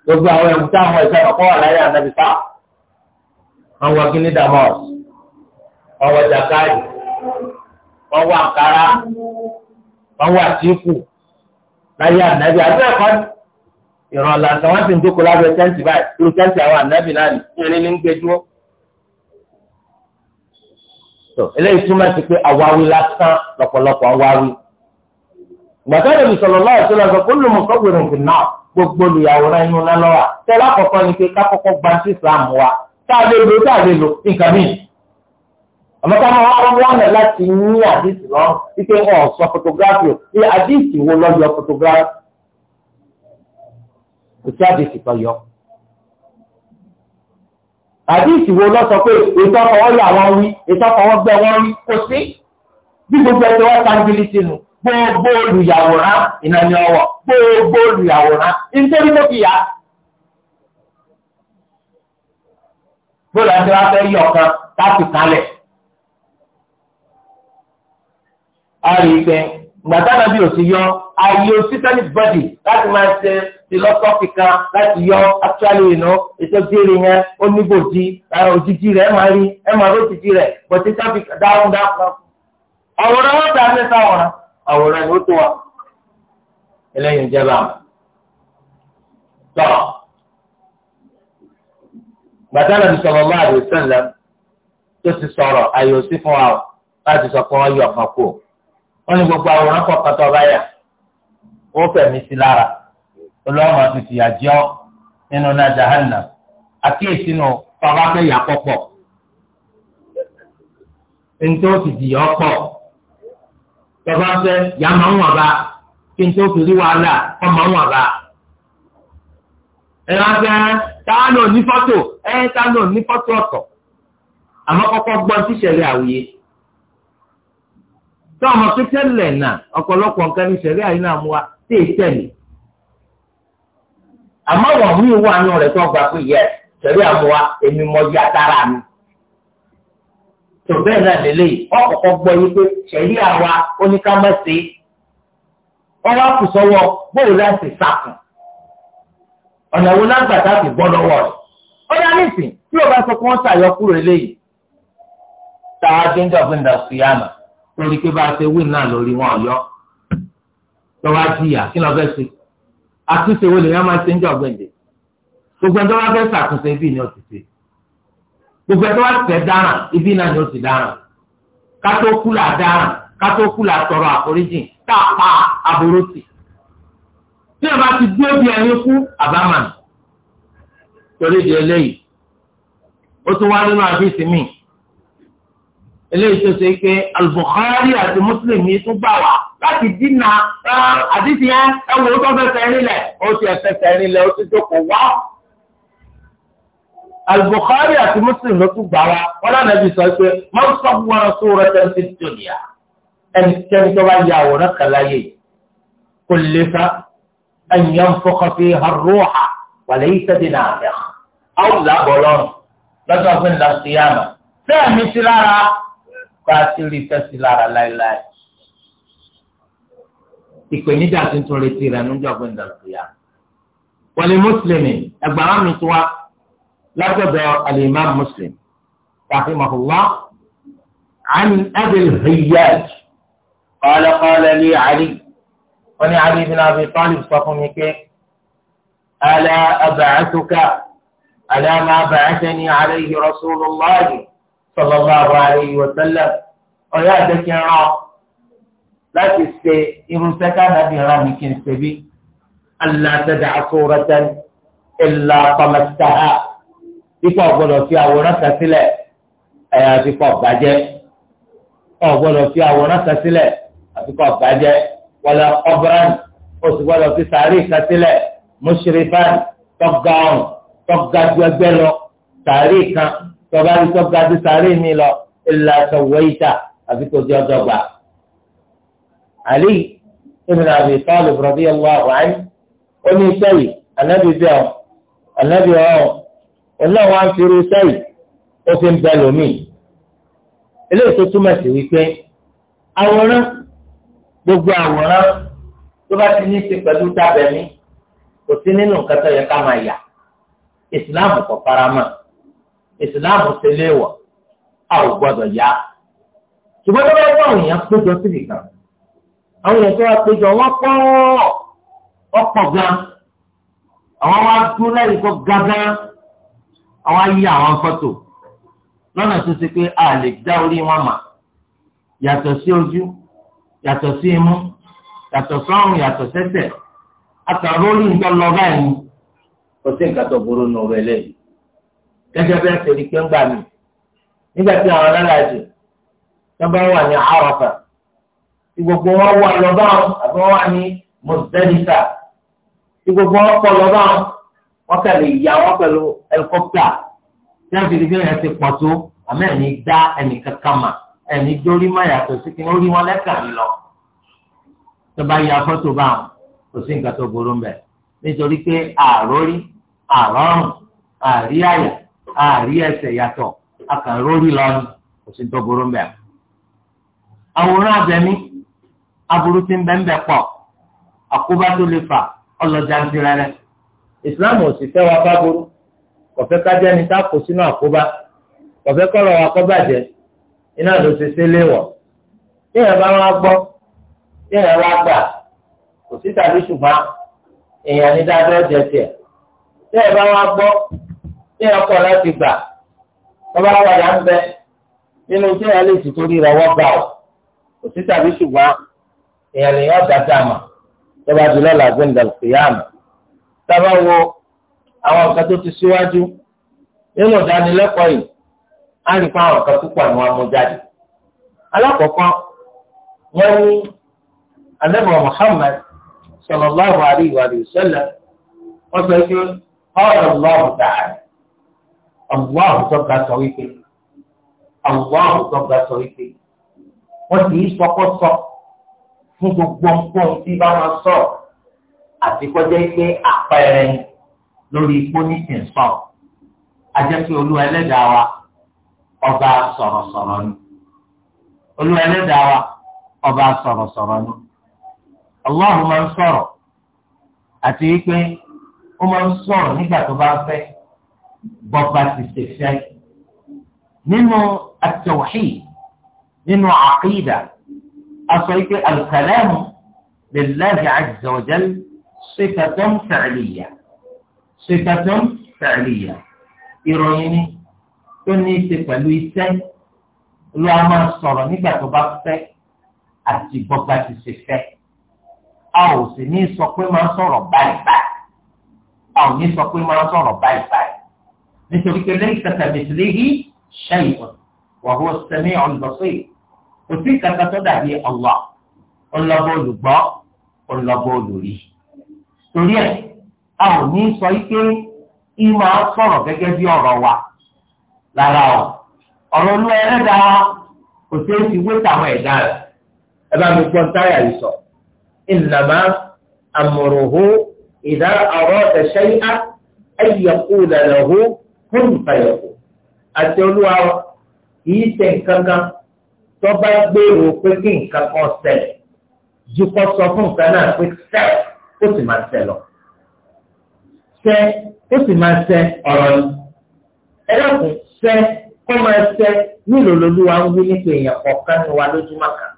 gbogbo àwọn ẹ̀wù táwọn ẹ̀sẹ̀ ọ̀kọ́ wà jakadi wọ́n wọ wọ́n wọ láyé ànábì ìrànlá àtàwọn àti ìjókòó lábẹ́ tẹ́ǹtì báyìí irú tẹ́ǹtì àwọn ànábì náà nìyẹn ní ń gbé dúró. tó eléyìí túmọ̀ sí pé àwáwí lásán lọ́pọ̀lọpọ̀ àwáwí. gbàtà ìdòbí sọ̀rọ̀ lọ́wọ́ tó lọ́sọ̀ kó ló mọ̀ sọ́gbẹ̀rún fún náà gbogbo olùyàwòrán inú náà lọ́wọ́ tẹ́ lákọ̀ọ́kọ́ ni pé kákọ́kọ́ gba sí Islam wa tá a lè lo tá a lè lo nǹkan míì. àmọ́ ká máa wá wọ́nà láti yín àdìsí lọ́rùn wípé ọ̀ sọ photography ò kò sí àdìsí kan yọ. àdìsí wo lọ sọ pé ètò ọkọ̀wọ́ yà wọ́n wí ètò ọkọ̀wọ́ gbẹ wọ́n rí kò sí bí gbogbo ẹ̀tọ́ wọn sangili sínú gbogbo olùyàwòrán ìnáni ọwọ́ gbogbo olùyàwòrán nítorí tó fi yà. bóòlù àti wá fẹ́ yí ọ̀kan láti kalẹ̀. a rí i pé gbàtà náà bí o ti yọ ayé o sí sẹ́ni bọ́dì láti máa ṣe philosophy kan láti yọ actually you know ètò ìbéèrè yẹn ó níbòjì òjijì rẹ̀ ẹ̀ máa rí ẹ̀ máa rí òjijì rẹ̀ bọ̀tí sábì dáhùn dáhùn. àwòrán wọn dà mẹ́ta àwòrán àwòrán ni ó tó wa eléyìí ń jẹ́ báwọn. tọ́ gbàtà nàbì sọ̀rọ̀ bá àdìo sẹ́lẹ̀ tó ti sọ̀rọ̀ àyè òsì fún wa láti sọ pé wọ́n yọ ọ̀kan kú. wọ́n ní gbogbo àwòrán kọ̀ọ̀kan tó bá yà ó fẹ̀mí sí lára. olóòmà ti fìyà nínú náà jahannam àkíyèsí nù fọwọ́ fẹ́ yà pọ̀pọ̀ ti dìyà ọ̀pọ̀ fẹ́ yà ń wà bá kí rí wàhálà ọ ń wà bá táwọn fọ́tò táwọn fọ́tò ọ̀tọ̀ àmọ́ kọ́kọ́ gbọ́ tíṣẹ̀lẹ̀ àwòye tọ́ ọmọ pípẹ́ lẹ̀ náà ọ̀pọ̀lọpọ̀ nǹkan ní ìṣẹ̀lẹ̀ àyínà mú wa tí àmọ́ wọ́n mú ìwọ àánú rẹ̀ tó gbà pé yẹ sẹ́rí àmúwa èmi mọ yí àtàrà mi. tó bẹ́ẹ̀ náà lélẹ́yìí ọkọ̀ọ̀kọ̀ gbọ́ yí pé sẹ́rí àwa oníkámẹ́sì ọwọ́ àkùsọ́wọ́ bóòlù láti sàkùn ọ̀nà wo lágbàtà fi bọ́ lọ́wọ́ rẹ̀. ó yá nísìn tí o bá sọ pé wọ́n ṣàyọkúrò eléyìí táwa dínjà fún ìdàsíyàmà lórí pé bá a ṣe wí náà lórí wọn ọ̀yọ́ àtúnṣe wo lèèyàn máa ṣe ń jẹ ọgbẹǹde gbogbo ẹni tó bá fẹ́ ṣàtúnṣe ibi ni ó ti ṣe gbogbo ẹni tó bá fẹ́ dáràn ibi náà ni ó ti dáràn kátó kú là dáràn kátó kú là tọrọ àforíjìn tá a pa aburú sí tí ẹ bá ti dúró bí ẹni kú àbámanì torí di eléyìí ó tún wá nínú àdéhìsí mi eléyìí tó ṣe pé Al-Bukhari àti Muslim yìí tún gbà wá. láti dínà àdìsí ẹ ẹwọ tó fẹsẹ̀ nílẹ̀ ó ti ẹ̀fẹsẹ̀ nílẹ̀ ó ti jókòó wá. àti Muslim ló tún gbàrà wọn náà nàbí sọ pé máa sọ fún wọn sọ rẹ tẹ́ǹtì jòlíà ẹnikẹ́ni tó bá ya àwòrán kan láyé kò lè fa ẹ̀yìn fọkànfẹ́ arúhà wàlẹ́ yìí sẹ́dí náà rẹ̀ àwọn làbọ̀ lọ́rùn lọ́jọ́ fún ìlànà síyàmà sẹ́ẹ̀mí sí lára kó a ti rí sí lára láéláé. ìpèníjà tí ń tún retí rẹ̀ ní ọjọ́ ìjọba ìdàlùfìyà. wọlé mùsùlùmí ẹgbàá mi tó wá látọ̀dọ̀ alimam muslim rahimahullah ani abil hiyaj qala qala li ali wọn ni ali bin abi talib sọ fún mi pé ala abàcátúkà ala ma abàcátani alayhi rasulillah sallallahu alayhi wa sallam ọ̀yá àdékìrán. láti ṣe irúṣẹ́ káàdàbí ra mi kí n ṣe bí alásẹ̀dá asúrọ̀tẹ́ ìlà pàmẹ́sítàá ikọ̀ gbọ́dọ̀ fi àwòrán kan sílẹ̀ ẹ̀yà àfikọ̀ bàjẹ́ ọ̀ gbọ́dọ̀ fi àwòrán kan sílẹ̀ àfikọ̀ bàjẹ́ wọlé ọ̀bùrán oṣù gbọ́dọ̀ fi sàárì kan sílẹ̀ mùsùlùmán tọ́gà ọ̀hún tọ́gà ju ẹgbẹ́ lọ sàárì kan tọ́gà sàárì mi lọ ìlà sọ̀wọ́ ìta Ali ibn Abi Talib radiyallahu anhu ó ní sẹ́yìn anábì bẹ́ẹ̀ ọ́ anábì ọ́ ọ̀nà wa ń firú sẹ́yìn ó fi ń bẹ lómi eléyìí tó túmọ̀ sí wípé àwòrán gbogbo àwòrán tó bá ti ní í ṣe pẹ̀lú tábẹ̀mí kò sí nínú nǹkan tó yẹ ká máa yà ìsìláàmù kò faramọ́ ìsìláàmù ṣe léèwọ̀ a ò gbọ́dọ̀ yá ṣùgbọ́n tó bá wọ àwọn èèyàn péjọ síbi kan àwọn èèyàn tó wá péjọ wọ́n pọ̀ ọ̀pọ̀ gan àwọn wá dúró lẹ́yìn tó ga gan àwọn ayé àwọn a lè dá orí wọn mà yàtọ̀ sí ojú yàtọ̀ sí imú yàtọ̀ sọ́run yàtọ̀ sẹ́sẹ̀ àtàrórí nǹkan lọ báyìí kò sí nǹkan tó burú nù lẹ́yìn gẹ́gẹ́ bẹ́ẹ̀ pé ń gbà mí nígbà tí ìgbògbò wọn wà lọ́bà àbí wọn wà ní mọ̀sídẹ́nìtà ìgbògbò wọn pọ̀ lọ́bà wọn kẹlẹ̀ ìyá wọn pẹ̀lú ẹlikọ́pítà tí wọn fi di fílẹ̀ ti pọ̀ tó àmọ́ ẹ̀ní dá ẹnì kankan mà ẹ̀ní dórí má yàtọ̀ sí kí wọ́n rí wọn lẹ́kàn lọ. tó bá ya fọ́tò bá wọn kò sí nǹkan tó burú mbẹ̀ nítorí pé àròrí àrọ́rùn àrí àyà àrí ẹsẹ̀ yàtọ̀ akànrórí lọ́nù kò sí tó burú mbẹ̀. àwòrán abẹ́mí aburú ti ń bẹ́ẹ̀ bẹ́ẹ̀ pọ̀ àkóbá tó lè fà ọlọ́jà ń tirẹ̀ rẹ̀. ìsìláàmù ò sì fẹ́ wa bá burú kò fẹ́ ká jẹ́ni tá kò sínú àkóbá kò fẹ́ kọ́rọ̀ wa kọ́ bàjẹ́ iná ló ṣe ṣe léwọ̀. téèyàn bá wá gbọ́ téèyàn wá gbà kò sí tàbí ṣùgbọ́n èèyàn ní dáadọ́ jẹ tiẹ̀. téèyàn bá wá gbọ́ téèyàn kọ̀ láti gbà wọ́n bá padà ń bẹ nínú téèyàn lè sì torí rẹ̀ gbà ò kò sí tàbí ṣùgbọ́n èèyàn lè yàn dáadáa àmà tọ́ba jùlọ làgbé ńdàlùkìyà àmà tábà wo àwọn nǹkan tó ti síwájú nínú ìdánilẹ́kọ̀ọ́ yìí á rí fún àwọn nǹkan púpọ̀ àwọn amújáde alákọ̀ọ́kọ́ wọ́n ní anábọ̀ Muhammad sallallahu alayhi wa sallam wọ́n sọ pé ọ̀rọ̀ lọ́wọ́ dáa ọ̀gbọ́n tó ga sọ wípé ọ̀gbọ́n tó ga sọ wípé wọ́n ti í sọkọ́sọ ní gbogbo nǹkan tí bá wọn sọ àti kọjá pé àpẹẹrẹ lórí ipò nísìnyí sọ ajẹ́pẹ́ olúwa ẹlẹ́dàá wa ọba sọ̀rọ̀sọ̀rọ̀ ni olúwa ẹlẹ́dàá wa ọba sọ̀rọ̀sọ̀rọ̀ ni ọlọ́run máa ń sọ̀rọ̀ àti wípé ó máa ń sọ̀rọ̀ nígbà tó bá fẹ́ bọ́ba ti ṣe fẹ́ nínú àtẹ̀wáhì nínú àkídà. aṣọ ike alukalamu lillahi azza wa jal sifatun fa'liya sifatun fa'liya ìròyìn ni tó ní í ṣe pẹ̀lú iṣẹ́ ló a máa sọ̀rọ̀ nígbà tó bá fẹ́ àti bọ́gbà ti ṣe fẹ́ a ò sì ní sọ pé máa sọ̀rọ̀ báyìí báyìí a ò ní sọ pé máa sọ̀rọ̀ báyìí báyìí nítorí pé lẹ́yìn tẹ̀tẹ̀ mẹ̀tìlẹ́yìn ṣẹ́yìn wà wọ́n sẹ́mi ọ̀lọ́sẹ̀ kò sí kankan tó dàbí Allah ọlọ́bọ̀ olùgbọ́ ọlọ́bọ̀ olùrí torí ẹ̀ a ò ní sọ ike ìmọ̀ sọ̀rọ̀ gẹ́gẹ́ bí ọ̀rọ̀ wa lára ọ̀ ọ̀rọ̀ olú ẹlẹ́dàá wa kò sí èsì wé tàwọn ẹ̀dá rẹ̀ ẹ bá mi gbọ́n táyà yìí sọ ìnàmá àmọ̀ròhó ìdá ọ̀rọ̀ ẹ̀ṣẹ́ yá ẹ̀yẹ̀kú lẹ̀lẹ̀hó kó nìkan àti olúwa kì í ṣe nǹkan kan tọ́ba gbèrò pé kí nǹkan kan ṣẹlẹ̀ ju kọ́ sọ fún nǹkan náà pé ṣẹ́ ó sì máa ṣẹ lọ. ṣẹ́ ó sì máa ṣẹ ọ̀rọ̀ ni. ẹ dákun ṣẹ́ kọ́ máa ṣẹ nílò lolúwa ń wí nípa èèyàn kọ̀ọ̀kan ní wa lójúmọ́ kan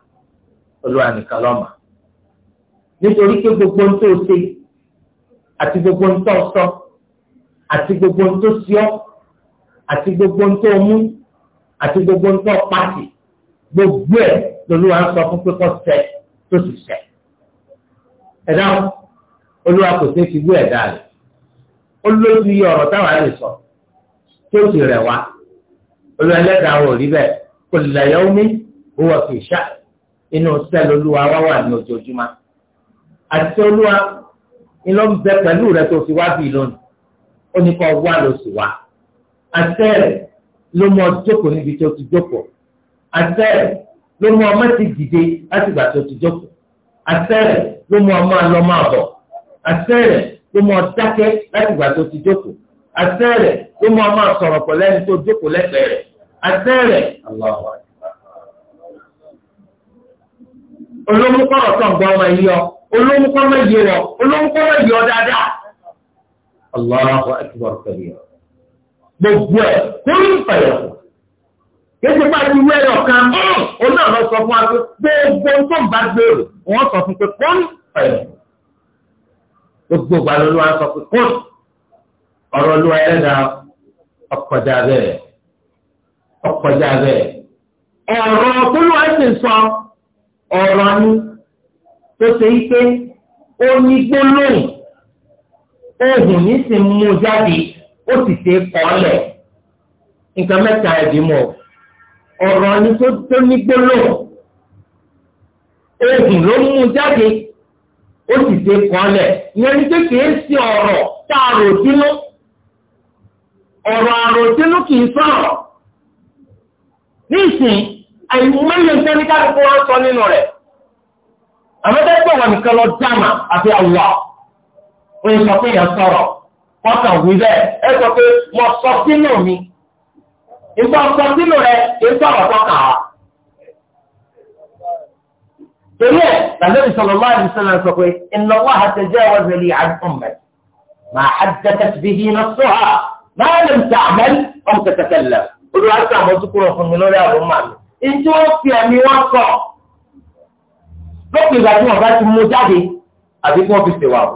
olúwa nìkan lọ́mọ. nítorí pé gbogbo ń tó ṣe àti gbogbo ń tó sọ àti gbogbo ń tó ṣíọ́ àti gbogbo ń tó mú àti gbogbo ń tó pàṣẹ gbogbo ẹ̀ lolúwa ń sọ fún pé kọ́ ṣẹ tó sì ṣẹ ẹ̀dá olúwa kò sí fi gbé ẹ̀dá rẹ̀ olóòtú yẹ ọ̀rọ̀ táwa lè sọ tó sì rẹ̀ wá olúwa ẹlẹ́dàá ò rí bẹ́ẹ̀ kò lè yẹ omi òwò kì í ṣá inú sẹ́ẹ̀ lolúwa wá wà ní ojoojúmọ́ àti olúwa ńlọ ń bẹ pẹ̀lú rẹ̀ tó fi wá bí lónìí ó ní kọ́ wá ló sì wá àti ẹ̀ ló mọ jókòó níbi tó ti jókòó àtẹ́rẹ̀ ló mú ọmọ ti dìde láti gbà tó ti jókòó àtẹ́rẹ̀ ló mú ọmọ lọ máa bọ̀ àtẹ́rẹ̀ ló mú ọdákẹ́ láti gbà tó ti jókòó àtẹ́rẹ̀ ló mú ọmọ sọ̀rọ̀ pẹ̀lú ẹni tó jókòó lẹ́gbẹ̀ẹ́ rẹ̀ àtẹ́rẹ̀ aláwọ̀ tó ń gbọ́ ọmọ yìí ọ olómukọ̀ yìí ọ olómukọ̀ yìí ọ dáadáa. Allahu akbar kabiira. Gbogbo ẹ̀ kúrú ìfàyàwó kéde bá ti wé ẹyọ kan ó náà lọ sọ fún wa pé gbogbo tó ń bá gbèrò wọn sọ fún pé kún ẹyọ gbogbo ìgbà ló wá sọ pé kún ọ̀rọ̀ ló ẹlẹ́dà ọkọjà bẹ́ẹ̀ ọkọjà bẹ́ẹ̀ ọ̀rọ̀ tó ló wá sì sọ ọ̀rọ̀ ni tó ṣe yí pé ó gbólóhùn ohun ní sì mú jáde ó sì ṣe kọ́ lẹ̀ nǹkan mẹ́ta ẹ̀dínmọ́ ọ̀rọ̀ ni tó ní gbólóò oògùn ló mú jáde ó sì ṣe kọ́lẹ̀ ìyẹn ni pé kìí ṣe ọ̀rọ̀ tá a rò sínú ọ̀rọ̀ àròsínú kìí sọ̀rọ̀ nísìn àìmọye sẹ́ni kálukú wọn sọ nínú rẹ̀ àmọ́tẹ́gbọ̀n wọn nìkan lọ dáàmà àti àwùwà ó sọ pé yẹn sọ̀rọ̀ kọ́tà wí bẹ́ẹ̀ ẹ sọ pé mo sọ sínú mi ìgbà ọ̀sán sínú rẹ̀ kì í sọ̀rọ̀ tọ́ka wa. torí ẹ̀ lànàbí sọ̀rọ̀ máa ní sọ̀rọ̀ sọ pé iná wà á tẹ̀jẹ́ ẹ̀wọ̀ zẹ̀lì àdúmẹ̀ máa á dẹ́kẹ̀tì bí hi náà sọ̀ ha máa lè ta àmẹ́lì ọ̀n tẹ̀tẹ̀tẹ̀ lẹ̀ olùwà sí àmójúkúrò fún mi lórí àrùn màmí. ìjọ fi ẹ̀mí wọn sọ lópin ìgbà tí wọn bá ti mú jáde àbí kí wọn fi ṣèwà o.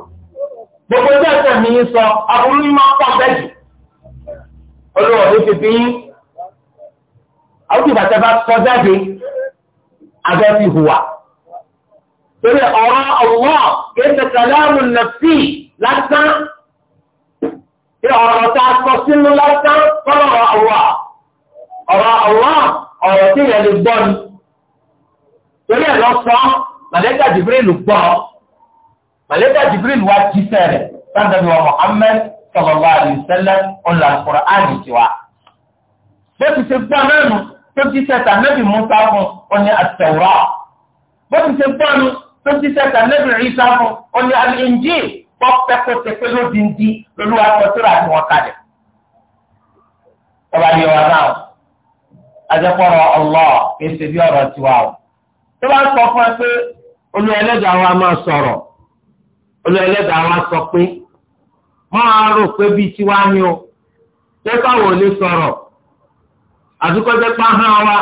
gbogbo ẹgbẹ́ ẹ̀sẹ̀ mi sọ àbúrú yín máa pọ̀ bẹ́ẹ̀ àwọn tí ìbàtẹ́ bá sọ jáde abẹ́ fi hùwà. torí ọ̀rọ̀ ọ̀wọ́ kéde kàlámù nàfí lásán tí ọ̀rọ̀ tá a sọ sínú lásán kọ́lọ̀ ọ̀wọ́ ọ̀rọ̀ ọ̀wọ́ ọ̀rọ̀ tí ìyẹn lè gbọ́ ni. torí ẹ̀ lọ sọ màlẹ́kà jìbìrìlù gbọ́ màlẹ́kà jìbìrìlù wa jí sẹ́rẹ̀ sáńdẹ̀bí wa Muhammad sallallahu alaihi ọ̀là Kùránì tiwa. bó ti ṣe gbọ́ náà tó ti sẹ́ta nẹ́bì Musa fún ọ ní àtẹ̀wá bó ti ṣe gbọ́nu tó ti sẹ́ta nẹ́bì Isa fún ọ ní al-Injil bọ́ pẹ́kọ́ tẹ́kẹ́ ló di ń di lólu akọ́tìrà àti wọn kalẹ̀. ọba yẹ wa náà ajẹ́pọ̀rọ̀ Allah kìí ṣe bí ọ̀rọ̀ tiwa o tó bá sọ fún ẹ pé olú ẹlẹ́dàá wa máa sọ̀rọ̀ olú ẹlẹ́dàá wa sọ pé máa rò pé bíi tiwa ni o tó báwo lè sọ̀rọ̀ àtúkọ́jẹ́ páhán wa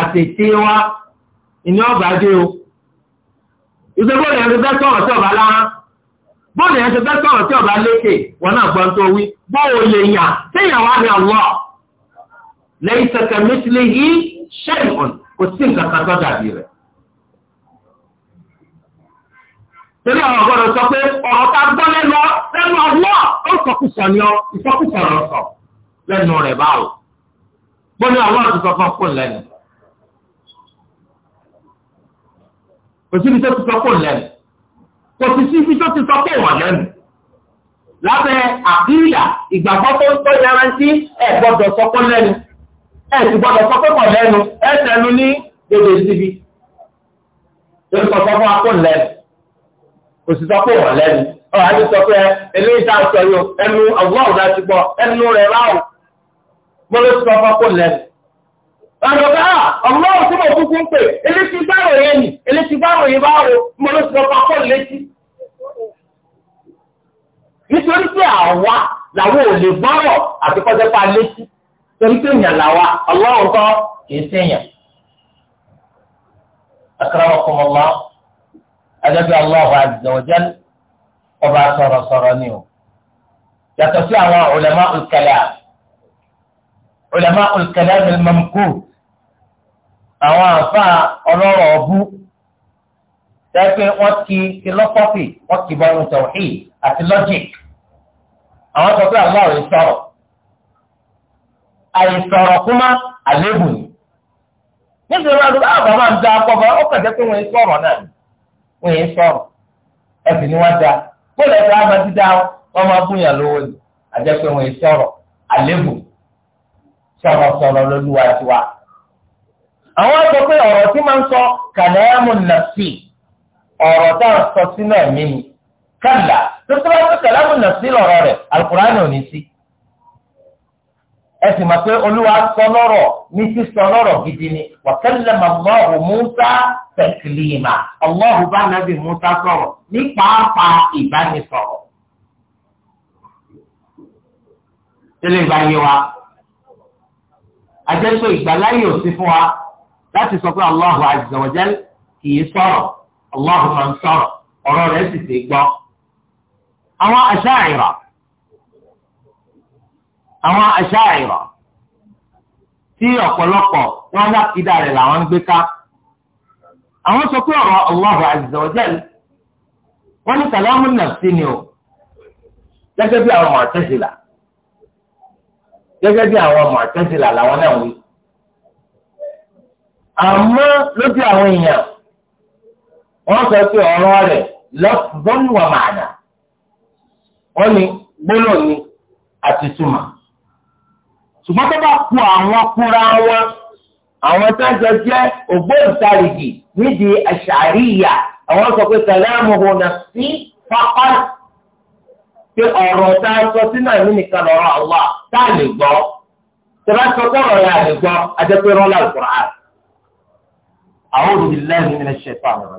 àtètè wa ìní ọ̀bà dé o. ìṣe bóòlù yẹn ti fẹ́ sọ̀rọ̀ tí ọ̀bà lára bóòlù yẹn ti fẹ́ sọ̀rọ̀ tí ọ̀bà lékè wọn náà gbọ́n tó wí bóòlù lè yàn téèyàn wá ní ọ̀wọ́ lẹ́yìn tẹ̀tẹ̀ mẹ́tìlẹ́ yìí ṣẹ́yìn kò sí nǹkan kan tó dàbí rẹ̀. Torí àwọn ọ̀gọ́dọ̀ sọ pé ọ̀rọ̀ ta gbọ́ lẹ́nu ọ̀wọ́ ó sọkùsọ̀ ni ọ ìsọkùsọ̀ rẹ̀ sọ lẹ́nu rẹ̀ báwo bọ́lá àwọn àtúntò kan kò lẹ́nu. kò síbi tó ti sọ kò lẹ́nu kò sì síbi tó ti sọ kò wà lẹ́nu. lábẹ́ àkíyà ìgbàgbọ́ tó ń tọ́ yarantí ẹ̀ gbọ́dọ̀ sọ kò lẹ́nu ẹ̀ sì gbọ́dọ̀ sọ kò lẹ́nu ẹ̀ tẹnu ní gbèdé síbi. lórí kọ̀ọ̀kan fún akó lẹ́nu kò sì sọ kò wà lẹ́nu. ọ̀ àti sọ pé eléyìí tá sọ yìí ẹnu ọ̀gbọ́n ọ̀gá ti gbọ́ ẹnu rẹ̀ ráùn gbọ́dọ̀ sọ fọ́kọ́ lẹ́nu. Àwọn ọ̀gá ọlọ́run tí mo kúkú ń pè eléti gbárò yẹn nì eléti gbárò yẹn bá wo gbọ́dọ̀ sọ fọ́kọ́ létí. Nítorí pé àwa làwọn ò lè gbọ́rọ̀ àti kọjá pa létí torí pé èèyàn làwa ọlọ́run kọ́ kìí séèyàn. Akramakumullah adájọ́ Allahu azza wa jal ọba sọ̀rọ̀sọ̀rọ̀ ni o. Yàtọ̀ sí àwọn ulama al-kalam ulama al-kalam al-mamkur àwọn àfa ọlọ́rọ̀ ọ̀bú tẹ́pẹ́ wọ́n ti philosophy wọ́n ti bọ́nu tawhid àti logic àwọn sọ pé àwọn ọ̀rẹ́ sọ̀rọ̀ àìsọ̀rọ̀ kúmá àlébù ni nítorí wọn àdúgbò àwọn ah, bàbá ń da akọ́bọ̀ ó kàn jẹ́ pé wọ́n ń sọ̀rọ̀ náà ni wọ́n ń sọ̀rọ̀ ẹ̀sìn ni wọ́n da bóòlù ẹ̀sìn àmọ́ dídá wọn máa búyàn lówó ni àjẹpẹ́ wọ́n ń sọ̀rọ̀ àlébù ni sọ̀rọ̀ sọ̀rọ̀ lóluwà tiwa. àwọn sọ pé ọ̀rọ̀ tí máa ń sọ kàlẹ́mù nàfsì ọ̀rọ̀ tá à ń sọ sínú ẹ̀mí ni kàlà tó tó bá tó kàlẹ́mù nàfsì lọ̀rọ̀ rẹ̀ alukur'an ò ní sí. ẹ sì máa pé olúwa sọ lọ́rọ̀ ní sísọ lọ́rọ̀ gidi ni wa kallama Allahu Musa taklima Allahu bá nàbì Musa sọ̀rọ̀ ní pàápàá ìbánisọ̀rọ̀. tẹ́lẹ̀ ìbáyé wa àjẹpẹ́ ìgbàláyè ò sí fún wa láti sọ pé Allahu azza wa jal kìí sọ̀rọ̀ Allahu máa ń sọ̀rọ̀ ọ̀rọ̀ rẹ̀ sì ti gbọ́. àwọn Asha'ira àwọn Asha'ira tí ọ̀pọ̀lọpọ̀ wọn lápidà rẹ̀ làwọn ń gbé ká àwọn sọ pé ọ̀rọ̀ Allahu azza wa ní kàlámù nafsi ni o gẹ́gẹ́ bí àwọn Mu'tazila gẹ́gẹ́ bí àwọn ọmọ àtẹ́sílà làwọn náà wí. àmọ́ lójú àwọn èèyàn wọ́n sọ pé ọ̀rọ̀ rẹ̀ lọ́fún wà màdà wọ́n ní gbólóò ni àti túmọ̀. ṣùgbọ́n tó bá ku àwọn kúra wọn àwọn tó ń jẹ jẹ́ ògbóǹtarìgì nídìí àṣàríyà àwọn sọ pé sàlámù hùnà sí pápá. pé ọ̀rọ̀ tá a sọ sínú ẹ̀mí nìkan lọ́rọ̀ àwa tá lè gbọ́ sọ kọ́rọ̀ yà lè gbọ́ ajẹ́pẹ́ rọ́lá ìkùrọ̀ àwọn ní àwọn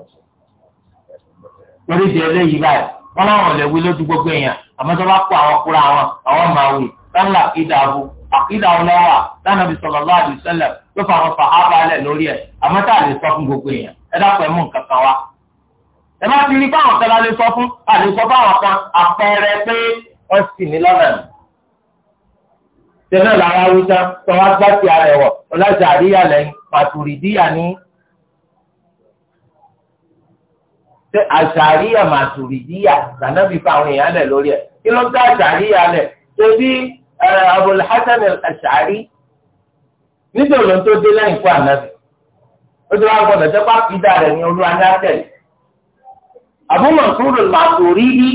torí di eléyìí báyìí wọn làwọn lè wí lójú gbogbo èèyàn àmọ́ tó bá kó àwọn àwọn máa wí ìdààbò àkídàwọn lọ́wọ́ bí fà a ẹ má ti rí báwọn kan la lè sọ fún a lè sọ báwọn kan àpẹẹrẹ pé ọsì ní lọ́nà ni. tẹ́lẹ̀ làwọn awúsá tó wá gbá sí ara ẹ̀wọ̀ ọlọ́jà àríyá lẹ́yìn màtúrídíyà ní. ṣé àṣàríyà màtúrídíyà lànàbí fáwọn èèyàn lẹ̀ lórí ẹ̀ kí ló ń ká àṣàríyà lẹ̀ ṣebí Abul Hasan al-Ash'ari nítorí ló ń tó dé lẹ́yìn fún ànábì ó ti wá gbọ́dọ̀ jẹ́ pàpídà rẹ̀ ní olúwa ní àtẹ̀lẹ́ àbúmọ̀ sùúrù màtòrí bí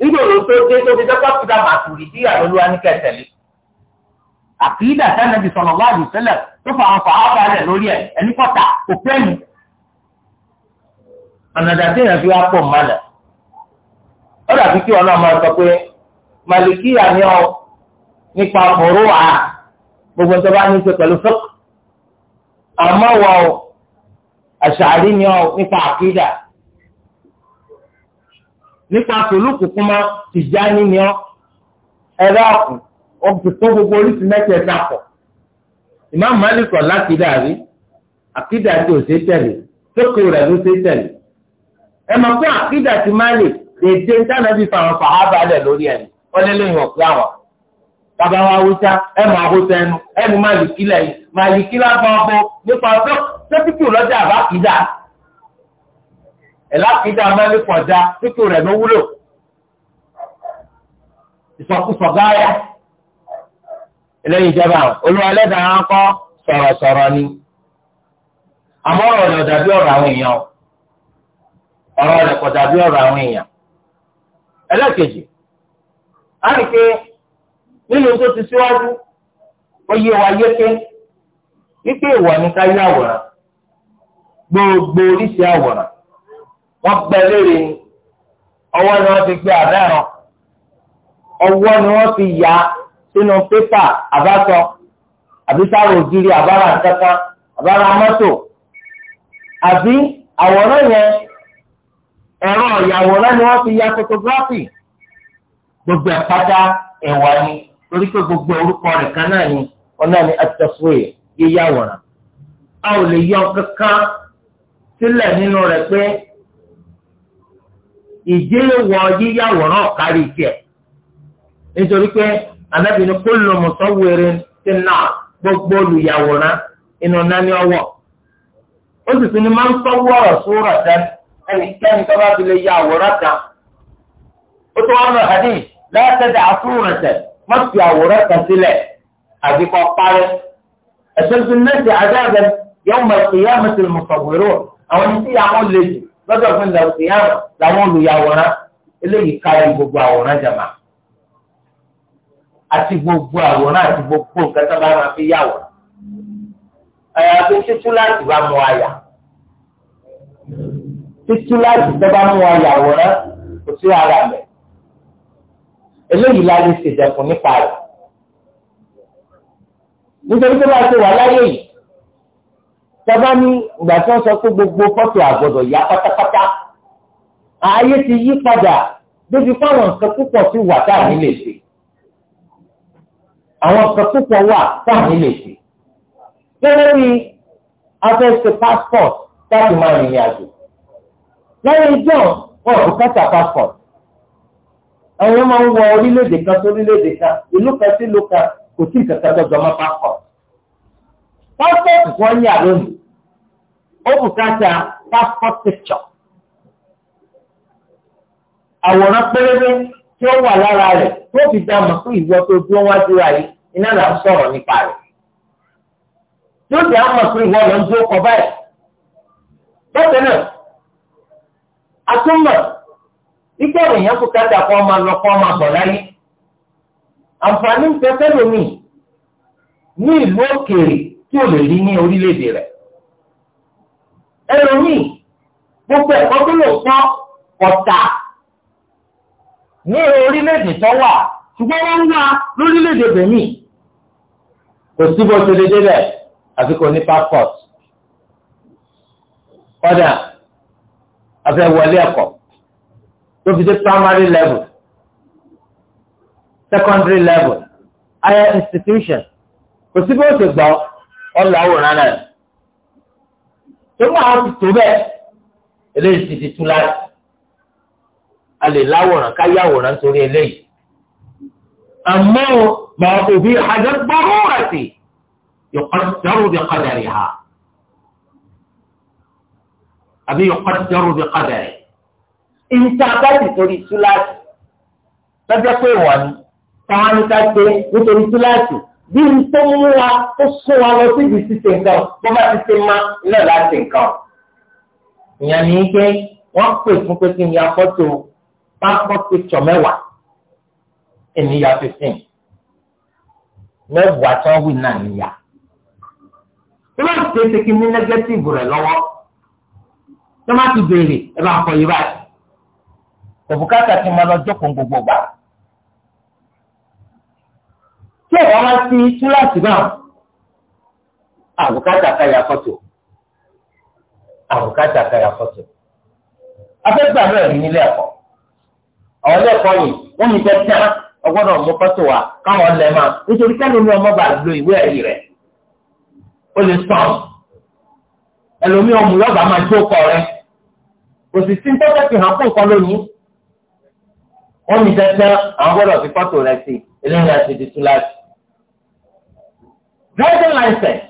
nígbòrò tó dé tó fi dẹ́kọ̀ fúdà màtòrí bí àlọ́lúwa ní kẹsẹ̀lẹ́. àkìdá sẹ́nẹ̀dì sọ̀rọ̀ wá àdùn sẹ́lẹ̀ tó fà wọn fà á balẹ̀ lórí ẹ̀ ẹni kọ́ta kò pẹ́ẹ́nì. ọ̀nàdà tí èèyàn fi wá pọ̀ mọ́lẹ̀. ó dàbí kí ọlọ́run máa sọ pé màlìkí àmì ọ nípa ọ̀rọ̀ wa gbogbo tó bá ní í ṣe pẹ̀lú fúk nípa sòlúkù kúmọ ìjà níní ọ ẹ̀rọ ọ̀kùn ọ̀kùn tó gbogbo oríṣi mẹ́tẹ̀ẹ̀ta pọ̀ ìmáà málìkọ̀ láti dàrí àkídà tí ò ṣe tẹ̀lé tókè rẹ̀ ló ṣe tẹ̀lé ẹ mọ̀ pé àkídà ti máàlì èdè tánàbí fàwọn fàábà lẹ̀ lórí ẹ̀ wọ́n lé lóyún ọ̀pẹ́ àwọn bàbá wa awúsá ẹ mọ awúsá ẹnu ẹ mú málìkí lẹ́yìn málìkí nípa ọjọ́ sẹ́kítù lọ́jà àbá kìí ẹ̀láfíìdá mẹ́lẹ́kọ̀ ọ̀dá pípò rẹ̀ ló wúlò ìsọkúsọ gáyà eléyìí jẹba olúwa lẹ́dàá á kọ́ sọ̀rọ̀sọ̀rọ̀ ni àmọ́ ọ̀rọ̀ rẹ̀ dàbí ọ̀rọ̀ àwọn èèyàn ọ̀rọ̀ rẹ̀ kò dàbí ọ̀rọ̀ àwọn èèyàn ẹlẹ́kejì á rí nínú tó ti síwájú ó yé wa yéké wípé ìwà ni ká yá àwòrán gbogbo oríṣi àwòrán wọ́n gbẹ léèrè ni ọwọ́ ni wọ́n ti gbé àdáran ọwọ́ ni wọ́n ti yà sínú pépà àbátọ àbí sáré ògiri àbára kankan àbára mọ́tò àbí àwòrán yẹn ẹ̀rọ ìyàwòrán ni wọ́n ti ya photography gbogbo ẹ̀pátá ẹ̀wà ni torí pé gbogbo orúkọ rẹ̀ kan náà ni ọ̀nà ni àtẹ̀sọ́yè yíyàwòrán a ò lè yọ kankan sílẹ̀ nínú rẹ̀ pé ìjẹ́wọ̀ yíyàwòrán ọ̀kárí tiẹ̀ nítorí pé anábìíní kó lò mọ̀sánwéré ti nà gbogbo olùyàwòrán inú nání ọwọ́ ó sì tún ní máa ń sọ́wọ́ ọ̀rọ̀ sóòrọ̀ tẹ́ ẹnikẹ́ni tó bá fi lè ya àwòrán kan ó tún wọn lọ hàdí lẹ́yàtẹ̀dẹ̀ àsúrò tẹ̀ má fi àwòrán kan sílẹ̀ àbíkọ́ parí ẹ̀sẹ̀ tún náà ti àdáàbẹ̀ yọ̀ọ́ mọ̀ ìyá lọ́dọ̀ fún ilẹ̀ òkè yàrá làwọn olùyàwòrán eléyìí kárí gbogbo àwòrán jàmà àti gbogbo àwòrán àti gbogbo nǹkan tó bá máa fi yàwòrán àyàfi títú láti bá mú àyà títú láti tó bá mú àyà àwòrán kò sí ara mẹ eléyìí la lè ṣèjẹkùn nípa rẹ̀ nítorí tó bá ti wà láyé yìí tọ́ba ní ìgbà tí wọ́n sọ pé gbogbo fọ́tò àgbọ̀dọ̀ yá pátápátá ààyè ti yí padà débi fáwọn nǹkan púpọ̀ sí wà tá à ní lè ṣe àwọn nǹkan púpọ̀ wà tá à ní lè ṣe gẹ́gẹ́ bí afẹ́ṣe passport láti máa rìnrìn àjò lẹ́yìn ìjọ wọn ò kẹta passport àwọn máa ń wọ orílẹ̀-èdè kan sí orílẹ̀-èdè kan ìlú kan sí ìlú kan kò sí ìkẹ̀kẹ́ tó jọmọ́ passport. pọ́sẹ̀tì kan onye a ó bùkátà passport picture àwòrán pérébé tí ó wà lára rẹ̀ tó fi dá mọ̀ fún ìwọ tó dúró wájú ra yìí iná là ń sọ̀rọ̀ nípa rẹ̀ yóò dá mọ̀ fún ìwọ lọ ń dúró kọ báyìí bẹ́ẹ̀ náà atúmọ̀ ìgbà èèyàn bùkátà kan máa lọ kọ́ máa bọ̀ láyé àǹfààní ń tí ò lè rí ní orílẹ̀-èdè rẹ̀. ẹlòmíì gbogbo ẹ̀kọ́ tó lò sọ ọ̀tà ní orílẹ̀-èdè tó wà ṣùgbọ́n wọ́n ń wá lórílẹ̀-èdè bẹ̀mí. kò sí bó ṣe lè débẹ̀ àfi kò ní passport. kọ́dà afẹ́ wọlé ẹ̀kọ́ tó fi dé primary level secondary level higher institution kò sí bó ṣe gbọ́ ọ̀là àwòrán náà nígbà wọn ti tó bẹ́ẹ̀ eléyìí ti ti tú láti a lè láwòrán ká yàwòrán torí eléyìí àmọ́ màá kò fi àjọ gbọ́rọ́ rẹ̀ sí bí kọ̀dẹ̀rì ha àbí yọ̀kọ̀dọ́rù bí kọ̀dẹ̀rì ìta báyìí torí túláàsì lọ́jọ́ pé wọ́n ní táwọn níta pé nítorí túláàsì bí n tó mú wa ó sún wa lọ síbi ṣíṣe nǹkan bó bá ti ṣe má náà láti nǹkan. ìyẹn ní pé wọ́n pè fún pé kí n ya fọ́tò passport picture mẹ́wàá èmi ya fifteen mẹ́wàá tí wọ́n wí náà níyà. ó bá ti ṣe kí n ní nẹ́gẹ́tìfù rẹ̀ lọ́wọ́ tó má ti béèrè ẹ bá ń kọ yí báyìí. òbúkátà ti máa lọ jókòó gbogbo gbà. tí ọ̀rọ̀ wá sí si náà àbùkátà káyà fọ́tò àbùkátà káyà fọ́tò afẹ́gbà bẹ́ẹ̀ ni nílé ẹ̀kọ́ àwọn ilé ẹ̀kọ́ yìí wọ́n tẹ́ ọgbọ́dọ̀ mú fọ́tò wa káwọn lẹ̀ máa nítorí kẹ́lẹ́ mi ọmọ bá lo ìwé ẹ̀rí rẹ̀ ó lè sọ̀rọ̀ ẹlòmí ọmọ yọba máa jó kọ rẹ kò sì sí tọ́tẹ́ fi hàn fún nǹkan wọ́n mi tẹ́ àwọn gbọ́dọ̀ fi fọ́tò driving license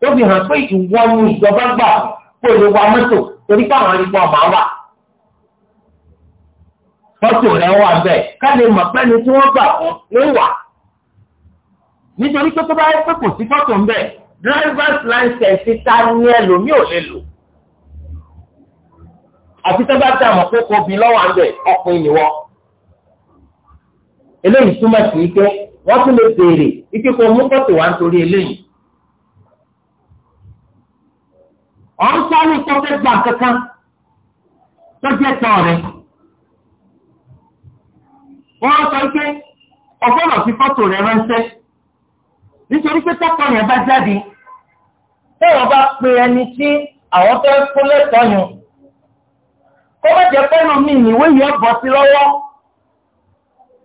tó fi hàn pé ìwọ ni ìjọba gbà pé o lè wa mọ́tò torí pé àwọn arìnrìn ọmọ wà mọ́tò rẹ̀ wà bẹ́ẹ̀ ká lè mọ̀ pé ẹni tí wọ́n gbà fún ló wà nítorí pé tó bá yẹ pé kò sí fọ́tò ń bẹ drivers license ta ni ẹlòmíì ò lè lò àti tó bá dà mọ̀ pé kò bí lọ́wọ́ àbẹ̀ ọkùnrin nìwọ eléyìí túmọ̀ sí pé wọ́n tún lè béèrè ike kó mú kọ́tù wá nítorí eléyìí. ọ̀n sáré sọ́fẹ́ gbà kankan tó jẹ́ tán rẹ̀. wọ́n sọ pé ọgbọ́nà fi kọ́tù rẹ̀ ránṣẹ́ nítorí pé tọ́kọ yẹn bá jáde téèyàn bá pe ẹni tí àwọn fẹ́ kó lẹ́tọ̀ọ́ yẹn kó jẹ́ pẹ́ẹ́nù mi ìwé yìí ọ̀bọ̀ sí lọ́wọ́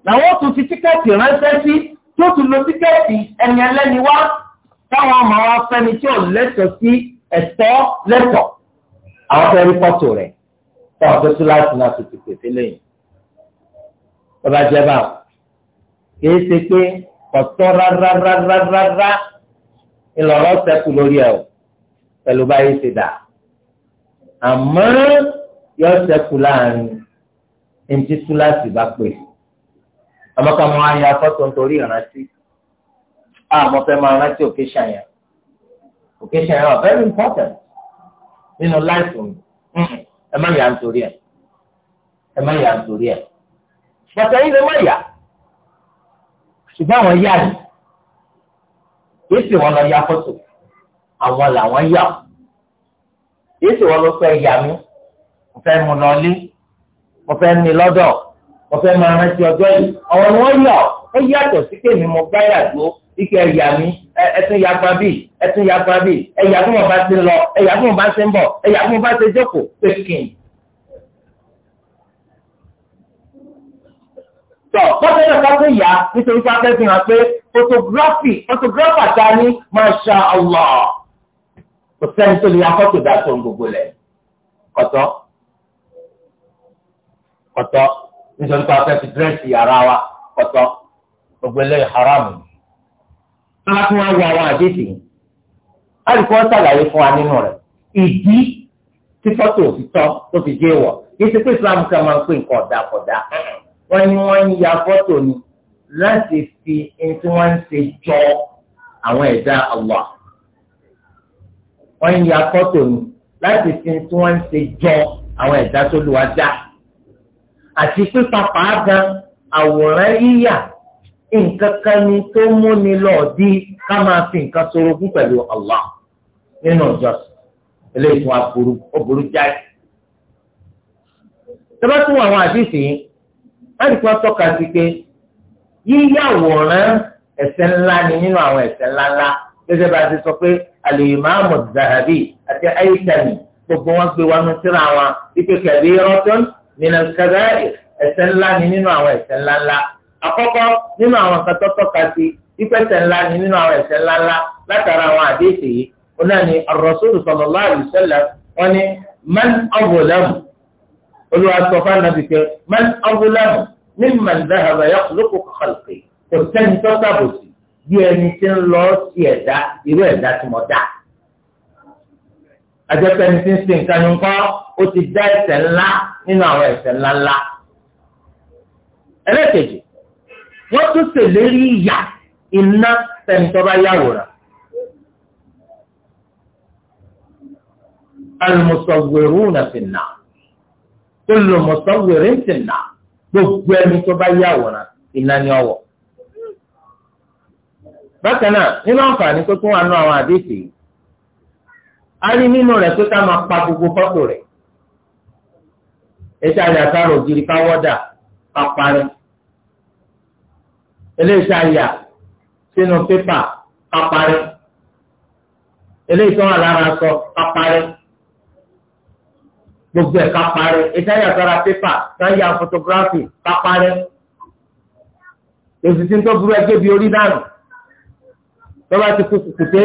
làwọn tún fi tíkẹ́ẹ̀tì ránṣẹ́ sí tó tún lo tíkẹ́ẹ̀tì ẹni ẹlẹ́ni wá táwọn ọmọ wa fẹ́ni tí ò lẹ́tọ̀ọ́ sí ẹ̀tọ́ lẹ́tọ̀ọ́ àwọn fẹ́ rí fọ́tò rẹ̀ táwọn tó tún láti náà tètè pèsè lẹ́yìn. bàbá jẹba kìí ṣe pé ọ̀tọ́ rárárárárá ìlọ̀rọ̀ sẹ́kù lórí ẹ̀ o pẹ̀lú báyìí ṣe dà àmọ́ yọ sẹ́kù láàrin ẹni tí túláàsì bá pèsè àmọ́ká máa ya fọ́tò nítorí ìrántí àmọ́ ah, fẹ́ máa rántí occasion yẹn occasion yẹn wà very important nínú láìpẹ́ mi ẹ má yà á nítorí ẹ ẹ má yà á nítorí ẹ bàtà yìí lè má yà ṣùgbọ́n àwọn yà ni yìí sì wọ́n lọ ya fọ́tò àwọn làwọn yà ó yìí sì wọ́n lọ fẹ́ yà mí mo fẹ́ mu lọ lé mo fẹ́ ní lọ́dọ̀ ọ̀fẹ́ máa rántí ọjọ́ yìí ọ̀rọ̀ ni wọ́n yà ó yàtọ̀ sí pé mi mo gbáyà tó ike ẹ̀yà mi ẹ̀tún ya gba bíi ẹ̀tún ya gba bíi ẹ̀yà tó mo bá ti lọ ẹ̀yà tó mo bá ti ń bọ̀ ẹ̀yà tó mo bá ti jókòó pékin. tọ́ bọ́sẹ̀ náà ká tó yà nítorí pé afẹ́ fi hàn pé photography photographer ta ni masha allah kò sẹ́ni tó lè akọ́tò dá tó ń gbogbo lẹ̀ kọ̀tọ́ kọ̀tọ́ nítorí pé a fẹ́ fi dírẹ́sì yàrá wa kọ́tọ́ gbogbo eléyìí haramu. Máa tún wá wo àwọn àdéhìí. Alùpùpù ṣàlàyé fún wa nínú rẹ̀. Ìdí tí fọ́tò fi tọ́ tó fi dé wọ̀. Yìí ti pé Islam kan máa ń pè nǹkan ọ̀dà kọ̀dà. Wọ́n ní wọ́n ń ya fọ́tò ni láti fi ẹni tí wọ́n ń ṣe jọ àwọn ẹ̀dá Allah. Wọ́n ń ya fọ́tò ni láti fi ẹni tí wọ́n ń ṣe jọ àwọn ẹ̀dá tó lù wá dá àti pípapà gan àwòrán yíyà nǹkan kan ni tó múni lọ di ká máa fi nǹkan sorogún pẹ̀lú Allah nínú ìjọsìn eléyìí tún aburú aburú jáì. tọ́ba tún àwọn àdìsí yìí láti kọ́ tọ́ka sí pé yíyà àwòrán ẹ̀ṣẹ̀ ńlá ni nínú àwọn ẹ̀ṣẹ̀ ńláńlá gẹ́gẹ́ bá a ti sọ pé al zahabi àti Haytami gbogbo wọn gbé wọn nù síra wọn ìpèkè bí rọ́tún nínú kẹfẹ́ ẹ̀ṣẹ̀ ńlá ni nínú àwọn ẹ̀ṣẹ̀ ńlá ńlá àkọ́kọ́ nínú àwọn kan tó tọ́ka sí ìpẹ́ṣẹ̀ ńlá ni nínú àwọn ẹ̀ṣẹ̀ ńlá ńlá látara àwọn àdéhìí yìí ọ̀nà ni ar-Rasulu sallallahu alaihi wasallam wọ́n ní man azlamu olùwà sọ fún anabi pé man azlamu mimman dhahaba yakhluqu kò sẹ́ni tó sábòsì bí ẹni tí ń lọ sí ẹ̀dá irú ẹ̀dá tí mo dáa ajẹ́pẹ́ ní ti ń sin nǹkan ní nǹkan ó ti dá ẹ̀ṣẹ̀ ńlá nínú àwọn ẹ̀ṣẹ̀ ńlá ńlá. ẹlẹ́kẹ̀jì wọ́n tún ṣèlérí ìyà iná tẹ̀mítọ́ bá yàwòrán. al-musawwiruna fin-nar kullu musawwirin fin gbogbo ẹni tó bá yàwòrán iná ní ọwọ́. bákan náà nínú àǹfààní tó tún wà nínú àwọn àdéhùn yìí a rí nínú rẹ̀ pé ká máa pa gbogbo fọ́tò rẹ̀ ètò àyàtàrà ògiri káwọ́dà pàparẹ́ eléyìí àyà sínú pépà pàparẹ́ eléyìí tó wà lára sọ pàparẹ́ gbogbo ẹ̀ káparẹ́ ètò àyàtàrà pépà táyà fotografi pàparẹ́ èsì tí ń tó burú ẹgbẹ́ bíi orí dànù tọ́ba ti kú kùkùté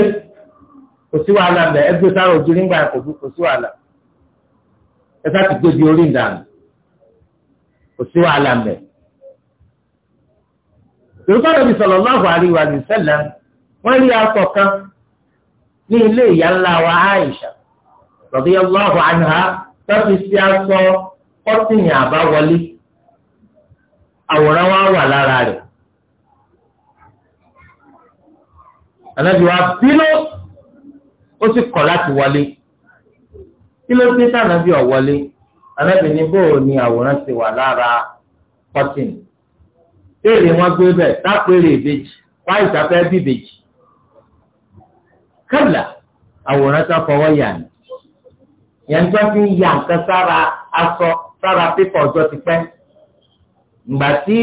kò sí wàhálà mbẹ ẹgbẹ sára ògiri ńgbà kò bú kò sí wàhálà ẹ sá ti gbébi orí ìdààmú kò sí wàhálà mbẹ. Yorùbá lóbi sọ̀rọ̀ lọ́hùn àríwá ní sẹ́lẹ̀ wọ́n rí aṣọ kan ní ilé ìyá ńlá wa Aisha radiyallahu anha tọ́fi sí aṣọ kọ́tìnì àbáwọlé àwòrán wa wà lára rẹ̀. Ànábi wa ó sì kọ̀ láti wọlé kí ló dé sànàbí ọ̀wọ́lé arábìnrin bóò ni àwòrán ti wà lára kọ́tìn béèrè wọn gbé bẹ̀ lápèrè ìbejì wáyé sáfẹ́ bíbejì kálá àwòrán tó fọwọ́ yà ní yẹn tó fi ń ya nǹkan sára aṣọ sára pépà ọjọ́ ti pẹ́ ìgbà tí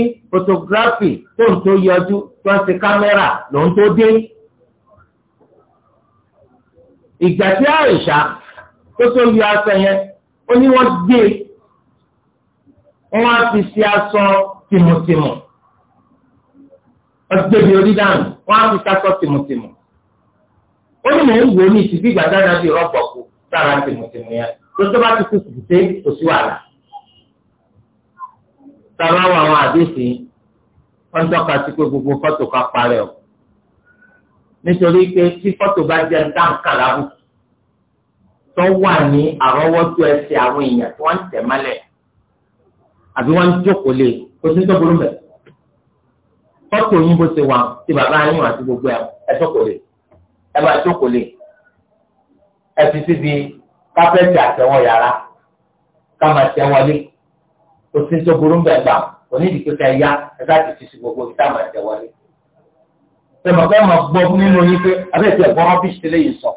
tó ń tó yọjú tó ń ti kámẹ́rà lòun tó dé ìgbà tí àìsà tó tó yọ aṣọ yẹn ó ní wọ́n gbé wọ́n á fi ṣe aṣọ tìmùtìmù ọgbẹ́bi orí dànù wọ́n á fi ṣaṣọ tìmùtìmù ó ní mò ń wò ní ìsìnkú ìgbà dáadáa bíi rọ́bọ̀ kù sára tìmùtìmù yẹn tó tó bá ti kú kùté kò sí wàhálà sábà wọ àwọn àdéhùn wọn tọ́ka sí pé gbogbo fọ́tò ká parẹ́ o nítorí pé tí fọ́tò bá jẹ́ dáǹkà lábù tó wà ní àrọ́wọ́tó ẹsẹ̀ àwọn èèyàn tí wọ́n ń tẹ̀ mọ́lẹ̀ àbí wọ́n ń jókòó lé kó sí tóburú mẹ́. fọ́tò yín bó ṣe wà tí bàbá yín àti gbogbo ẹ̀ ẹ jókòó lé ẹ bá jókòó lé ẹ fi síbi kápẹ́ẹ̀tì àtẹ̀wọ́ yàrá ká máa tẹ̀wọ́lé kó sí tóburú mẹ́ gbà onídìí pé ká yá ẹ bá ti fi sí gbogbo ìta tẹmọ fẹ́ máa gbọ́ nínú yín pé abẹ́ ti ẹ̀gbọ́n rọ́bìṣì tẹ́lẹ̀ yìí sọ.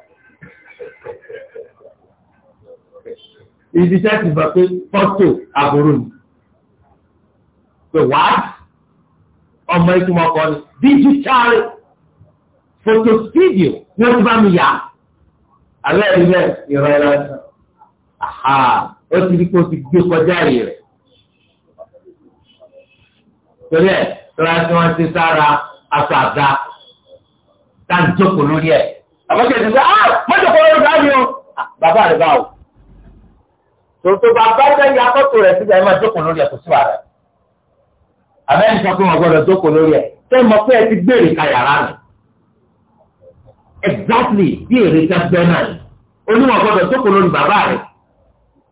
ibi tẹ́ ti bọ̀ pé fọ́tò àbúrò ni pé wá ọmọ ìtumọ̀ kan ní díjítàlì fọ́tò stúdíò ni wọ́n ti bá mi yà á. àbẹ́ ẹ̀rí bẹ́ẹ̀ ìrọ̀lẹ́ aha ó ti di kó o ti gbé kọjá yìí rẹ̀. torí ẹ̀ tọ́lá tí wọ́n ti sára aṣọ àdá tá à ń jókòó lórí ẹ̀ àmọ́ kí ti sọ ah mọ́tò kọ́ lórí o ah, bàbá rẹ̀ báwo tòótọ́ bàbá rẹ̀ yà kọ́tò rẹ̀ síbi ẹ̀ máa jókòó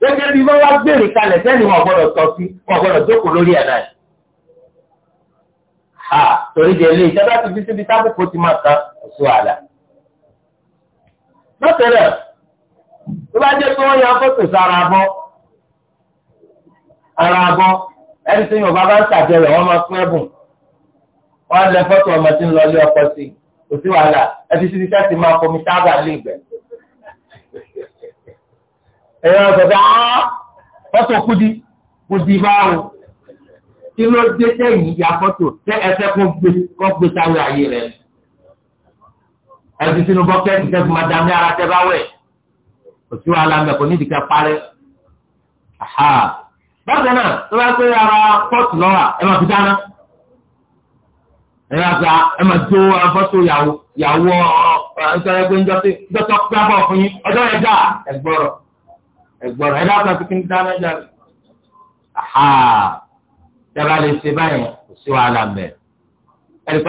ẹ gẹ́gẹ́ bí wọ́n wá gbèrè kalẹ̀ sẹ́ni wọn gbọ́dọ̀ tọ́ sí wọn gbọ́dọ̀ jókòó lórí ẹ̀ ha torí di eléyìí sábà ti fi síbi tábùkù ti máa kan sí wàhálà. lọ́tẹ̀lẹ̀ tó bá jẹ́ pé wọ́n yan fótò sára bọ́ ara bọ́ ẹni tí yorùbá bá ń ṣàjọyọ̀ wọ́n máa pín ẹ̀bùn wọ́n lẹ fọ́tò ọmọ tí ń lọ ilé ọkọ sí kò sí wàhálà ẹbí sí títí láti máa fọmi tábà lé ìgbẹ́. ẹ̀rọ ọ̀gbẹ̀dẹ̀ áá fọ́tò kudi kudi báwo kí ló dé tẹ̀yìn ya fọ́tò tẹ ẹsẹ̀ kó gbé kó gbé táwọn ayé rẹ̀ ẹbí sínú bọ́kẹ́tì kẹ́fì máa dàmí ara tẹ́ bá wẹ̀ òsì wàhálà ń bẹ̀ kò nídìí kẹ́ parẹ́. bákan náà tó bá pé ara pọ́ọ̀tù lọ́wà ẹ máa fi dáná ẹ máa gba ẹ máa jó afọ́tò yàwó yàwó ìṣẹ̀lẹ̀ pé njọ́tọ́ gbábọ̀ fún yín ọjọ́ yẹn dà ẹgbọ́rọ̀ ẹgbọ́rọ̀ ẹ dákun àti kíni dáná jáde. dábàá lè ṣe báyìí òsì wàhálà ń bẹ̀ ẹ̀rí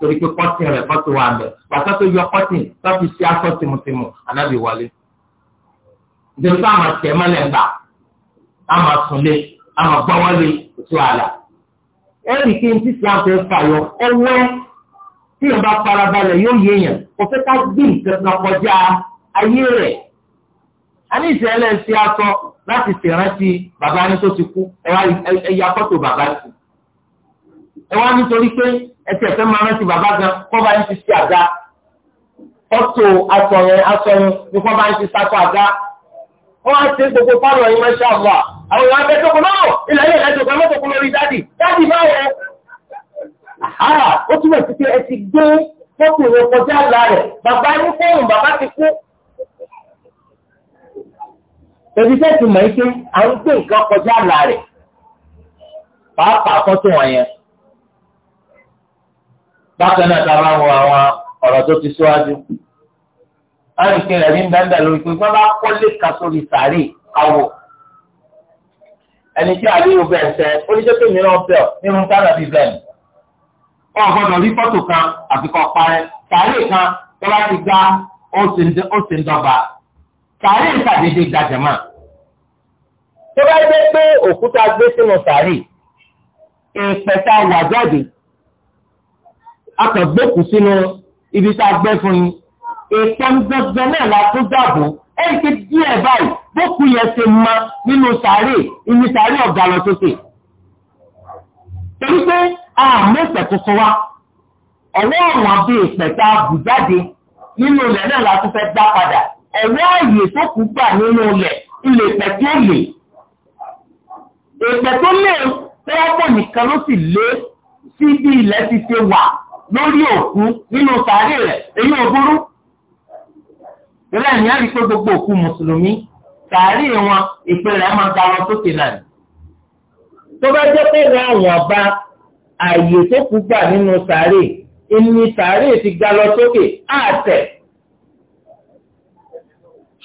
torí pé kọ́tìn rẹ̀ kọ́tìn wà bẹ̀ bàtà tó yọ kọ́tìn tó fi ṣe aṣọ tìmùtìmù ànábì wọlé. ìdèmí tó àmà tẹ̀ mọ́lẹ̀ gbà àmà súnlé àmà gbọ́wọ́lé tó àlà. ẹ̀rì kí n ti fi àǹfẹ́ fàyọ ọwọ́ tí yẹn bá farabalẹ̀ yóò yé yẹn kò fẹ́ ká gbé ìkẹ́kọ̀ọ́ kọjá ayé rẹ̀. a ní ìṣẹ̀lẹ̀ ṣe aṣọ láti ṣèrántí bàbá yín tó ti kú ẹ̀yà fọ́tò bàbá yín ẹ wá nítorí pé ẹsẹ̀ fẹ́ máa rántí bàbá gan kọ́ bá ń ti ṣe àga ọ̀tò asọ̀rọ̀ asọ̀rọ̀ ni kọ́ bá ń ti sakọ àga wọ́n á ṣe gbogbo pálọ̀ yìí máa ṣe àwọ̀ àwọn ìwà abẹ́tọ́kọ̀ náà ilẹ̀ ilẹ̀ ẹ̀jọ̀ kan mọ́tòkọ̀ lórí dádì dádì báyẹn. àhà ó túmọ̀ sí pé ẹ ti gbé fọ́tò rẹ kọjá àlá rẹ̀ bàbá ní fóònù bàbá ti kú. tẹ̀bí sẹ́ẹ̀tì mọ̀ ẹ́ à ń gbé nǹkan kọjá àlá rẹ̀ pàápàá fọ́tò wọn yẹn bákan náà ta bá wọ àwọn ọ̀rọ̀ tó ti síwájú. láti kí ẹ̀rí ń dáńdà lórí pé wọ́n bá kọ́lé kan sórí sàárè káwọ̀. ẹni tí àdéhùn bẹ́ẹ̀ sẹ́ oníṣẹ́ tó mìíràn bẹ̀ nínú kánà bíi bẹ́ẹ̀ ni. wọ́n gbọ́dọ̀ rí fọ́tò kan àfikọ́ parẹ́ sàárè kan tó bá ti gbá ó sì ń dọ́gba. sàárè ìsàdédé gbajàmá. tó bá dé pé òkúta gbé sínú sàárè ìpẹ̀ta wà jáde akọ̀gbẹ́kù sínú ibi tá a gbẹ́ fún yín ètò gbẹgbẹ náà la tún dàbò ẹ̀yìn tí díẹ̀ báyìí bókù yẹn ti mọ nínú sàárè inú sàárè ọ̀gá lọ sókè. torí pé àmọ́ ìpẹ́ tuntun wa ọ̀wọ́ àwọn abẹ́ ìpẹ́ta bùjáde nínú ilẹ̀ náà la tún fẹ́ dá padà ọ̀wọ́ àyè tó kù gbà nínú ilẹ̀ ilẹ̀ ìpẹ́ tó lè. ìpẹ́ tó lè tó wọ́pọ̀ nìkan ló sì lé sí bí ilẹ̀ ti ṣe wà lórí òkú nínú sàárè rẹ̀ èyí ò burú. ìrẹ́ni á rí pé gbogbo òkú mùsùlùmí sàárè wọn ìpè rẹ̀ máa ga wọn sókè náà ni. tó bá jẹ́ pé ra àwọn ọba ààyè tó kú gbà nínú sàárè ìní sàárè ti ga lọ sókè àtẹ̀.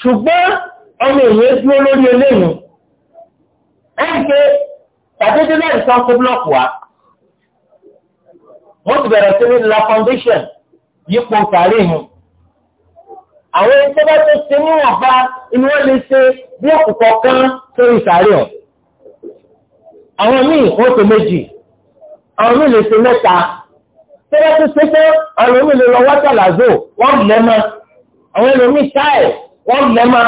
ṣùgbọ́n ọmọ ìwé dúró lórí eléyìí. ẹ̀ ń pe tàbí délẹ̀ ìsọ́kú blọ́ọ̀kù wa wọ́n ti bẹ̀rẹ̀ sí ní la foundation yípo sàárè hàn àwọn ẹni tó bá tó ṣe níwọ̀n bá inú wọn lè ṣe bí òkùnkọ̀ kan sórí sàárè hàn àwọn míì wọ́n tó méjì àwọn míì lè ṣe mẹ́ta tó bá tó ṣe pé àwọn míì lè lọ wátàlázò wọ́n lẹ́mọ àwọn ẹlòmíì táì wọ́n lẹ́mọ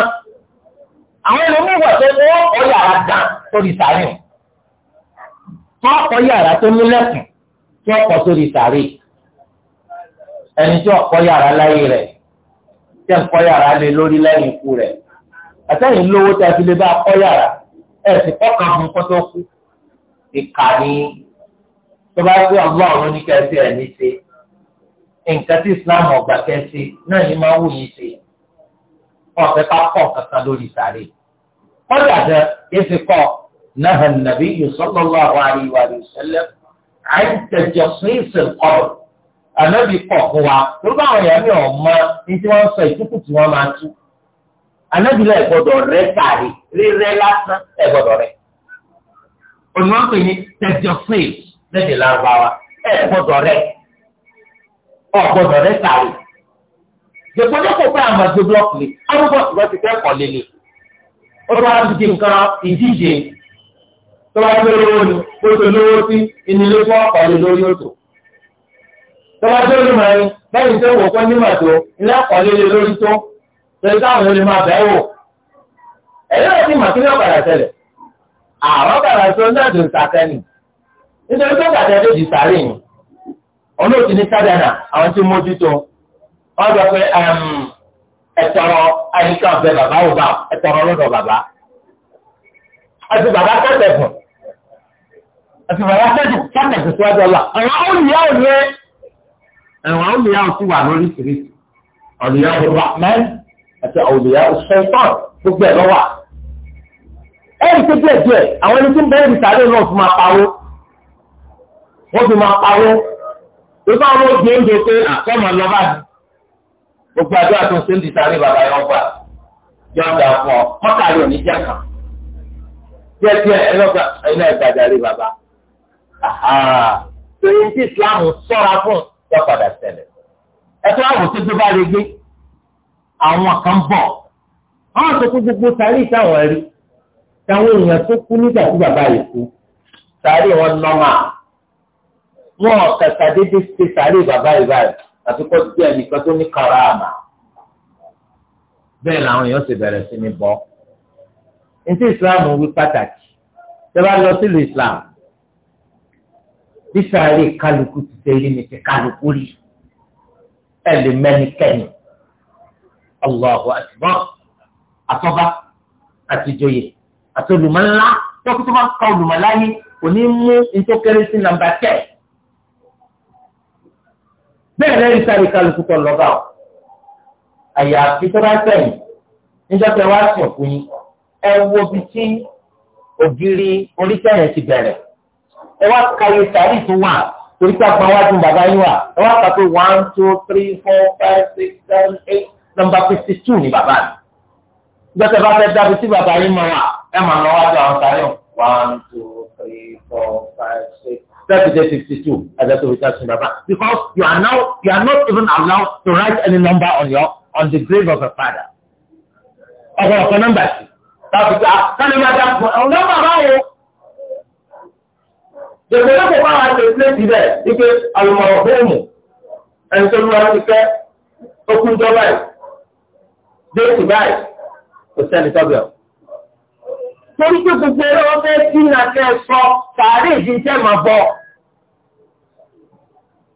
àwọn ẹlòmíì wà tó wọ́n kọ́ yàrá dán sórí sàárè hàn wọ́n kọ́ yàrá tó ní lẹ́kùn tí ọkọ̀ sórí sàárè ẹni tí ọkọ̀ yàrá láyé rẹ̀ tí ọkọ̀ yàrá lé lórí lẹ́yìn ikú rẹ̀ àtẹ̀yìn lówó tí a fi lè bá ọkọ̀ yàrá ẹ̀ sì kọ́kàn fún kótó kú ìkà ni tó bá gbé ọgbọ́n ọ̀run ní kẹsì ẹ̀ ní ṣe nǹkan tí Islam ọgbà kẹsì náà ní máa wù yín ṣe ọ̀fẹ́ ká kọ̀ kankan lórí sàárè kọ́jà jẹ́ kí n ti kọ́ náà nàbí sallallahu alaihi wa àìtẹ̀jẹ̀ fún ìsìnkọ́rọ̀ ànábì kọ̀ fún wa torí báwọn èèyàn mi ò ní wọ́n sọ ìtúkù tí wọ́n máa tú ànábì lẹ̀ gbọ́dọ̀ rẹ kàrí rírẹ́ lásán ẹ̀ gbọ́dọ̀ rẹ. onímọ̀pẹ̀ ni tẹ̀jẹ̀ fún ìsìnkọ́rọ̀ lárúbáwá ẹ̀ gbọ́dọ̀ rẹ ọ̀ gbọ́dọ̀ rẹ kàrí. gbẹ̀gbọ́dọ̀ kò pé àmàgbé blọ́ọ̀kì tó bá tó lówó ni bó tó lówó sí ìnílé fún ọ̀pọ̀lẹ́ lórí òtò. tó bá tó lùmọ̀ ẹni bẹ́ẹ̀ tó wò pé nígbà tó ilé ọ̀pọ̀lẹ́ lórí tó lórí táwọn olè máa wò. ẹ̀yẹ́ àwọn náà dùn nítorí tó gbàtẹ́ tó di sàárè yìí ní àwọn tí mójútó wọ́n pé bàbá àtìwáyà sẹ́jù sákàtì síwájú ọlá àwọn olùyà òye àwọn olùyà òsì wà lórí ìṣiríṣi olùyà Rahman àti olùyà Shaitan gbogbo ẹ̀ lọ́wọ́ ẹ̀rí tó díẹ̀ díẹ̀ àwọn ẹni tí ń bẹ́ẹ̀ ìsàlẹ̀ náà fi máa pawó wọ́n fi máa pawó nígbà wọn ó di oúnjẹ pé àtọ́mọ̀ lọ́ba ni gbogbo àdúrà tó ń ṣe ń di sáré bàbá yọ̀ gbà yọ̀ gbà fún ọ mọ́tàlì òní jẹ́ kàn díẹ̀ díẹ̀ ẹ̀ lọ́gbà Ah, torí tí islam sọ́ra fún yọ padà ṣẹlẹ̀ ẹ̀tọ́ àwòrán tó bá lè gbé àwọn kan bọ̀ àwọn sọ pé gbogbo sàárì táwọn rí táwọn èèyàn tó kú nígbà tí bàbá yìí kú sàárì wọn nọ́mà wọn kàkà déédéé ṣe sàárì bàbá yìí báyìí àti kọ́ sí ẹnìkan tó ní karama bẹ́ẹ̀ làwọn èèyàn sì bẹ̀rẹ̀ sí ní bọ́ ntí islam wí pàtàkì tẹ́ bá lọ sílùú islam sísáré kálukú ti tẹ̀lé ní ti kálukú rí ẹ lè mẹ́nikẹ́ni Allahu akbar àtọ́ba àtijọ́yè àtolùmọ́lá tọ́kítọ́ bá ka olùmọ̀lá yìí kò ní mú ntọ́kẹ́rẹ́ sí nàmbà tẹ̀. bẹ́ẹ̀ lẹ́yìn sáré kálukú tọ̀ lọ́gà o àyàfi tó bá sẹ́yìn níjọ́ wá sìn fún ẹ wo bí ògiri orí ti bẹ̀rẹ̀ ẹ wá ka iye sàárì tó wà torí pé àgbọn wájú bàbá yín wà ẹ wá kà pé one two three four five six seven eight number fifty two ni bàbá mi gbẹ́sẹ̀ bá fẹ́ dábì tí bàbá yín máa wà ẹ máa lọ wájú àwọn sàárì ọ̀ one two three four five six thirty day fifty two ẹ̀dẹ̀ tó fi tẹ̀sí because you are now you are not even allowed to write any number on your on the grave of a father ọ̀pọ̀lọpọ̀ nọ́mbà sí. Tàbí ká kálí máa dá nọ́mbà báwo. Dèbè lọ́pọ̀ bá wa ṣe pléètì rẹ̀ ike àlùmọ̀rọ̀ fóòmù ẹni tó lọ́wọ́ ti fẹ́ okùnjọ báyìí déètì báyìí kò sẹ́ni tọ́bẹ̀ ọ̀. Torí pé gbogbo ẹ̀rọ wọn fẹ́ kí ní akẹ́ sọ sàárè ìdíjẹ́ máa bọ̀.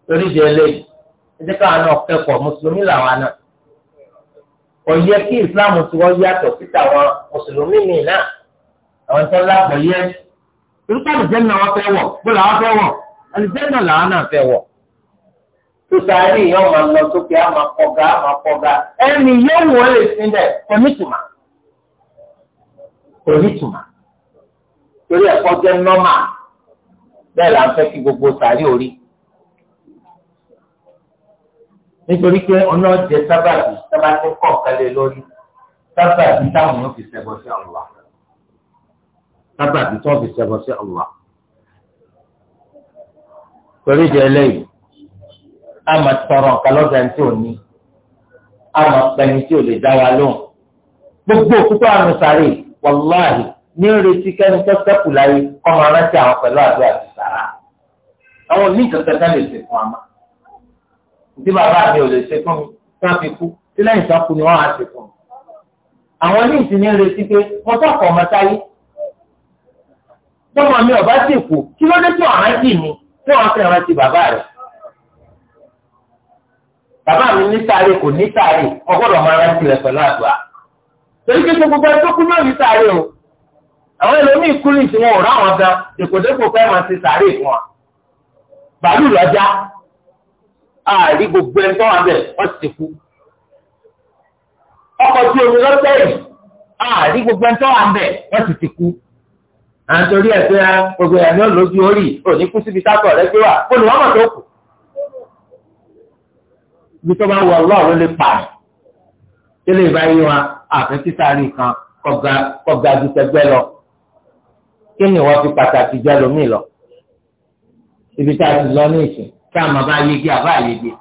Torí ìdí eléyìí, ẹ jẹ́ káwọn náà kẹ́kọ̀ọ́ mùsùlùmí làwọn náà. Kò yẹ kí ìsìláàmù tí wọ́n yàtọ̀ irúgbà àlùjẹ́nà wọn fẹ́ wọ̀ bó làwọn fẹ́ wọ̀ àlùjẹ́nà làwọn náà fẹ́ wọ̀. tùsàárì yóò máa lọ sókè á máa kọ̀ga á máa kọ̀ga ẹni yóò wọ lè sin dẹ̀ onítùmá onítùmá torí ẹ̀kọ́ jẹ́ nọ́mà bẹ́ẹ̀ là ń fẹ́ kí gbogbo sàárì orí. nítorí pé ọlọ́ọ̀jẹ sábàbí sábàbí kọ̀ọ̀kan lé lórí sábàbí táwọn yóò fi ṣẹ̀bọ̀ sí ọ̀rọ̀ wa sábàbí tó fi ṣẹbọ sí Allah torí jẹ eléyìí a máa tọrọ nǹkan lọ́dọ̀ ẹni tí ò ní a máa pẹni tí ò lè dá wa lóhùn gbogbo òkúta àrùn sáré wàláhì ní retí kẹ́ni tó sẹ́kù láyé kọ́ máa rántí àwọn pẹ̀lú àdó àti sàrà àwọn oníkẹ̀kẹ́ kan lè ṣe fún àmà tí bàbá mi ò lè ṣe fún mi tí wọ́n fi kú tí lẹ́yìn tó kú ni wọ́n á ṣe fún mi àwọn oníṣìí ní retí pé mo tọkọ̀ ọmọ táyé tọmọ mi ọba sì kú kí ló dé tí ọ̀ràn jì mí tí wọ́n fi rántí bàbá rẹ̀. bàbá mi ní sáré kò ní sáré ọgbọ́dọ̀ máa rántí rẹ̀ pẹ̀lú àdúrà. torí pé gbogbo ẹni tó kú náà ní sáré o àwọn ẹlòmíì kú ní ìsìn wọn ò ráwọn gan dèkòdèkò fẹ́ máa ti sáré fún wa. bàálù lọ́jà àárí gbogbo ẹni tó wà bẹ̀ ọ́ ti kú. ọkọ̀ tí omi lọ́sẹ̀ yìí àárí gbogbo ẹni tó wà bẹ̀ ọ́ ti ti kú à ń torí ẹ̀ pé gbogbo ẹ̀ ní olójú orí òní kú síbi sátọ̀ rẹ gbé wà olùwọ́mọ̀ tó kù. ibi tó bá wọ ọlọ́run ló lè pààyàn tẹ́lẹ̀ ìbáyé wa àfẹ́ títàrí kan kọ̀gá ju lọ kí ni wọ́n fi pàtàkì jẹ́ lómi lọ. ibi tá a ti lọ ní ìsìn tá a máa bá yege àbá yege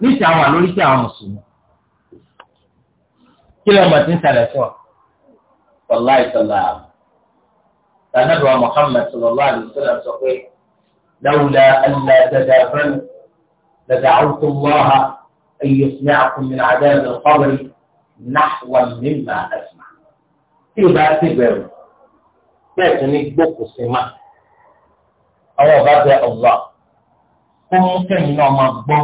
níṣẹ́ àwọn àlóríṣẹ́ àwọn mùsùlùmí kí lọ́mọ ti ń sàlẹ̀ fún ọ. wàláì anabi wa muhammad sallallahu alayhi wa sallam sọ pé lawla alla tadafanu lada'awtu allaha an yusmi'akum min adhab al-qabr nahwan mimma asma. tí o bá ti bẹ̀rù bẹ́ẹ̀ tún ní gbókùsí ma àwọn ọba bẹ ọlọ kó mú kẹ́yìn náà máa gbọ́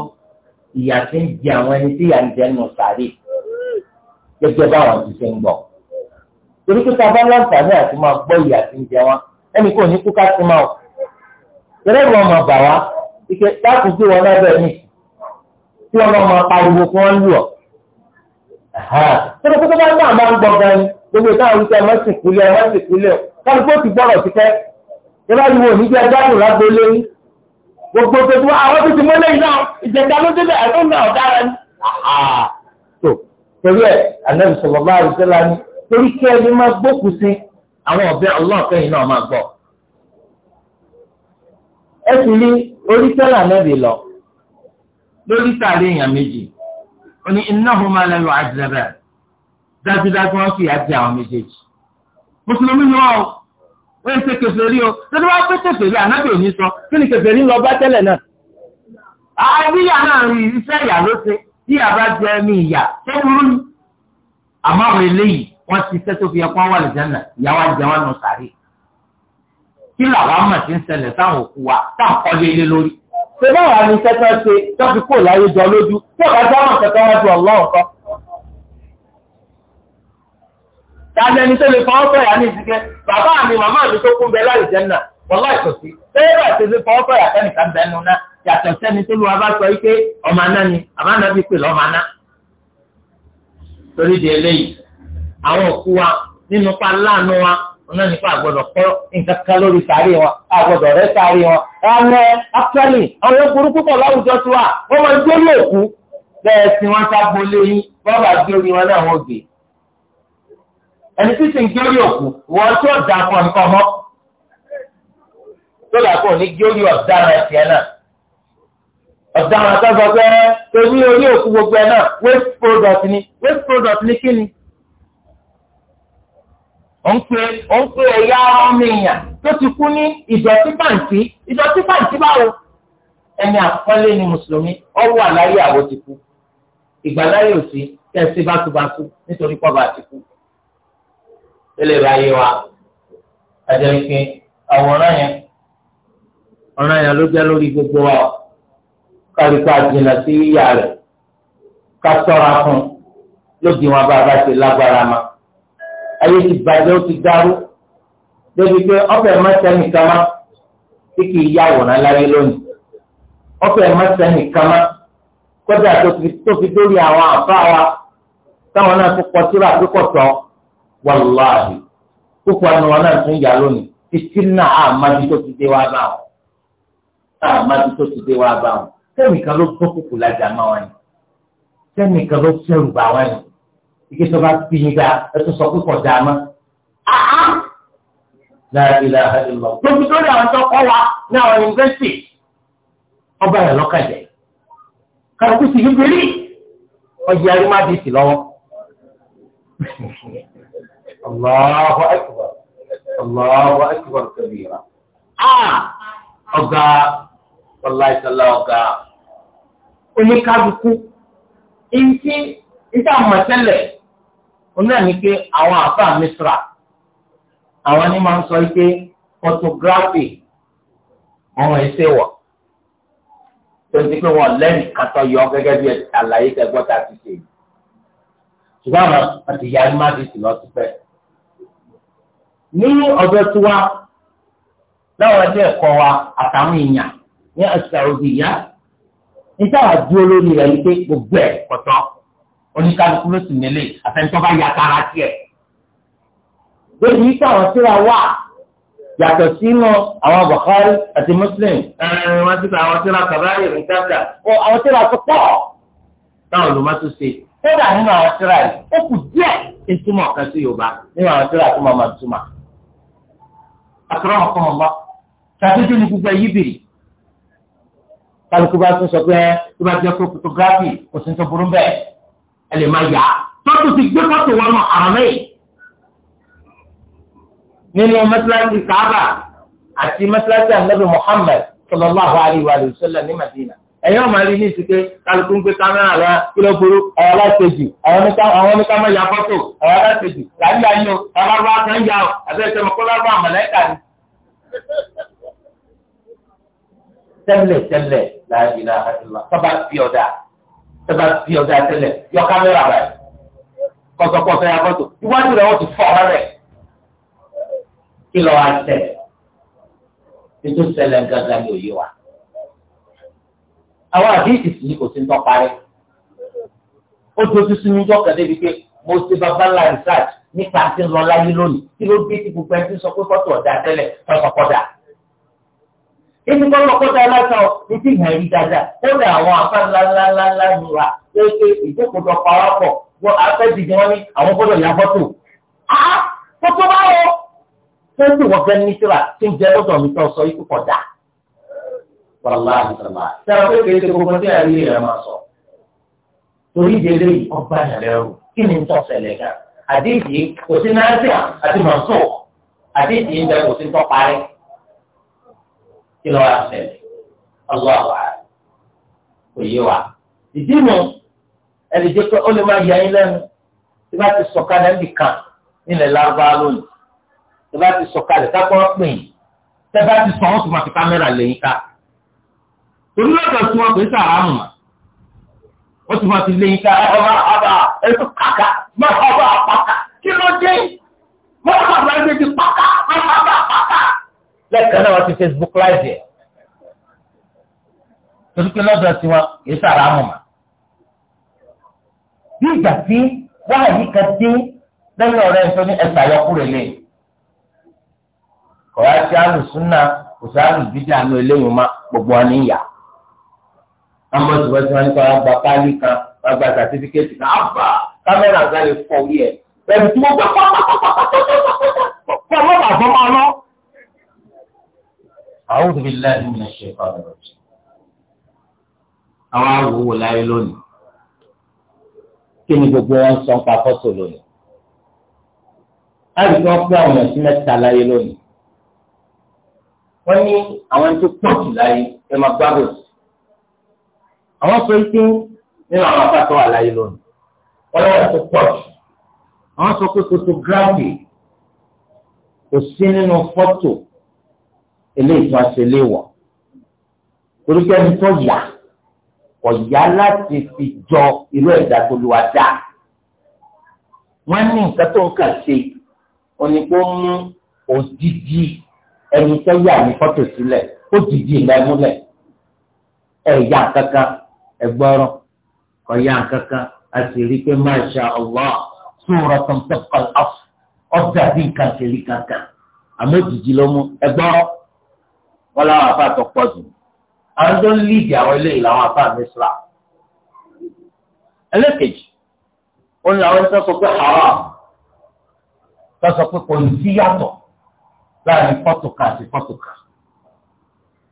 ìyà tí ń di àwọn ẹni tí ìyà ń jẹ́ nù sáré gẹ́gẹ́ báwọn ti ṣe ń gbọ́ torí pé tá a bá láǹfààní àti máa gbọ́ ìyà tí ń jẹ wọn ẹnì kò ní kú ká sí máa o tẹ́lẹ̀ ìwọ ọmọ bà wá ike láti gbé wọn lábẹ́ mi tí wọn máa pariwo kí wọ́n lù ọ́ tẹ́lẹ̀ pé tó bá ń bá àwọn gbọ́ gan ni gbogbo ìtàn àwọn ìtàn ẹ̀mọ́ sì kúlẹ̀ ẹ̀mọ́ sì kúlẹ̀ káàdì kó ti gbọ́rọ̀ ti fẹ́ tẹ́lẹ̀ ìwọ oníjẹ gbádùn lágbo lórí gbogbo gbogbo àwọn tó ti mọ́lẹ̀ iná ìjẹta ló débẹ̀ àtúntà torí kí ẹni máa gbókùn sí àwọn ọ̀bẹ ọlọ́ọ̀kẹ́yìn náà máa gbọ́. ẹ sì rí orí tẹ́lá lẹ́bi lọ lórí tààrí èèyàn méjì ó ní dájúdájú wọn fìyà jẹ àwọn méjèèjì. mùsùlùmí ni wọn o wọ́n ṣe o tẹ́lẹ̀ ànábì òní sọ kí ni lọ bá tẹ́lẹ̀ náà. àríyá náà rí iṣẹ́ ṣe wọ́n ti sẹ́ tó fi yẹ kó wà lìjánà ìyàwó àjẹwà nù sàárè kí làwọn àmọ̀ ti ń ṣẹlẹ̀ sáwọn òkú wa táwọn kọ́lé ilé lórí. ṣé báwa ni sẹ́kẹ́ ṣe tó fi kó láyé jọ lójú tí ọ̀gá sáwọn kẹ̀kẹ́ wá ju ọlọ́run kọ́. tàbí ẹni tó lè fọwọ́ sọ̀yà ní ìsìnkẹ́ bàbá mi màmá mi tó kún bẹ láì jẹ́nà wọ́lá ìkọ̀sí ṣé bá ti fi fọwọ́ sọ̀yà kẹ́nìkan bẹ́nu náà yàtọ̀ sẹ́ni tó lu abá sọ wípé ọmọ aná ni àmọ́ aná fi pè lọ́mọ aná. torí di eléyìí àwọn òkú wa nínú pa láàánú wa wọn náà nípa àgbọ́dọ̀ kọ nǹkan kan lórí sàárè wọn àgbọ́dọ̀ rẹ sàárè wọn. ọmọ akẹ́lì àwọn burúkú pọ̀ láwùjọ tiwa wọ́n máa ń dórí òkú bẹ́ẹ̀ sì wọ́n ta gbolé yín wọ́n bá dórí wọn náà wọ́n gbé. ẹni tí sì ń dórí òkú wọ́n tí ó dà pọ̀ nǹkan mọ́ tó dà pọ̀ ní dórí ọ̀daràn tiẹ̀ náà ọ̀daràn tó pé torí waste product ni waste product ni ni òun pe òun pe ẹ̀yà ọmọ èèyàn tó ti kú ní ìdọ̀tí pàǹtí ìdọ̀tí pàǹtí báwo ẹni àkọlé ni mùsùlùmí ọwọ́ àláyé àwọ̀ ti kú ìgbàláyé òsì tẹ̀sí bákúbákú nítorí pọ́ba ti kú. tẹ́lẹ̀ báyé wa àjẹ́ ike àwòrán yẹn ọ̀ràn yẹn ló jẹ́ lórí gbogbo wa kárí ká jìnnà sí yíyá rẹ̀ ká sọ́ra fún lódiwọ̀n bá a bá ti lágbára máa ayé ti bàjẹ́ ó ti dárú débi pé ọ̀fẹ́ mọ́sẹ́nì kama tí kì í yá àwòrán láyé lónìí ọ̀fẹ́ mọ́sẹ́nì kama kódà tó fi dórí àwọn àfa wa táwọn náà tún kọtíra àdúgbò tọ wàláhì púpọ̀ ni wọn náà tún yà lónìí títí náà àmàdí tó ti dé wá bá wọn àmàdí tó ti dé wá bá wọn sẹ́nìkan ló gbọ́ kúkú lájà máa wọn ni sẹ́nìkan ló sẹ́rù bá wọn ni ike tó bá fi yín dáa ẹ tún sọ pé kò dáa mọ́. láàbìlà ìlọ tóbi lórí àwọn tó kọ́ wa ní àwọn yunifásitì ọba yẹn lọ́kàjẹ́ kàrùkù sì ń bẹ̀rẹ̀ ọjà arímádìsì lọ́wọ́. Allahu akbar Allahu akbar kabira. ọ̀gá ọláìsọ̀lá ọ̀gá oníkàlùkù ntí ntí àmọ̀tẹ́lẹ̀ òun náà ní pé àwọn àfa misra àwọn ni máa ń sọ pé photography ọmọ ẹsẹ̀ wọ̀ tó ti pé wọn lẹ́nu kàtọ́ yọ gẹ́gẹ́ bí àlàyé tẹ̀gbọ́n tá a ti ṣe yìí ṣùgbọ́n àwọn àti ìyá ẹni má di sí lọ sí pẹ́. ní ọjọ́ tí wá láwọn ẹgbẹ́ ẹ̀kọ́ wa àtàwọn èèyàn ní àṣà òbí ìyá níta àdúró lórí rẹ̀ ní pé gbogbo ẹ̀ kọ̀tọ́ oníkálukú ló sì nílé àfẹnitọ́ bá ya tara tiẹ̀. débi táwọn síra wà yàtọ̀ sínú àwọn Bukhari àti Muslim. wọ́n ti sọ àwọn síra kàbáyé rẹ̀ dáadáa. ọ àwọn síra tó pọ̀ táwọn olùmọ̀tò ṣe. kódà nínú àwọn síra yìí ó kù díẹ̀ ìtumọ̀ kan sí Yorùbá nínú àwọn síra tó máa ma túmọ̀. àtúrọ̀ ọ̀kan ọ̀gbọ́n ṣàtúntò ní gbogbo ẹ̀yí bìrì kálukú bá tún sọ pé tó bá jẹ́ pé photography ẹ lè máa yà á tọ́tù ti gbé fọ́tò wọn mọ àmì nínú mẹ́sàlásì káàbà àti mẹ́sàlásì ànábì Muhammad sallallahu alayhi wa sallam ní Madina ẹ̀yin ọ̀ma rí ní ìsìké kálukú ń gbé kámẹ́rà lọ kí ló burú ọ̀rọ̀ aláṣejù àwọn oníkámẹ́ ya fọ́tò ọ̀rọ̀ aláṣejù làálùyà yín o ọ̀rọ̀ wa kan yà o àbẹ́ ìṣẹ́ mọ̀kọ́lọ́rọ̀ àmọ̀lẹ́kà ni tẹ́lá ti ọjà tẹ́lẹ̀ yọ kámẹ́rà báyìí kọ́sọ́kọ́sọ́ ya fọ́tò iwájú rẹ̀ wọ́n ti fọ́ ọ̀rẹ́ rẹ̀ kí lọ́ wá tẹ̀ ètò ṣẹlẹ̀ gángan ni òye wa àwọn àdéhìí sì ni kò sí ń tọ́ parí ó dojú sí níjọ́ kan débi pé mo ṣe babalá research nípa ti ń lọ láyé lónìí kí ló dé tí gbogbo ẹni tí sọ pé fọ́tò ọ̀dà tẹ́lẹ̀ fọ́tò ibi tó lọ kọjá lásán ní ti hàn rí dáadáa ó lè àwọn afá ńláńláńlá ní wa pé pé ìjókòó pawápọ̀ wọ́n afẹ́ dìde wọn ní àwọn gbọ́dọ̀ ya fọ́tò. a fọ́tò bá wọ. fẹ́ǹtì wọ́n gẹ́ni nísìlá tí ń jẹ́ lọ́dọ̀ mi tó sọ ikú kọjá. wàláhì sàmà sẹ́wọ́n pé kéde gbogbo tí a rí rẹ̀ máa sọ. torí ìdílé ọgbà ìrẹ̀rù kí ni ń tọ́ sẹ̀lẹ̀ gan. àdéhìí kò sí náírà àti mọ̀ọ́sọ̀ àdéhìí ń bẹ kò sí tọ́ parí kí ló wá ṣẹlẹ̀ ọlọ́ àwa kò yé wa. ìdí nu ẹni jẹ́ pé ó lè máa yà yín lẹ́nu tí bá ti sọ̀kalẹ̀ ń bì kan nílẹ̀ lárúbá lónìí tí bá ti sọ̀kalẹ̀ sápọ́ pè yín tí bá ti sọ̀ wọ́n tún máa fi kámẹ́rà lẹ́yìn ká. torí lọ́dọ̀ tí wọ́n pè é sàrámù mà wọ́n tún máa fi lẹ́yìn ká ẹ̀ ọba ẹ̀ kàkà máa ọba àpàkà kí ló dé máa ọba ẹ̀ tún kàkà máa ọba àpàkà. lẹ́ẹ̀kan náà wọ́n ti Facebook live yẹ torí pé lọ́dọ̀ tiwọn kìí sàrà mọ̀ mà. bí ìgbà tí wáhàyí kan dé lẹ́yìn ọ̀rẹ́ ẹ̀sọ́ ní ẹ̀sà yọkúrẹ́ lé kọ̀wá sí kò sí eléyìí gbogbo wọn ní ìyá. àmọ́ tí wọ́n ti wọ́n ní kọ́ gba páálí kan wọ́n gba sàtífíkẹ́tì kan àbá kámẹ́rà lè ẹ̀ a'udhu billahi minash shaitanir rajim. àwọn awòwò láyé lónìí kí ni gbogbo wọn sọ pa fọ́tò lónìí. láti fi wọn pé àwọn ẹ̀sìn mẹ́ta láyé lónìí. wọ́n ní àwọn tó pọ̀ jù láyé ẹ̀ máa gbádùn. àwọn sọ pé nínú àwọn afáàtọ̀ wà láyé lónìí. wọ́n lọ́wọ́ tó pọ̀ jù. àwọn sọ pé photography kò sí nínú fọ́tò eléyìí tó a ṣe léèwọ̀ torí pé ẹni tó yà kò yá láti fi jọ irú ẹ̀dá tó lu adá wọ́n ní nǹkan tó ń kà ṣe òní kó mú òdìdí ẹni tó yà ní fọ́tò sílẹ̀ ó dìdí ìlẹ́múlẹ̀ ẹ̀yà kankan ẹ̀gbọ́rọ̀ ọ̀yà kankan a sì rí pé masha Allah sóòrọ̀ tó ń tẹ̀kọ̀ ọ̀f ọ̀dà nǹkan ṣe rí kankan àmọ́ òdìdí ló mú ẹ̀gbọ́rọ̀ wọn làwọn afa tó pọ̀ jù àwọn tó ń lídì àwọn eléyìí làwọn afa misra ẹlẹ́kejì òun làwọn tó sọ pé haram tó sọ pé kò sí yàtọ̀ láàrin fọ́tòkà àti fọ́tòkà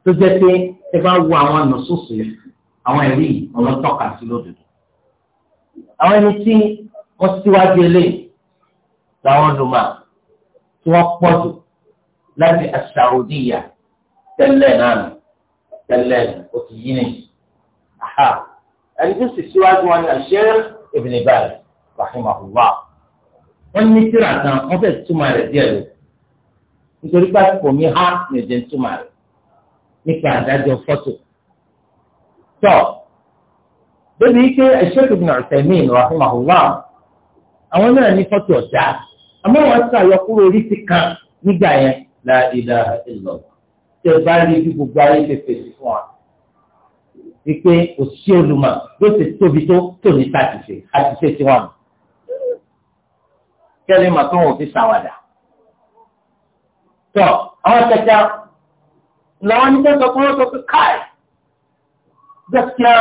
tó jẹ́ pé ẹ bá wo àwọn nùsùsù àwọn ẹ̀rí ọlọ́tọ̀kà sí lódodo àwọn ẹni tí wọ́n síwájú eléyìí làwọn lò máa tí wọ́n pọ̀ jù láti asaudiya tẹ́lẹ̀ náà nù tẹ́lẹ̀ nù ó ti yí ni aha ẹni tó sì síwájú wọn ni àṣẹrẹ Ibn Baz rahimahullah wọn ní tíra kan wọn fẹẹ túmọ̀ rẹ̀ díẹ̀ lọ nítorí pásítọ mi há ní ẹjẹ ń túmọ̀ rẹ̀ nípa àdájọ́ fọ́tò tọ bẹ́ẹ̀ni ike Sheikh Ibn Uthaymeen rahimahullah àwọn náà ní fọ́tò ọjà àmọ́ wọn sàyọkúrò orí ti kan nígbà yẹn la ilaha tẹ bá rí bí gbogbo ayé ṣe fèsì fún wa wípé òsì olùmọ̀ ló ti tóbi tó a sàtìsẹ àtìsẹ tiwọn nù kẹlẹ mà tó wọn fi ṣàwàdà tọ àwọn kẹta làwọn ní kẹsàn kọ́ wọn sọ pé káì gbẹkíá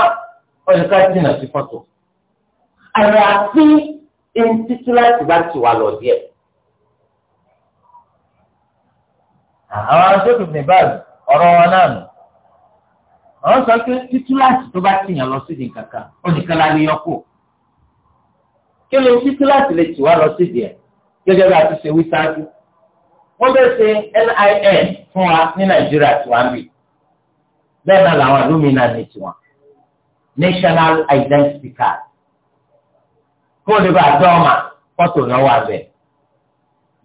ọ̀yẹ̀ká jìnnà sí fọ́tò àyàfi ẹni títí láti bá ti wà lọ díẹ̀. àwọn aṣọ́tò ní báyìí ọ̀rọ̀ wọn náà nù. àwọn sọ pé títúláàsì tó bá tìyàn lọ sídìí kankan ó nìkan la lè yọkù. kí ló títúláàsì lè tì wá lọ sídìí ẹ̀ gẹ́gẹ́ bí a ti ṣe wí sáájú. wọ́n bẹ́ẹ̀ ṣe NIN fún wa ní nàìjíríà tí wọ́n ń bì. bẹ́ẹ̀ náà làwọn àlùmínà ní tiwọn National Identity Card. kó o lè bá a dán ọmọ fọ́tò náà wà bẹ́ẹ̀.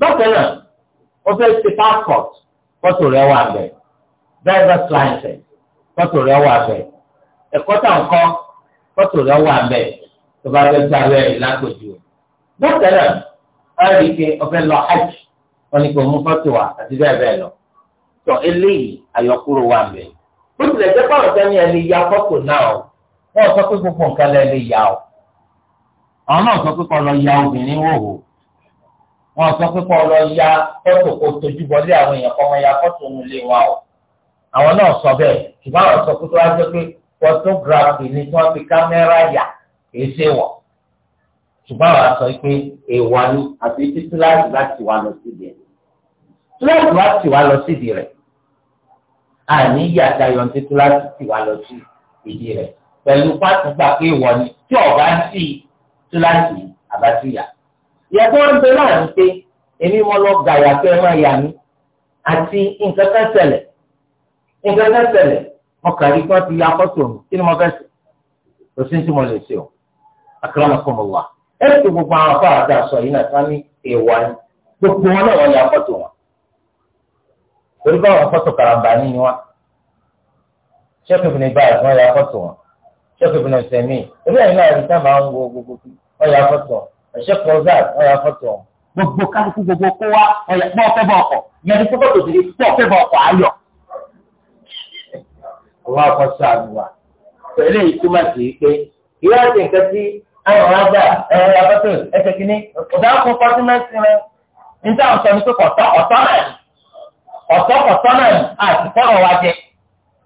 bákan náà wọ́n fẹ́ẹ́ ṣe passport fọ́tò rẹ̀ wà bẹ̀ driver's license fọ́tò rẹ̀ wà bẹ̀ ẹ̀kọ́ tàǹkọ́ fọ́tò rẹ̀ wà bẹ̀ tó bá fẹ́ gbà rẹ̀ lágbòjú. bákan náà wọ́n rí i pé ọ̀fẹ́ lọ hajj wọ́n ní kò mú fọ́tò wa àti bẹ́ẹ̀ bẹ́ẹ̀ lọ. tọ eléyìí àyọkúrò wà bẹ̀. bó tilẹ̀ jẹ́ pàrọ̀ sẹ́ni ẹni ya fọ́tò náà wọ́n sọ pé gbogbo nǹkan lẹ́ni ya o. àwọn náà sọ pé kọ́ lọ ya obìnrin wọn sọ pé kọ́ lọ ya fọ́tò kó tójú bọ́lé àwọn èèyàn kọ́ ya fọ́tò ń lé wa o àwọn náà sọ bẹ́ẹ̀ ṣùgbọ́n àwọn sọ pé tó wá jẹ́ pé photography ni tí wọ́n fi kámẹ́rà yà kìí ṣe wọ̀ ṣùgbọ́n àwọn sọ pé èèwọ̀ ni àti títí láti láti wà lọ síbi rẹ̀ láti láti wà lọ síbi rẹ̀ àní yàtayọ̀ títí láti wà lọ sí ìdí rẹ̀ pẹ̀lú pátùgbà pé èèwọ̀ ni tí ọ̀gá ń sí títí ìyàtọ̀ wọn bẹ láàrin pé èmi mo lọ gà yàtọ̀ ẹ̀ máa yà mí àti nǹkan fẹ́ ṣẹlẹ̀ nǹkan fẹ́ ṣẹlẹ̀ mo kà rí kán ti ya fọ́tò mi kí ni mo fẹ́ o kò sí tí mo lè ṣe o akramakumullah ẹ ti gbogbo àwọn afọ àti àṣọ yìí náà sani èèwà ni gbogbo wọn náà wọn ya fọ́tò wọn torí báwọn fọ́tò karambà ní ni wọn ṣẹ́kù ìbùnú ibà wọn ya fọ́tò wọn ṣẹ́kù ìbùnú ìsẹ̀mí ìbí ẹ̀yin náà rí sábà ń ẹ̀ṣẹ́ kọ́ńtà ọ̀yà fọ́tò gbogbo kálukú gbogbo kó wa ọ̀yà pọ̀ fẹ́ bọ̀ ọkọ̀ yẹn ti fọ́tò tòṣìlẹ̀ pọ̀ fẹ́ bọ̀ ọkọ̀ ayọ̀. àwọn akọ́sọ àdúrà pẹ̀lú ìtumọ̀ sí i pé ìwé àti nǹkan tí àwọn ọ̀rọ̀ ẹ̀rọ abẹ́tò ẹsẹ̀ kínní ọ̀dà kún fọ́tímẹ́ǹtì rẹ̀ níta ọ̀sán ni pé kọ̀tọ́ ọ̀tọ́ náà ọ̀tọ́ kọ̀tọ́ náà àti fọ́rọ̀ wa jẹ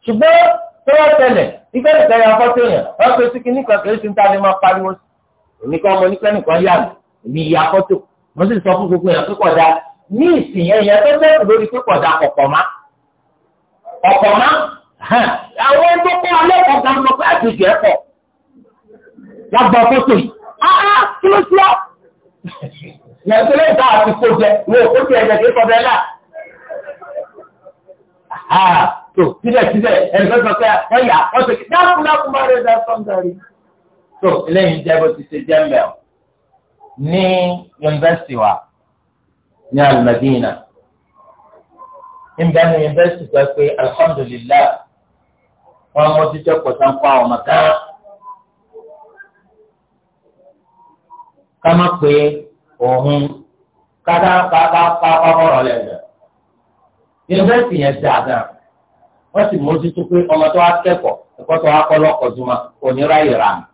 ṣùgbọ́n tó wọ́n tẹ̀lẹ̀ ìgbẹ́ nìkan ya fọ́tò yẹn wọ́n pe sí kínní kan kìí ṣe ń ta ni máa pariwo sí èmi kọ́ ọmọ onípẹ́ nìkan yà mí èmi ya fọ́tò mo sì sọ fún gbogbo èèyàn pé kọ̀dà ní ìsìn yẹn yẹn tó bẹ́ẹ̀ lórí pé kọ̀dà kọ̀kọ̀ má kọ̀kọ̀ má àwọn tó kọ́ alẹ́kọ̀ọ́ kan lọ pé àjèjì ẹ̀ pọ̀ lágbàá fọ́tò yìí áá kí ló ti ọ́ nàìjíríà ìta àti kojẹ wo kojẹ ẹ̀jẹ̀ kí kọ́ bẹ́ẹ̀ náà tó síbẹ̀síbẹ̀ ẹ̀ tó eléyìí jẹ́ bó ti ṣe jẹ́ mbẹ́ o ní yunifásitì wa ní alimadina níbẹ̀ ní yunifásitì sọ pé alihamudulilayi wọn mọ títẹ pọtàn kọ àwọn màkà ká má pé òun kátà pápákọ̀rọ̀ lẹ́gbẹ̀ẹ́ yunifásitì yẹn dà gan wọ́n sì mójútó pé ọmọ tó wá kẹ́kọ̀ọ́ ẹ̀kọ́ tó wá kọ́ lọ́kọ̀ọ́dúnmá kò ní ráyè rà mí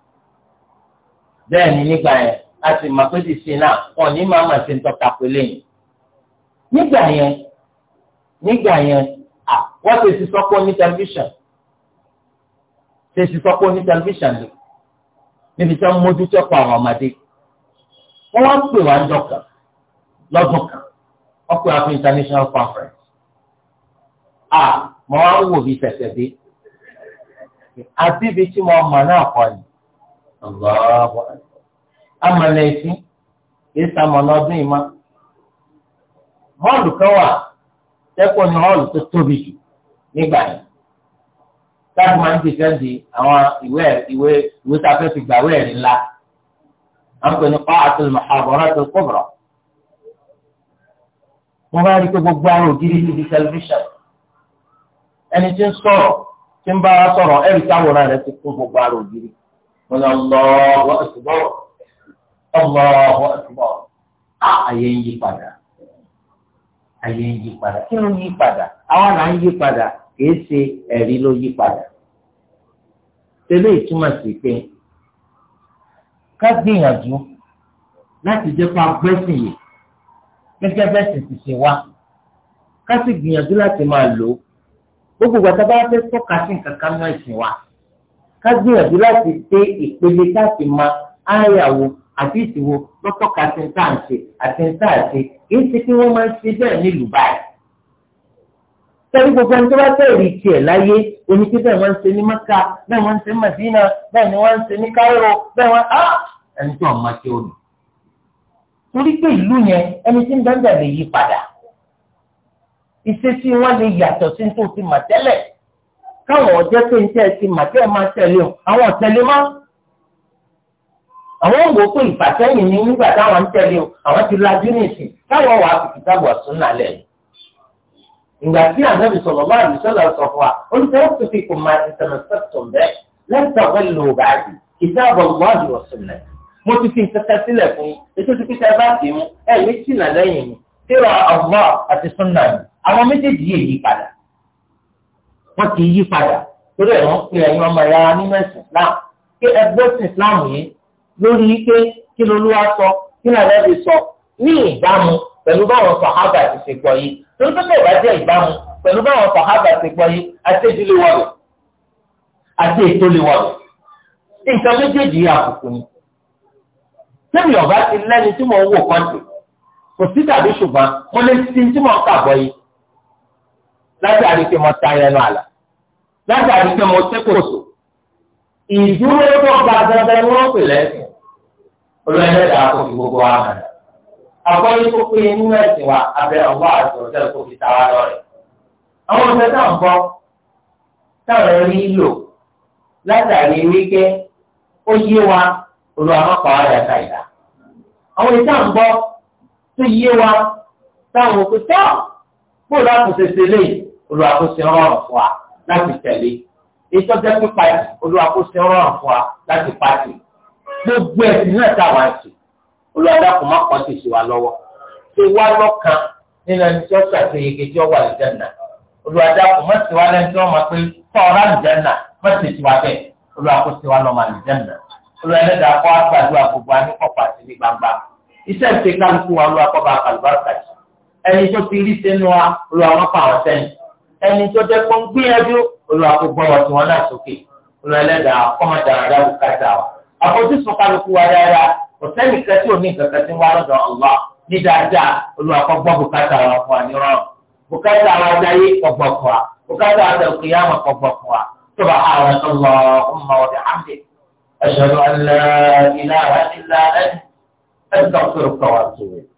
bẹ́ẹ̀ ni nígbà yẹn a sì mọ̀ pé dìsí náà wọn ní máa máa ṣe ń tọ́ka pé lẹ́yìn nígbà yẹn nígbà yẹn à wọ́n ṣe ti sọ́kọ́ ní tẹlifíṣàn ṣe ti sọ́kọ́ ní tẹlifíṣàn lè níbi tí wọ́n mójútó pa àwọn ọmọdé wọ́n wá ń pè wá ń dọ̀kan lọ́dún kan wọ́n pè wá fún international conference à mọ̀ wá wò bí tẹ̀tẹ̀ dé àti ibi tí mo mọ̀ náà kọ́ ni ọlọ́wọ́ amọ̀nà ẹ̀sìn yìí sàmọ̀nà ọdún ìmọ̀ họ́ọ̀lù kan wà tẹ́kọ̀ ní họ́ọ̀lù tó tóbi jù nígbà yẹn táàbù máa ń dìfẹ́ǹdì àwọn ìwé ìwé ìwé tá a fẹ́ fi gbàwé ẹ̀rí ńlá à ń pè ní pààtó al-muhadarat al wọ́n bá rí i pé gbogbo àwọn ògiri níbi tẹlifíṣàn ẹni tí ń sọ̀rọ̀ tí ń bá wa sọ̀rọ̀ ẹ̀rí táwọn rẹ̀ ti kún gbogbo àwọn ògiri. wọn lọ Allahu akbar Allahu akbar ààyè ń yí padà ààyè ń yí padà kí ló ń yí padà àwọn là ń ẹ̀rí ló sí pé láti jẹ́ fún yìí gẹ́gẹ́ ti ṣe wá ká sì gbìyànjú láti máa lò ó gbogbo a wa. ká gbìyànjú láti ṣe ìpele láti ma áyàwó àti ìṣòwò lọ́tọ́ka ti ń tàn ṣe àti ń tàn ṣe kì í ṣe kí wọ́n máa ń ṣe bẹ́ẹ̀ nílùú báyìí. sẹ́ni gbogbo ẹni tó bá tẹ̀rí tiẹ̀ láyé oní pé bẹ́ẹ̀ wọ́n ń ṣe ní Mẹ́kà bẹ́ẹ̀ wọ́n ń ṣe ní Màdínà bẹ́ẹ̀ ni wọ́n ń ṣe ní Káírò bẹ́ẹ̀ wọ́n á ẹni tó ọmọ ṣe òní. torí pé ìlú yẹn ẹni tí ń dáńdà lè yí padà ìṣesí wọn lè yàtọ̀ sí ní tó ti káwọn ọjọ́ pé ń tẹ́ ẹ ti mà tẹ́ ẹ máa tẹ̀lé o àwọn tẹ̀lé má. àwọn ń wò ó pé ìfàsẹ́yìn ni nígbà táwọn ń tẹ̀lé o àwọn ti lajú nìsín káwọn wà á fi kìtàbù àsún nálẹ̀ yìí. ìgbà tí ànábì sọ̀rọ̀ bá àlùsọ́lá sọ fún wa olùtẹ́wọ́ tó fi kò máa ti tẹ̀lé sẹ́tọ̀ bẹ́ẹ̀ lẹ́tọ̀ọ́ lò báyìí kìtàbù ọ̀gbọ́n àdìwọ̀sùn mo ti fi ìtẹ́tẹ́ sílẹ̀ fún yín ètò ti bá wọ́n ti yí padà lórí ẹ̀ wọ́n pe ẹ̀yin ọmọ ẹ̀yà nínú ẹ̀sìn Islam pé ẹgbẹ́ ẹ̀sìn Islam yìí lórí pé kí lolúwa sọ kí lálẹ́ fi sọ ní ìbámu pẹ̀lú báwọn sàhábà ti ṣe gbọ́ yìí torí pé kò bá jẹ́ ìbámu pẹ̀lú báwọn sàhábà ti gbọ́ yìí àti ìdílé wọ̀lù àti ètò lè wọ̀lù nǹkan méjèèjì àbùkù ni sẹ́mi ọ̀bá ti lẹ́ni tí mo ń wò kọ́ńtì kò sí tàbí ṣùgbọ́n mo lè ti tí mo ń kàbọ̀ yìí láti látàrí pé mo tẹ́ kòtò ìdúró tó gba dandan ni wọ́n pè lẹ́sìn olùwẹ̀lẹ́dà kò fi gbogbo wa mọ̀ àgbọ̀yé tó pé nínú ẹ̀sìn wa abẹ́ ọgbà àti ọ̀sẹ̀ kò fi ta wa lọ́rẹ̀ àwọn ọ̀sẹ̀ táwọn bọ́ táwọn rí lò látàrí wíkẹ́ ó yé wa olùwàmọ́pàá yàtà ìdá àwọn ìta ń bọ́ tó yé wa táwọn òkú tọ́ bóòlù àkùnṣe láti tẹ̀lé ìtọ́jẹ́ pípa olùwàkóso rọrùn fún wa láti pàṣẹ gbogbo ẹ̀sìn náà táwọn àṣì olùwàdàkùn má pọ̀ sí ìṣèwà lọ́wọ́ ṣé wá lọ́kàn nínú ẹni tí ó ṣàṣeyege tí ó wà lìjẹ́nà olùwàdàkùn má ti wá lẹ́ni tí wọ́n máa pé tọ́ọ̀rá lìjẹ́nà má ti ti wá bẹ́ẹ̀ olùwàkóso wa lọ́mọ lìjẹ́nà olùwàdàkùn akọ́ àgbàdo àgbogbo anípọ̀pọ̀ àti ní gbangba iṣẹ́ ìṣe kálukú wa olùwàkọ́ bá àkàlùbáràkà ẹni tó ti rí sínú wa olùwàkọ́ àwọn sẹ́yìn ẹni tó jẹ́ pọ́n gbìyànjú olùwà kó gbọ́ wọn tí wọ́n náà sókè olùwà ẹlẹ́dàá kọ́mọ dáadáa kò kájà wa àfojúsùn kálukú wa dáadáa kò sẹ́ni kẹ́tí òní kankan tí wọ́n á lọ́dọ̀ ọ̀la ní dáadáa olùwà gbọ́ bùkátà wa fún àníràn bùkátà wa dáyé kó fún wa bùkátà wa dẹ̀ òkè yàmà kó gbọ́ fún wa سبحانك اللهم وبحمدك أشهد أن لا إله إلا أنت أستغفرك وأتوب إليك